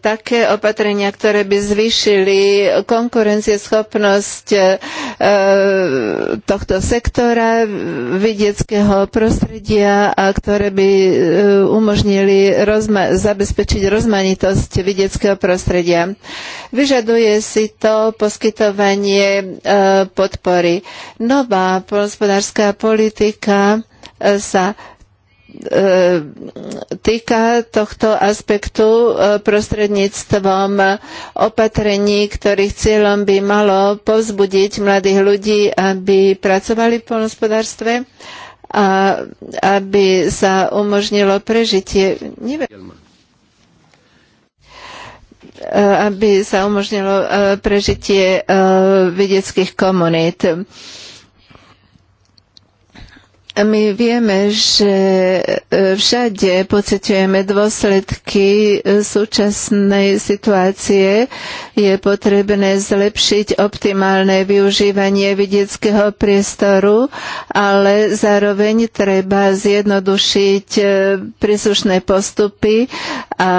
také opatrenia, ktoré by zvýšili konkurencieschopnosť ehm, tohto sektora vidieckého prostredia a ktoré by umožnili rozma- zabezpečiť rozmanitosť vidieckého prostredia. Vyžaduje si to poskytovanie podpory. Nová polská hospodárska politika e, sa e, týka tohto aspektu e, prostredníctvom opatrení, ktorých cieľom by malo povzbudiť mladých ľudí, aby pracovali v polnospodárstve a aby sa umožnilo prežitie. Neviem aby sa umožnilo prežitie vedeckých komunít my vieme, že e, všade pocitujeme dôsledky e, súčasnej situácie. Je potrebné zlepšiť optimálne využívanie vidieckého priestoru, ale zároveň treba zjednodušiť e, príslušné postupy a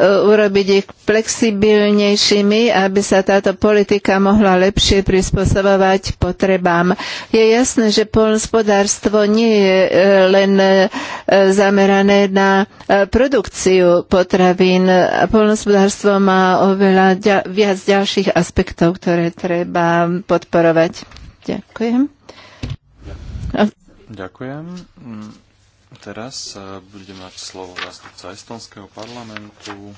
urobiť ich flexibilnejšími, aby sa táto politika mohla lepšie prispôsobovať potrebám. Je jasné, že polnospodárstvo nie je e, len e, zamerané na e, produkciu potravín. Polnospodárstvo má oveľa viac ďalších aspektov, ktoré treba podporovať. Ďakujem. Ďakujem. Mm, teraz bude mať slovo zástupca Estonského parlamentu,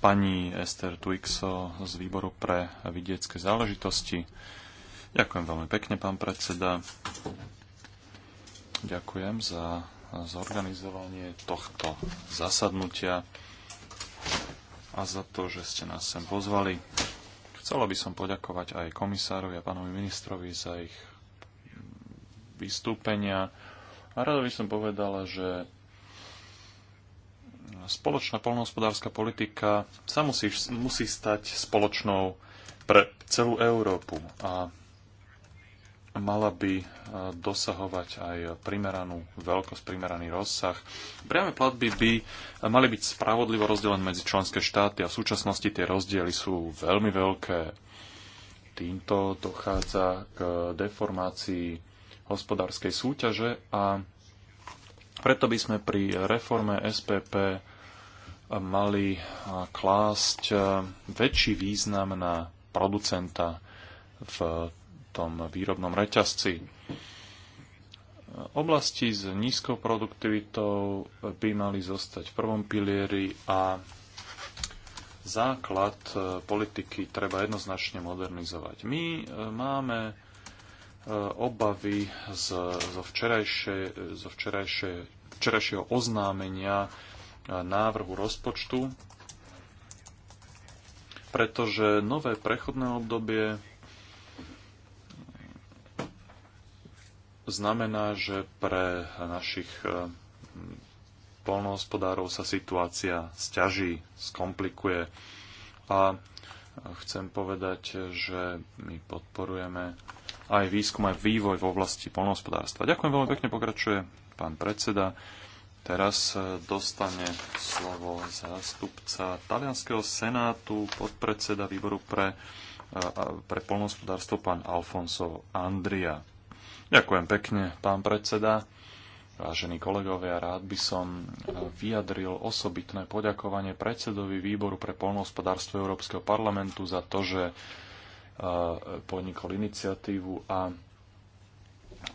pani Ester Tuixo z výboru pre vidiecké záležitosti. Ďakujem veľmi pekne, pán predseda. Ďakujem za zorganizovanie tohto zasadnutia a za to, že ste nás sem pozvali. Chcela by som poďakovať aj komisárovi a pánovi ministrovi za ich vystúpenia. A rada by som povedala, že spoločná polnohospodárska politika sa musí, musí stať spoločnou pre celú Európu. A mala by e, dosahovať aj primeranú veľkosť, primeraný rozsah. Priame platby by e, mali byť spravodlivo rozdelené medzi členské štáty a v súčasnosti tie rozdiely sú veľmi veľké. Týmto dochádza k deformácii hospodárskej súťaže a preto by sme pri reforme SPP e, mali klásť väčší význam na producenta v tom výrobnom reťazci. Oblasti s nízkou produktivitou by mali zostať v prvom pilieri a základ e, politiky treba jednoznačne modernizovať. My e, máme e, obavy z, zo, včerajšie, zo včerajšie, včerajšieho oznámenia návrhu rozpočtu, pretože nové prechodné obdobie znamená, že pre našich eh, polnohospodárov sa situácia sťaží, skomplikuje. A chcem povedať, že my podporujeme aj výskum, aj vývoj v oblasti polnohospodárstva. Ďakujem veľmi pekne, pokračuje pán predseda. Teraz eh, dostane slovo zástupca Talianského senátu, podpredseda výboru pre, eh, pre polnohospodárstvo, pán Alfonso Andria. Ďakujem pekne, pán predseda. Vážení kolegovia, rád by som vyjadril osobitné poďakovanie predsedovi Výboru pre polnohospodárstvo Európskeho parlamentu za to, že eh, podnikol iniciatívu a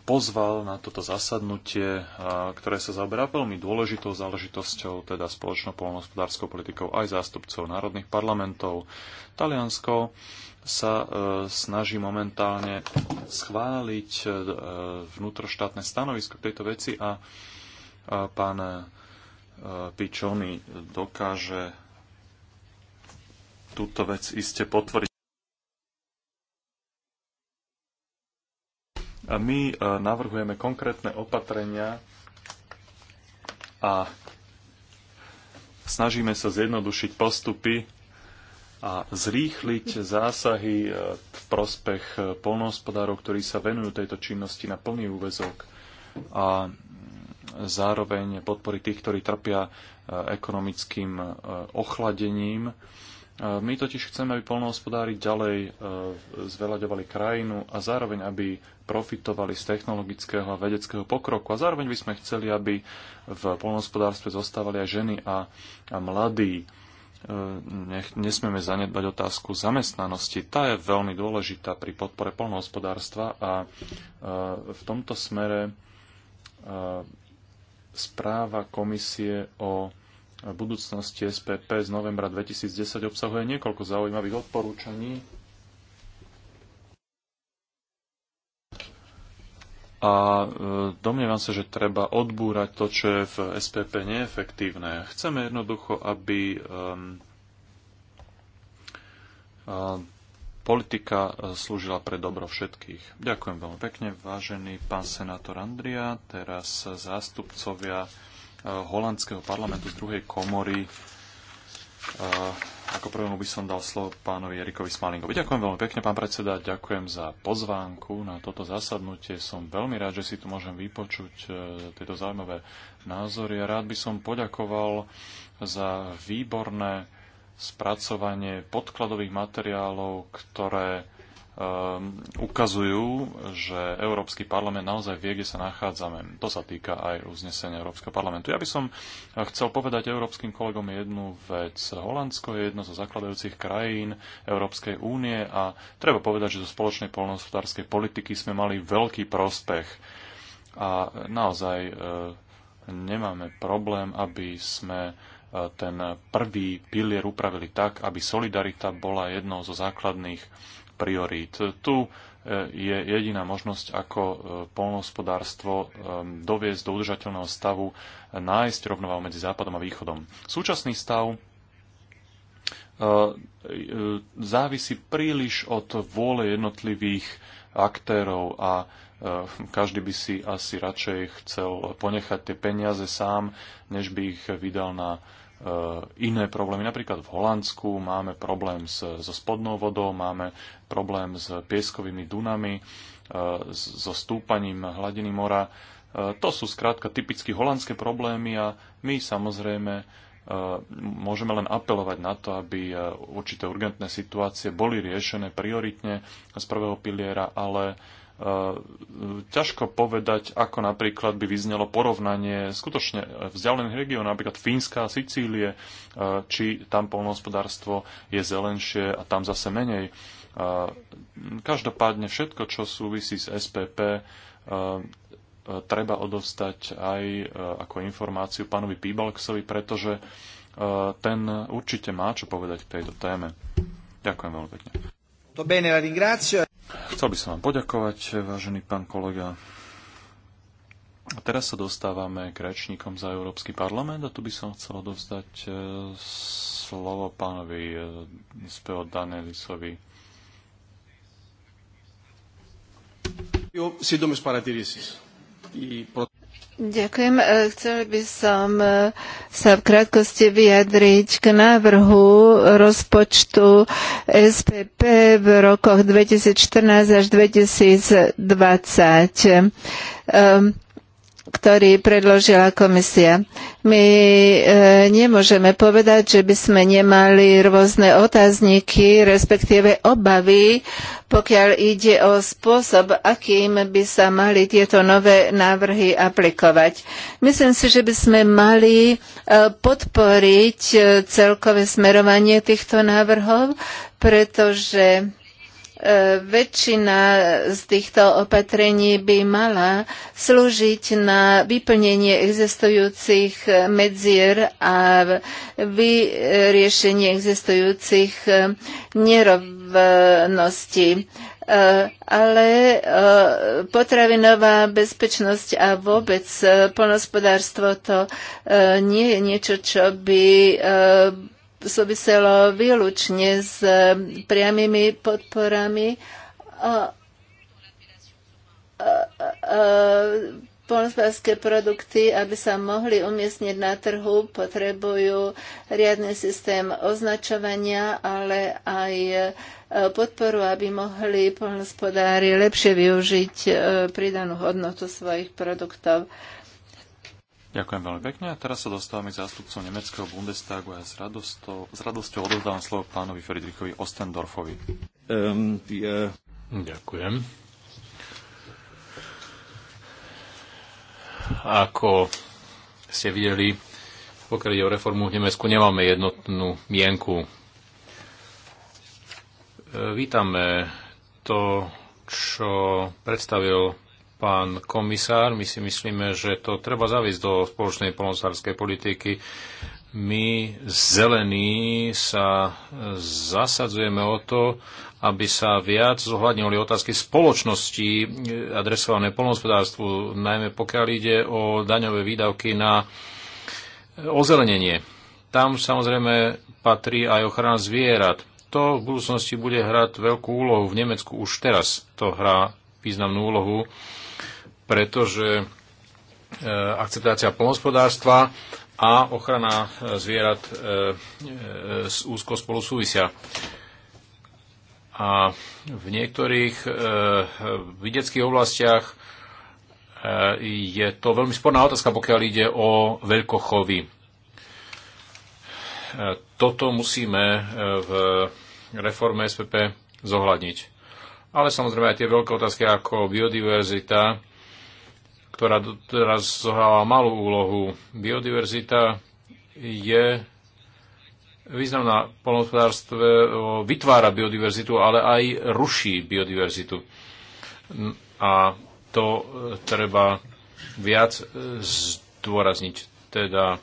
pozval na toto zasadnutie, ktoré sa zaoberá veľmi dôležitou záležitosťou, teda spoločnou polnohospodárskou politikou aj zástupcov národných parlamentov. Taliansko sa e, snaží momentálne schváliť e, vnútroštátne stanovisko k tejto veci a pán e, Pičony dokáže túto vec iste potvrdiť. My e, navrhujeme konkrétne opatrenia a snažíme sa zjednodušiť postupy a zrýchliť zásahy e, v prospech e, polnohospodárov, ktorí sa venujú tejto činnosti na plný úvezok a mm, zároveň podpory tých, ktorí trpia ekonomickým ochladením my totiž chceme, aby polnohospodári ďalej e, zveľaďovali krajinu a zároveň, aby profitovali z technologického a vedeckého pokroku. A zároveň by sme chceli, aby v polnohospodárstve zostávali aj ženy a, a mladí. E, nech, nesmieme zanedbať otázku zamestnanosti. Tá je veľmi dôležitá pri podpore polnohospodárstva a e, v tomto smere správa komisie o budúcnosti SPP z novembra 2010 obsahuje niekoľko zaujímavých odporúčaní. A e, domnievam sa, že treba odbúrať to, čo je v SPP neefektívne. Chceme jednoducho, aby um, politika e, slúžila pre dobro všetkých. Ďakujem veľmi pekne, vážený pán senátor Andria, teraz zástupcovia Eh, holandského parlamentu z druhej komory. Eh, ako prvému by som dal slovo pánovi Erikovi Smalingovi. Ďakujem veľmi pekne, pán predseda, ďakujem za pozvánku na toto zasadnutie. Som veľmi rád, že si tu môžem vypočuť eh, tieto zaujímavé názory a rád by som poďakoval za výborné spracovanie podkladových materiálov, ktoré Ehm, ukazujú, že Európsky parlament naozaj vie, kde sa nachádzame. To sa týka aj uznesenia Európskeho parlamentu. Ja by som eh, chcel povedať európskym kolegom jednu vec. Holandsko je jedno zo zakladajúcich krajín Európskej únie a treba povedať, že zo spoločnej polnohospodárskej politiky sme mali veľký prospech. A naozaj eh, nemáme problém, aby sme eh, ten prvý pilier upravili tak, aby solidarita bola jednou zo základných priorít. Tu e, je jediná možnosť, ako e, polnohospodárstvo e, doviesť do udržateľného stavu, nájsť rovnováhu medzi západom a východom. Súčasný stav závisí príliš od vôle jednotlivých aktérov a každý by si asi radšej chcel ponechať tie peniaze sám, než by ich vydal na E, iné problémy. Napríklad v Holandsku máme problém s, so spodnou vodou, máme problém s pieskovými dunami, e, so stúpaním hladiny mora. E, to sú skrátka typicky holandské problémy a my samozrejme môžeme len apelovať na to, aby určité urgentné situácie boli riešené prioritne z prvého piliera, ale Eh, ťažko povedať, ako napríklad by vyznelo porovnanie skutočne vzdialených regiónov, napríklad Fínska, a Sicílie, eh, či tam polnohospodárstvo je zelenšie a tam zase menej. Eh, každopádne všetko, čo súvisí s SPP, treba odostať aj ako informáciu pánovi Píbalksovi, pretože ten určite má čo povedať k tejto téme. Ďakujem veľmi pekne. To bene, la ringrazio. Chcel by som vám poďakovať, vážený pán kolega. A teraz sa dostávame k rečníkom za Európsky parlament a tu by som chcel dostať e, slovo pánovi e, Speo Danelisovi. Σύντομες παρατηρήσεις. Ďakujem. E, chcel by som e, sa v krátkosti vyjadriť k návrhu rozpočtu SPP v rokoch 2014 až 2020 ktorý predložila komisia. My e, nemôžeme povedať, že by sme nemali rôzne otázniky, respektíve obavy, pokiaľ ide o spôsob, akým by sa mali tieto nové návrhy aplikovať. Myslím si, že by sme mali e, podporiť e, celkové smerovanie týchto návrhov, pretože Väčšina z týchto opatrení by mala slúžiť na vyplnenie existujúcich medzier a vyriešenie existujúcich nerovností e, ale e, potravinová bezpečnosť a vôbec e, polnospodárstvo to nie je niečo, čo by súviselo výlučne s e, priamými podporami. polnospodárske produkty, aby sa mohli umiestniť na trhu, potrebujú riadny systém označovania, ale aj e, podporu, aby mohli polnospodári lepšie využiť e, pridanú hodnotu svojich produktov. Ďakujem veľmi pekne. A teraz sa dostávame k zástupcom nemeckého Bundestagu a s radosťou, s radosťou odovzdávam slovo pánovi Friedrichovi Ostendorfovi. Um, ehm, die... Ďakujem. Ako ste videli, pokiaľ ide o reformu v Nemecku, nemáme jednotnú mienku. E, vítame to, čo predstavil pán komisár. My si myslíme, že to treba zaviesť do spoločnej polnosárskej politiky. My, zelení, sa zasadzujeme o to, aby sa viac zohľadňovali otázky spoločnosti e, adresované polnospodárstvu, najmä pokiaľ ide o daňové výdavky na ozelenenie. Tam samozrejme patrí aj ochrana zvierat. To v budúcnosti bude hrať veľkú úlohu. V Nemecku už teraz to hrá významnú úlohu pretože e, akceptácia plnohospodárstva a ochrana e, zvierat e, úzko spolu súvisia. A v niektorých videckých oblastiach je to veľmi sporná otázka, pokiaľ ide o veľkochovy. Toto musíme v reforme SPP zohľadniť. Ale samozrejme aj tie veľké otázky ako biodiverzita, ktorá teraz zohrala malú úlohu. Biodiverzita je významná polnospodárstve, vytvára biodiverzitu, ale aj ruší biodiverzitu. A to e, treba viac e, zdôrazniť. Teda e,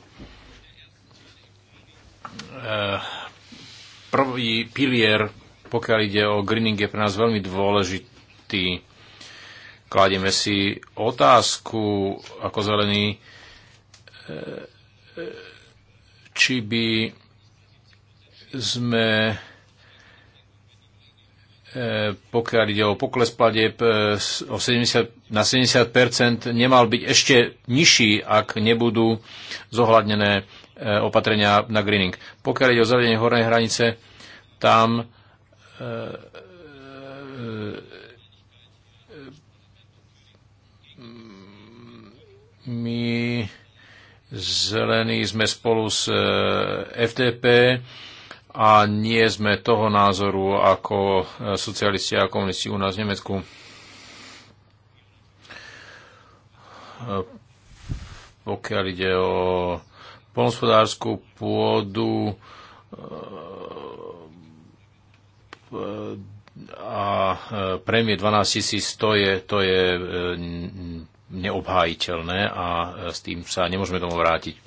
prvý pilier, pokiaľ ide o greening, je pre nás veľmi dôležitý kladieme si otázku ako zelený. E, e, či by sme e, pokiaľ ide o pokles pladeb o 70, na 70 nemal byť ešte nižší, ak nebudú zohľadnené opatrenia na greening. Pokiaľ ide o zavedenie hornej hranice, tam My zelení sme spolu s e, FDP a nie sme toho názoru ako e, socialisti a komunisti u nás v Nemecku. E, pokiaľ ide o polnospodárskú pôdu a premie 12 000 to je, to je neobhájiteľné a e, s tým sa nemôžeme tomu vrátiť. E,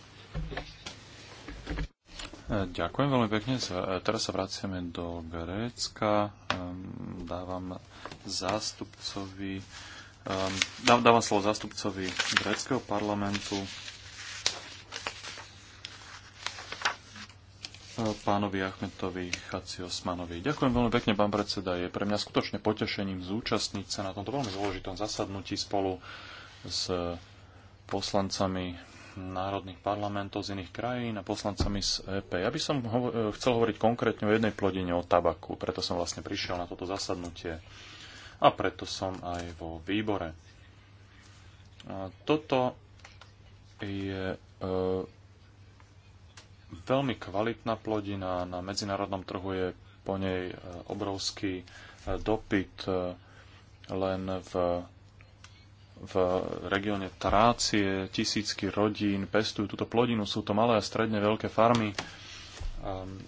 ďakujem veľmi pekne. E, teraz sa vraciame do Grécka. Dávam zástupcovi dávam slovo zástupcovi gréckého parlamentu pánovi Achmetovi Chaciosmanovi. Osmanovi. Ďakujem veľmi pekne, pán predseda. Je pre mňa skutočne potešením zúčastniť sa na tomto veľmi zložitom zasadnutí spolu s poslancami národných parlamentov z iných krajín a poslancami z EP. Ja by som hovo- e, chcel hovoriť konkrétne o jednej plodine, o tabaku, preto som vlastne prišiel na toto zasadnutie a preto som aj vo výbore. A toto je e, veľmi kvalitná plodina, na medzinárodnom trhu je po nej e, obrovský e, dopyt len v v regióne Trácie tisícky rodín pestujú túto plodinu. Sú to malé a stredne veľké farmy. Ehm,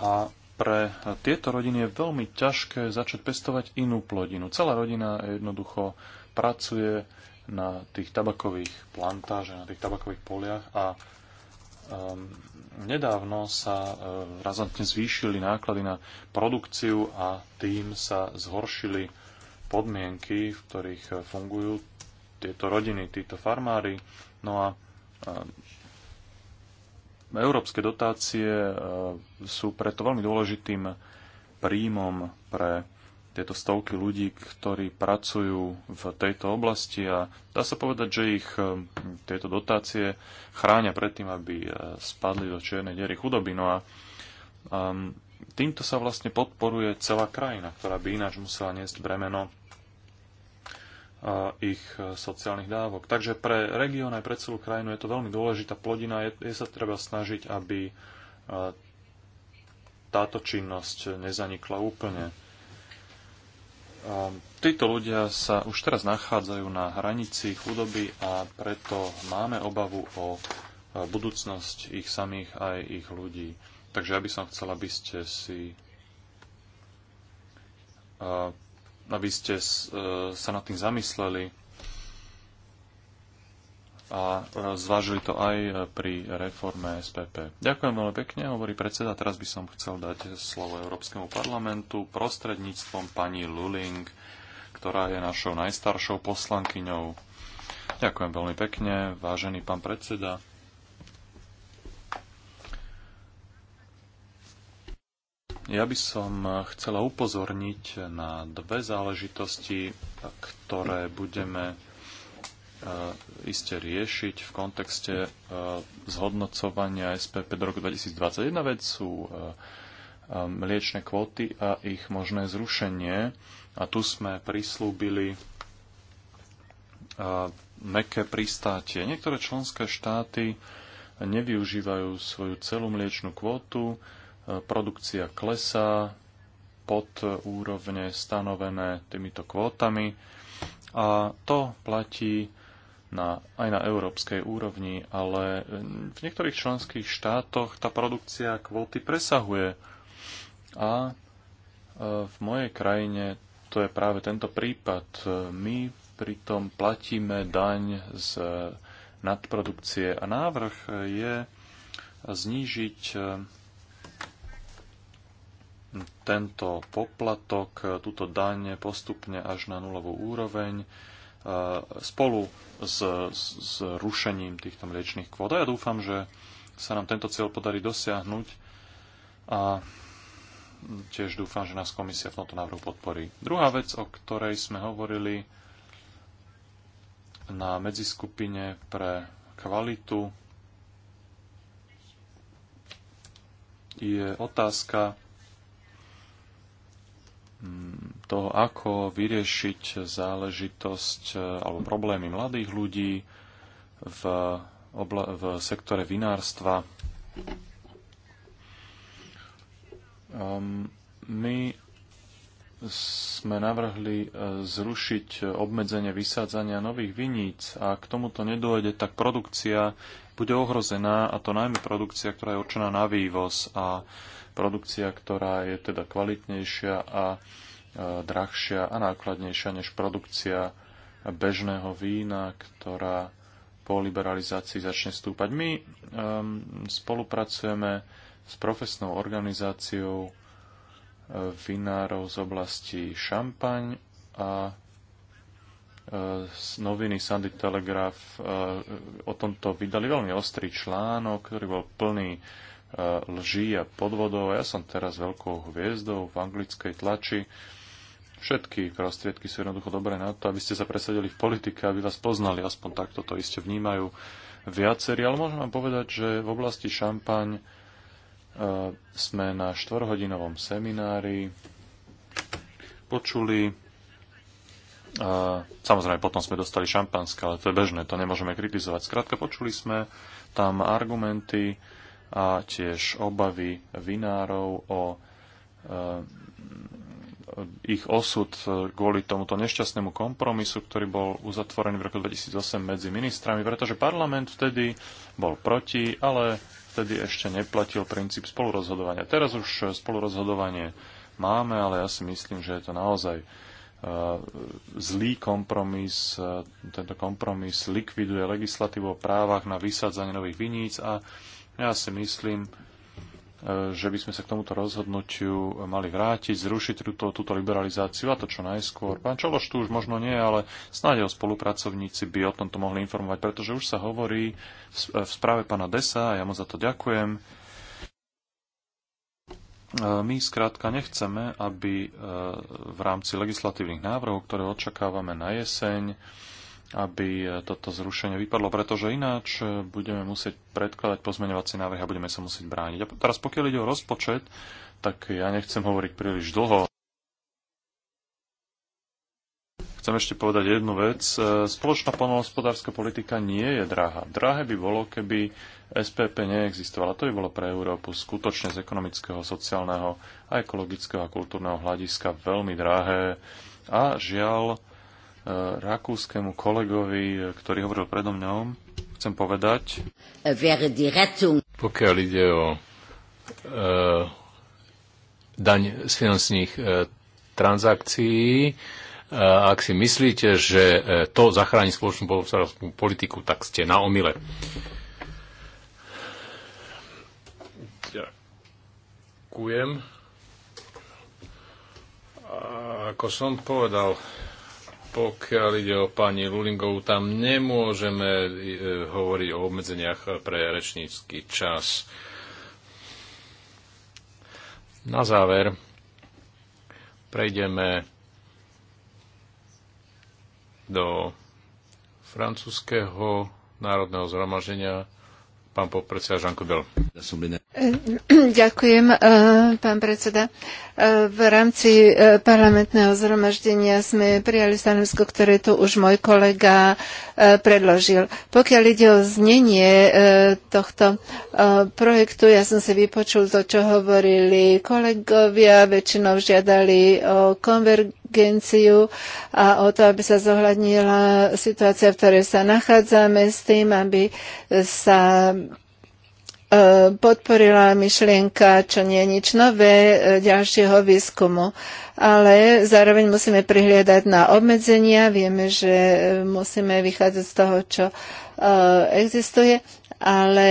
a pre tieto rodiny je veľmi ťažké začať pestovať inú plodinu. Celá rodina jednoducho pracuje na tých tabakových plantážach, na tých tabakových poliach a um, nedávno sa um, razantne zvýšili náklady na produkciu a tým sa zhoršili podmienky, v ktorých eh, fungujú tieto rodiny, títo farmári. No a eh, Európske dotácie eh, sú preto veľmi dôležitým príjmom pre tieto stovky ľudí, ktorí pracujú v tejto oblasti a dá sa povedať, že ich tieto dotácie chránia pred tým, aby spadli do čiernej diery chudoby. No a um, týmto sa vlastne podporuje celá krajina, ktorá by ináč musela niesť bremeno e, ich e, sociálnych dávok. Takže pre región aj pre celú krajinu je to veľmi dôležitá plodina. Je, je sa treba snažiť, aby e, táto činnosť nezanikla úplne. Títo ľudia sa už teraz nachádzajú na hranici chudoby a preto máme obavu o budúcnosť ich samých aj ich ľudí. Takže ja by som chcela, aby ste si eh, aby ste eh, sa nad tým zamysleli a eh, zvážili to aj pri reforme SPP. Ďakujem veľmi pekne, hovorí predseda. Teraz by som chcel dať slovo Európskemu parlamentu prostredníctvom pani Luling, ktorá je našou najstaršou poslankyňou. Ďakujem veľmi pekne, vážený pán predseda. Ja by som eh, chcela upozorniť na dve záležitosti, ktoré budeme eh, iste riešiť v kontexte eh, zhodnocovania SPP do roku 2021 vec sú mliečne kvóty a ich možné zrušenie. A tu sme prislúbili meké pristátie. Niektoré členské štáty nevyužívajú svoju celú mliečnú kvótu, produkcia klesá pod úrovne stanovené týmito kvótami a to platí na, aj na európskej úrovni, ale v niektorých členských štátoch tá produkcia kvóty presahuje. A e, v mojej krajine to je práve tento prípad. My pritom platíme daň z nadprodukcie a návrh je znížiť e, tento poplatok, e, túto daň postupne až na nulovú úroveň e, spolu s, s rušením týchto mliečných kvót. A ja dúfam, že sa nám tento cieľ podarí dosiahnuť a tiež dúfam, že nás komisia v tomto návrhu podporí. Druhá vec, o ktorej sme hovorili na medziskupine pre kvalitu, je otázka Mm, toho, ako vyriešiť záležitosť e, alebo problémy mladých ľudí v, obla- v sektore vinárstva. Ehm, my sme navrhli e, zrušiť obmedzenie vysádzania nových viníc a k tomuto nedôjde, tak produkcia bude ohrozená a to najmä produkcia, ktorá je určená na vývoz a produkcia, ktorá je teda kvalitnejšia a drahšia a nákladnejšia než produkcia bežného vína, ktorá po liberalizácii začne stúpať. My um, spolupracujeme s profesnou organizáciou e, vinárov z oblasti Šampaň a z e, noviny Sandy Telegraph e, o tomto vydali veľmi ostrý článok, ktorý bol plný lží a podvodov. Ja som teraz veľkou hviezdou v anglickej tlači. Všetky prostriedky sú jednoducho dobré na to, aby ste sa presadili v politike, aby vás poznali, aspoň takto to iste vnímajú viacerí. Ale môžem vám povedať, že v oblasti šampaň e, sme na štvorhodinovom seminári počuli. E, samozrejme, potom sme dostali šampanské, ale to je bežné, to nemôžeme kritizovať. Skrátka, počuli sme tam argumenty, a tiež obavy vinárov o e, ich osud kvôli tomuto nešťastnému kompromisu, ktorý bol uzatvorený v roku 2008 medzi ministrami, pretože parlament vtedy bol proti, ale vtedy ešte neplatil princíp spolurozhodovania. Teraz už spolurozhodovanie máme, ale ja si myslím, že je to naozaj e, zlý kompromis. E, tento kompromis likviduje legislatívu o právach na vysádzanie nových viníc a ja si myslím, e, že by sme sa k tomuto rozhodnutiu mali vrátiť, zrušiť túto, túto liberalizáciu a to čo najskôr. Pán Čološ tu už možno nie, ale snáď o spolupracovníci by o tomto mohli informovať, pretože už sa hovorí v správe pána Desa a ja mu za to ďakujem. E, my skrátka nechceme, aby e, v rámci legislatívnych návrhov, ktoré očakávame na jeseň, aby e, toto zrušenie vypadlo, pretože ináč e, budeme musieť predkladať pozmeňovací návrh a budeme sa musieť brániť. A teraz pokiaľ ide o rozpočet, tak ja nechcem hovoriť príliš dlho. Chcem ešte povedať jednu vec. E, spoločná polnohospodárska politika nie je drahá. Drahé by bolo, keby SPP neexistovala. To by bolo pre Európu skutočne z ekonomického, sociálneho a ekologického a kultúrneho hľadiska veľmi drahé. A žiaľ, rakúskému kolegovi, ktorý hovoril predo mňou, chcem povedať, pokiaľ ide o uh, daň z finančných uh, transakcií, uh, ak si myslíte, že uh, to zachráni spoločnú politiku, tak ste na omile. Ďakujem. A ako som povedal, pokiaľ ide o pani Lulingovú, tam nemôžeme e, hovoriť o obmedzeniach pre rečnícky čas. Na záver prejdeme do francúzského národného zhromaždenia pán podpredseda Žanko Bel. Ďakujem, e, pán predseda. E, v rámci e, parlamentného zhromaždenia sme prijali stanovisko, ktoré tu už môj kolega predložil. Pokiaľ ide o znenie tohto projektu, ja som si vypočul to, čo hovorili kolegovia, väčšinou žiadali o konvergenciu a o to, aby sa zohľadnila situácia, v ktorej sa nachádzame s tým, aby sa E, podporila myšlienka, čo nie je nič nové, e, ďalšieho výskumu. Ale zároveň musíme prihliadať na obmedzenia. Vieme, že e, musíme vychádzať z toho, čo existuje. Ale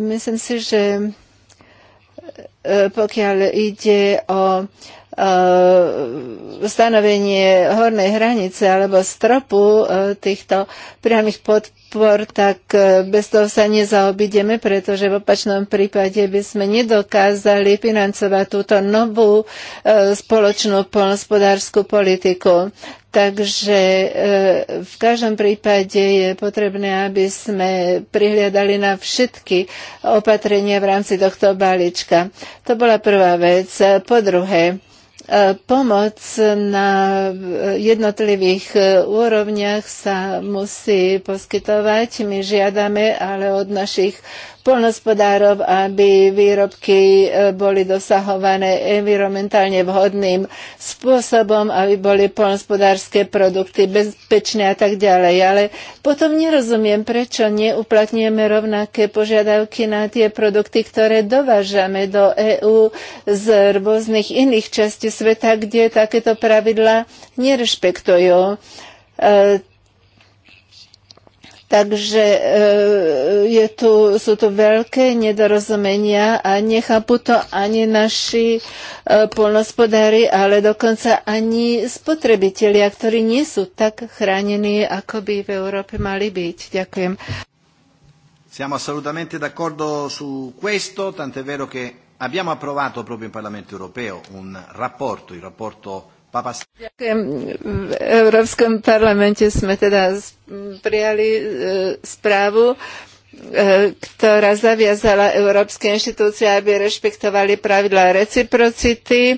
myslím si, že pokiaľ ide o E, stanovenie hornej hranice alebo stropu e, týchto priamých podpor, tak e, bez toho sa nezaobideme, pretože v opačnom prípade by sme nedokázali financovať túto novú spoločnú polnospodárskú politiku. Takže e, v každom prípade je potrebné, aby sme prihliadali na všetky opatrenia v rámci tohto balíčka. To bola prvá vec. Po druhé, e, pomoc na jednotlivých úrovniach sa musí poskytovať. My žiadame ale od našich polnospodárov, aby výrobky e, boli dosahované environmentálne vhodným spôsobom, aby boli polnospodárske produkty bezpečné a tak ďalej. Ale potom nerozumiem, prečo neuplatňujeme rovnaké požiadavky na tie produkty, ktoré dovážame do EÚ z rôznych iných častí sveta, kde takéto pravidla nerešpektujú e, Takže e, je tu, sú tu veľké nedorozumenia a nechápu to ani naši e, polnospodári, ale dokonca ani spotrebitelia, ktorí nie sú tak chránení, ako by v Európe mali byť. Ďakujem. Siamo assolutamente d'accordo su questo, tant'è vero che abbiamo approvato proprio in Parlamento europeo un rapporto, il rapporto Ďakujem. V Európskom parlamente sme teda prijali e, správu E, ktorá zaviazala európske inštitúcie, aby rešpektovali pravidla reciprocity. E,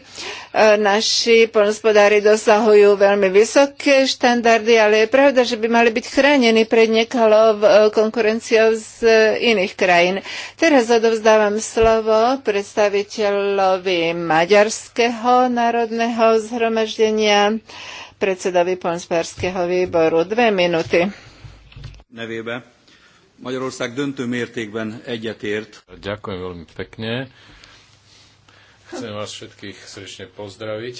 naši polnospodári dosahujú veľmi vysoké štandardy, ale je pravda, že by mali byť chránení pred nekalou e, konkurenciou z iných krajín. Teraz odovzdávam slovo predstaviteľovi Maďarského národného zhromaždenia, predsedovi polnospodárskeho výboru. Dve minúty. Nevieme. Magyarország döntő mértékben egyetért. Ďakujem veľmi pekne. Chcem vás všetkých srdečne pozdraviť.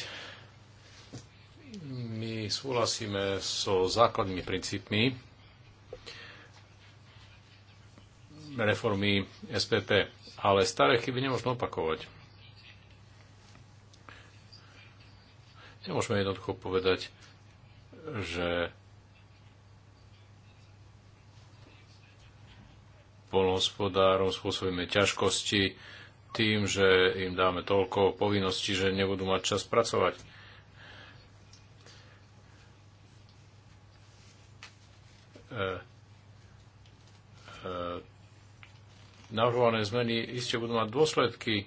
My súhlasíme so základnými princípmi reformy SPP, ale staré chyby nemôžno opakovať. Nemôžeme jednoducho povedať, že polnohospodárom spôsobíme ťažkosti tým, že im dáme toľko povinností, že nebudú mať čas pracovať. E, e, navrhované zmeny iste budú mať dôsledky,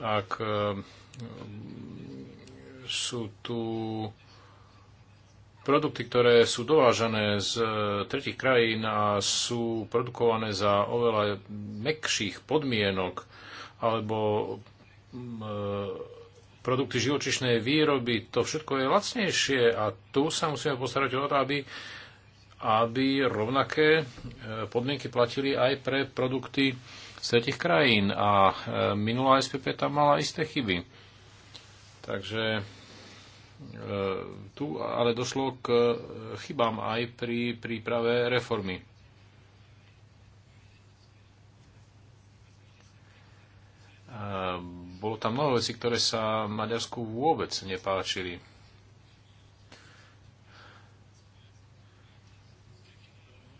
ak e, sú tu produkty, ktoré sú dovážané z e, tretich krajín a sú produkované za oveľa mekších podmienok alebo e, produkty živočišnej výroby, to všetko je lacnejšie a tu sa musíme postarať o to, aby, aby rovnaké e, podmienky platili aj pre produkty z tretich krajín a minulá SPP tam mala isté chyby. Takže E, tu ale došlo k chybám aj pri príprave reformy. E, bolo tam mnoho vecí, ktoré sa Maďarsku vôbec nepáčili.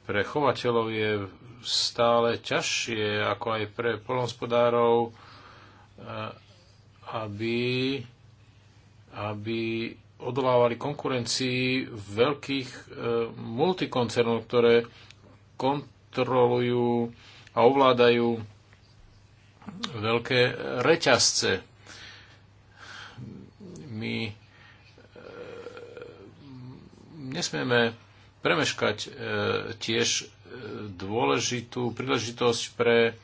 Pre chovateľov je stále ťažšie, ako aj pre polnospodárov, e, aby aby odolávali konkurencii veľkých e, multikoncernov, ktoré kontrolujú a ovládajú veľké reťazce. My e, nesmieme premeškať e, tiež e, dôležitú príležitosť pre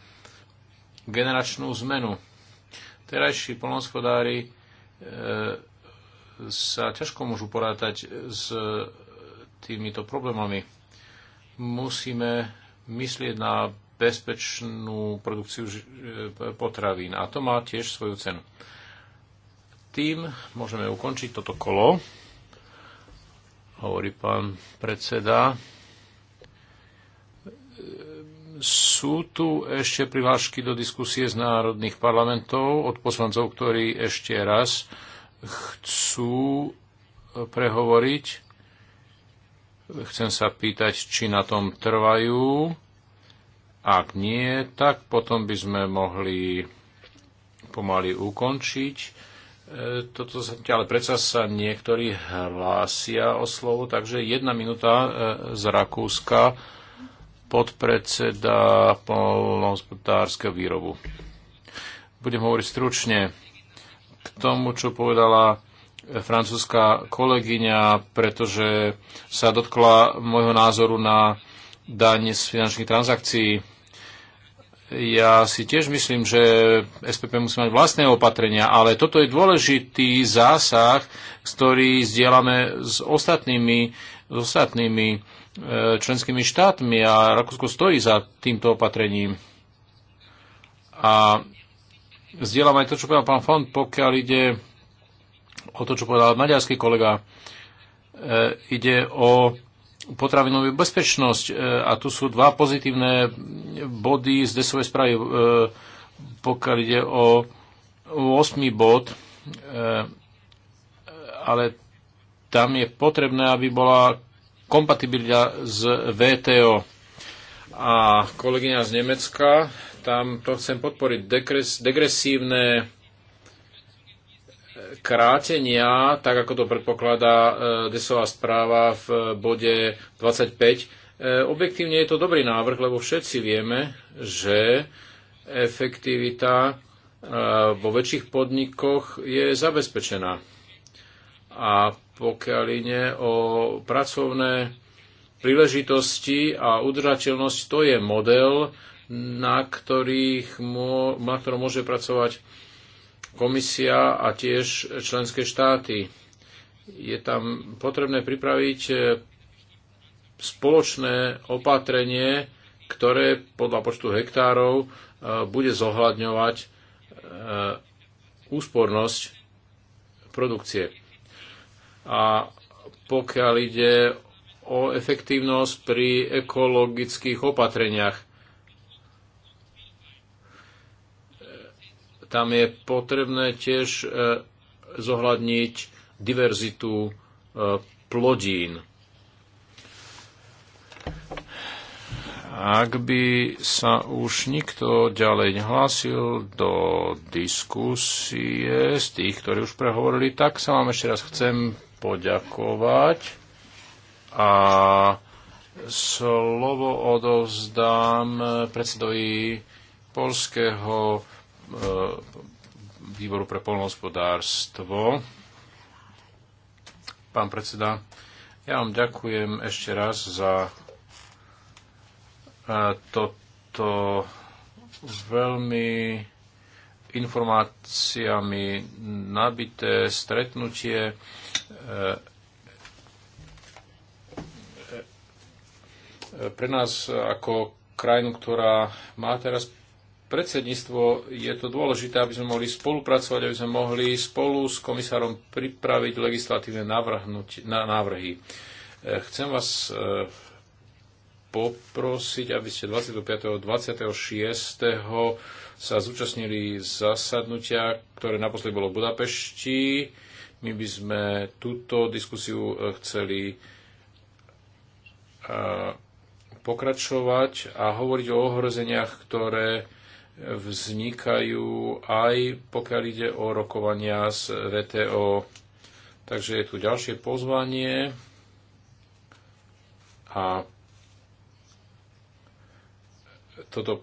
generačnú zmenu. Terajší polnospodári e, sa ťažko môžu porátať s týmito problémami. Musíme myslieť na bezpečnú produkciu e, potravín a to má tiež svoju cenu. Tým môžeme ukončiť toto kolo, hovorí pán predseda. Sú tu ešte prihlášky do diskusie z národných parlamentov od poslancov, ktorí ešte raz chcú e, prehovoriť. Chcem sa pýtať, či na tom trvajú. Ak nie, tak potom by sme mohli pomaly ukončiť e, toto ale predsa sa niektorí hlásia o slovo, takže jedna minúta e, z Rakúska podpredseda polnohospodárskeho výrobu. Budem hovoriť stručne tomu, čo povedala francúzska kolegyňa, pretože sa dotkla môjho názoru na daň z finančných transakcií. Ja si tiež myslím, že SPP musí mať vlastné opatrenia, ale toto je dôležitý zásah, ktorý zdieľame s ostatnými, s ostatnými e, členskými štátmi a Rakúsko stojí za týmto opatrením. A Zdieľam aj to, čo povedal pán Fond, pokiaľ ide o to, čo povedal maďarský kolega. E, ide o potravinovú bezpečnosť e, a tu sú dva pozitívne body z desovej správy. E, pokiaľ ide o, 8. bod, e, ale tam je potrebné, aby bola kompatibilita s VTO. A kolegyňa z Nemecka tam to chcem podporiť, degresívne krátenia, tak ako to predpokladá e, desová správa v bode 25. E, objektívne je to dobrý návrh, lebo všetci vieme, že efektivita e, vo väčších podnikoch je zabezpečená. A pokiaľ ide o pracovné príležitosti a udržateľnosť, to je model, na, ktorých mô, na ktorom môže pracovať komisia a tiež členské štáty. Je tam potrebné pripraviť e, spoločné opatrenie, ktoré podľa počtu hektárov e, bude zohľadňovať e, úspornosť produkcie. A pokiaľ ide o efektívnosť pri ekologických opatreniach, Tam je potrebné tiež e, zohľadniť diverzitu e, plodín. Ak by sa už nikto ďalej nehlásil do diskusie z tých, ktorí už prehovorili, tak sa vám ešte raz chcem poďakovať a slovo odovzdám predsedovi Polského E, výboru pre polnohospodárstvo. Pán predseda, ja vám ďakujem ešte raz za e, toto veľmi informáciami nabité stretnutie. E, pre nás ako krajinu, ktorá má teraz predsedníctvo je to dôležité, aby sme mohli spolupracovať, aby sme mohli spolu s komisárom pripraviť legislatívne návrhy. E, chcem vás e, poprosiť, aby ste 25. 26. sa zúčastnili zasadnutia, ktoré naposledy bolo v Budapešti. My by sme túto diskusiu e, chceli pokračovať a hovoriť o ohrozeniach, ktoré vznikajú aj pokiaľ ide o rokovania s VTO. Takže je tu ďalšie pozvanie a toto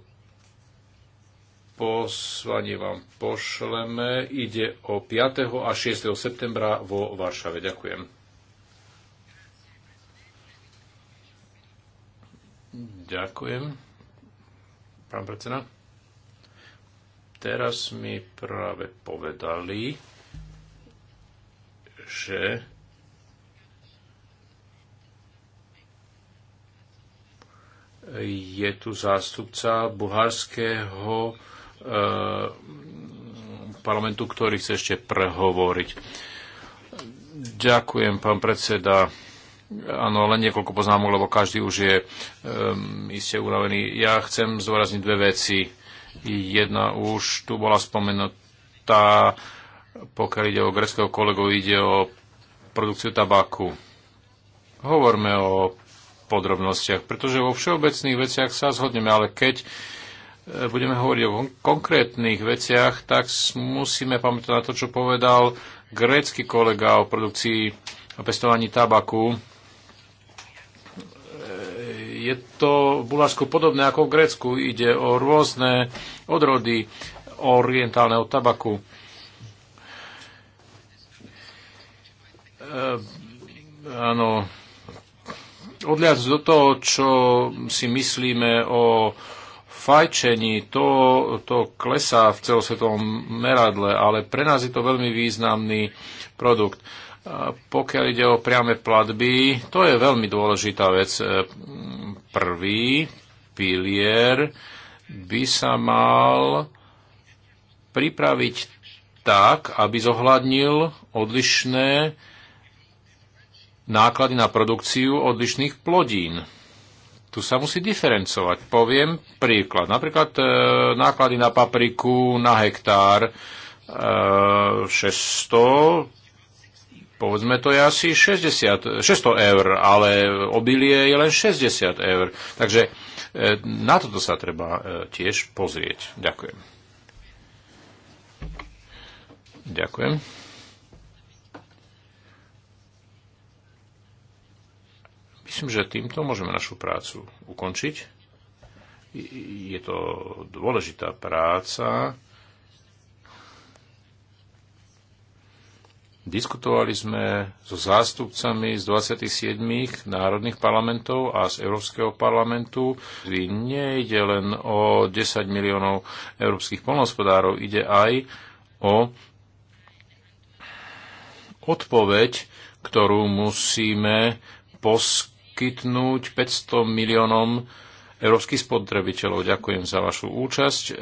poslanie vám pošleme. Ide o 5. a 6. septembra vo Varšave. Ďakujem. Ďakujem. Pán predseda teraz mi práve povedali, že je tu zástupca bulharského e, parlamentu, ktorý chce ešte prehovoriť. Ďakujem, pán predseda. Áno, len niekoľko poznámok, lebo každý už je um, iste unavený. Ja chcem zdôrazniť dve veci. Jedna už tu bola spomenutá, pokiaľ ide o greckého kolegu, ide o produkciu tabaku. Hovorme o podrobnostiach, pretože vo všeobecných veciach sa zhodneme, ale keď e, budeme hovoriť o konkrétnych veciach, tak musíme pamätať na to, čo povedal grécky kolega o produkcii a pestovaní tabaku je to v Bulharsku podobné ako v Grécku. Ide o rôzne odrody orientálneho tabaku. E, áno, odliac do toho, čo si myslíme o fajčení, to, to klesá v celosvetovom meradle, ale pre nás je to veľmi významný produkt. E, pokiaľ ide o priame platby, to je veľmi dôležitá vec e, prvý pilier by sa mal pripraviť tak, aby zohľadnil odlišné náklady na produkciu odlišných plodín. Tu sa musí diferencovať. Poviem príklad. Napríklad e, náklady na papriku na hektár e, 600 povedzme to je asi 60, 600 eur, ale obilie je len 60 eur. Takže e, na toto sa treba e, tiež pozrieť. Ďakujem. Ďakujem. Myslím, že týmto môžeme našu prácu ukončiť. Je to dôležitá práca. Diskutovali sme so zástupcami z 27 národných parlamentov a z Európskeho parlamentu. Nejde len o 10 miliónov európskych polnohospodárov, ide aj o odpoveď, ktorú musíme poskytnúť 500 miliónom európskych spotrebiteľov. Ďakujem za vašu účasť.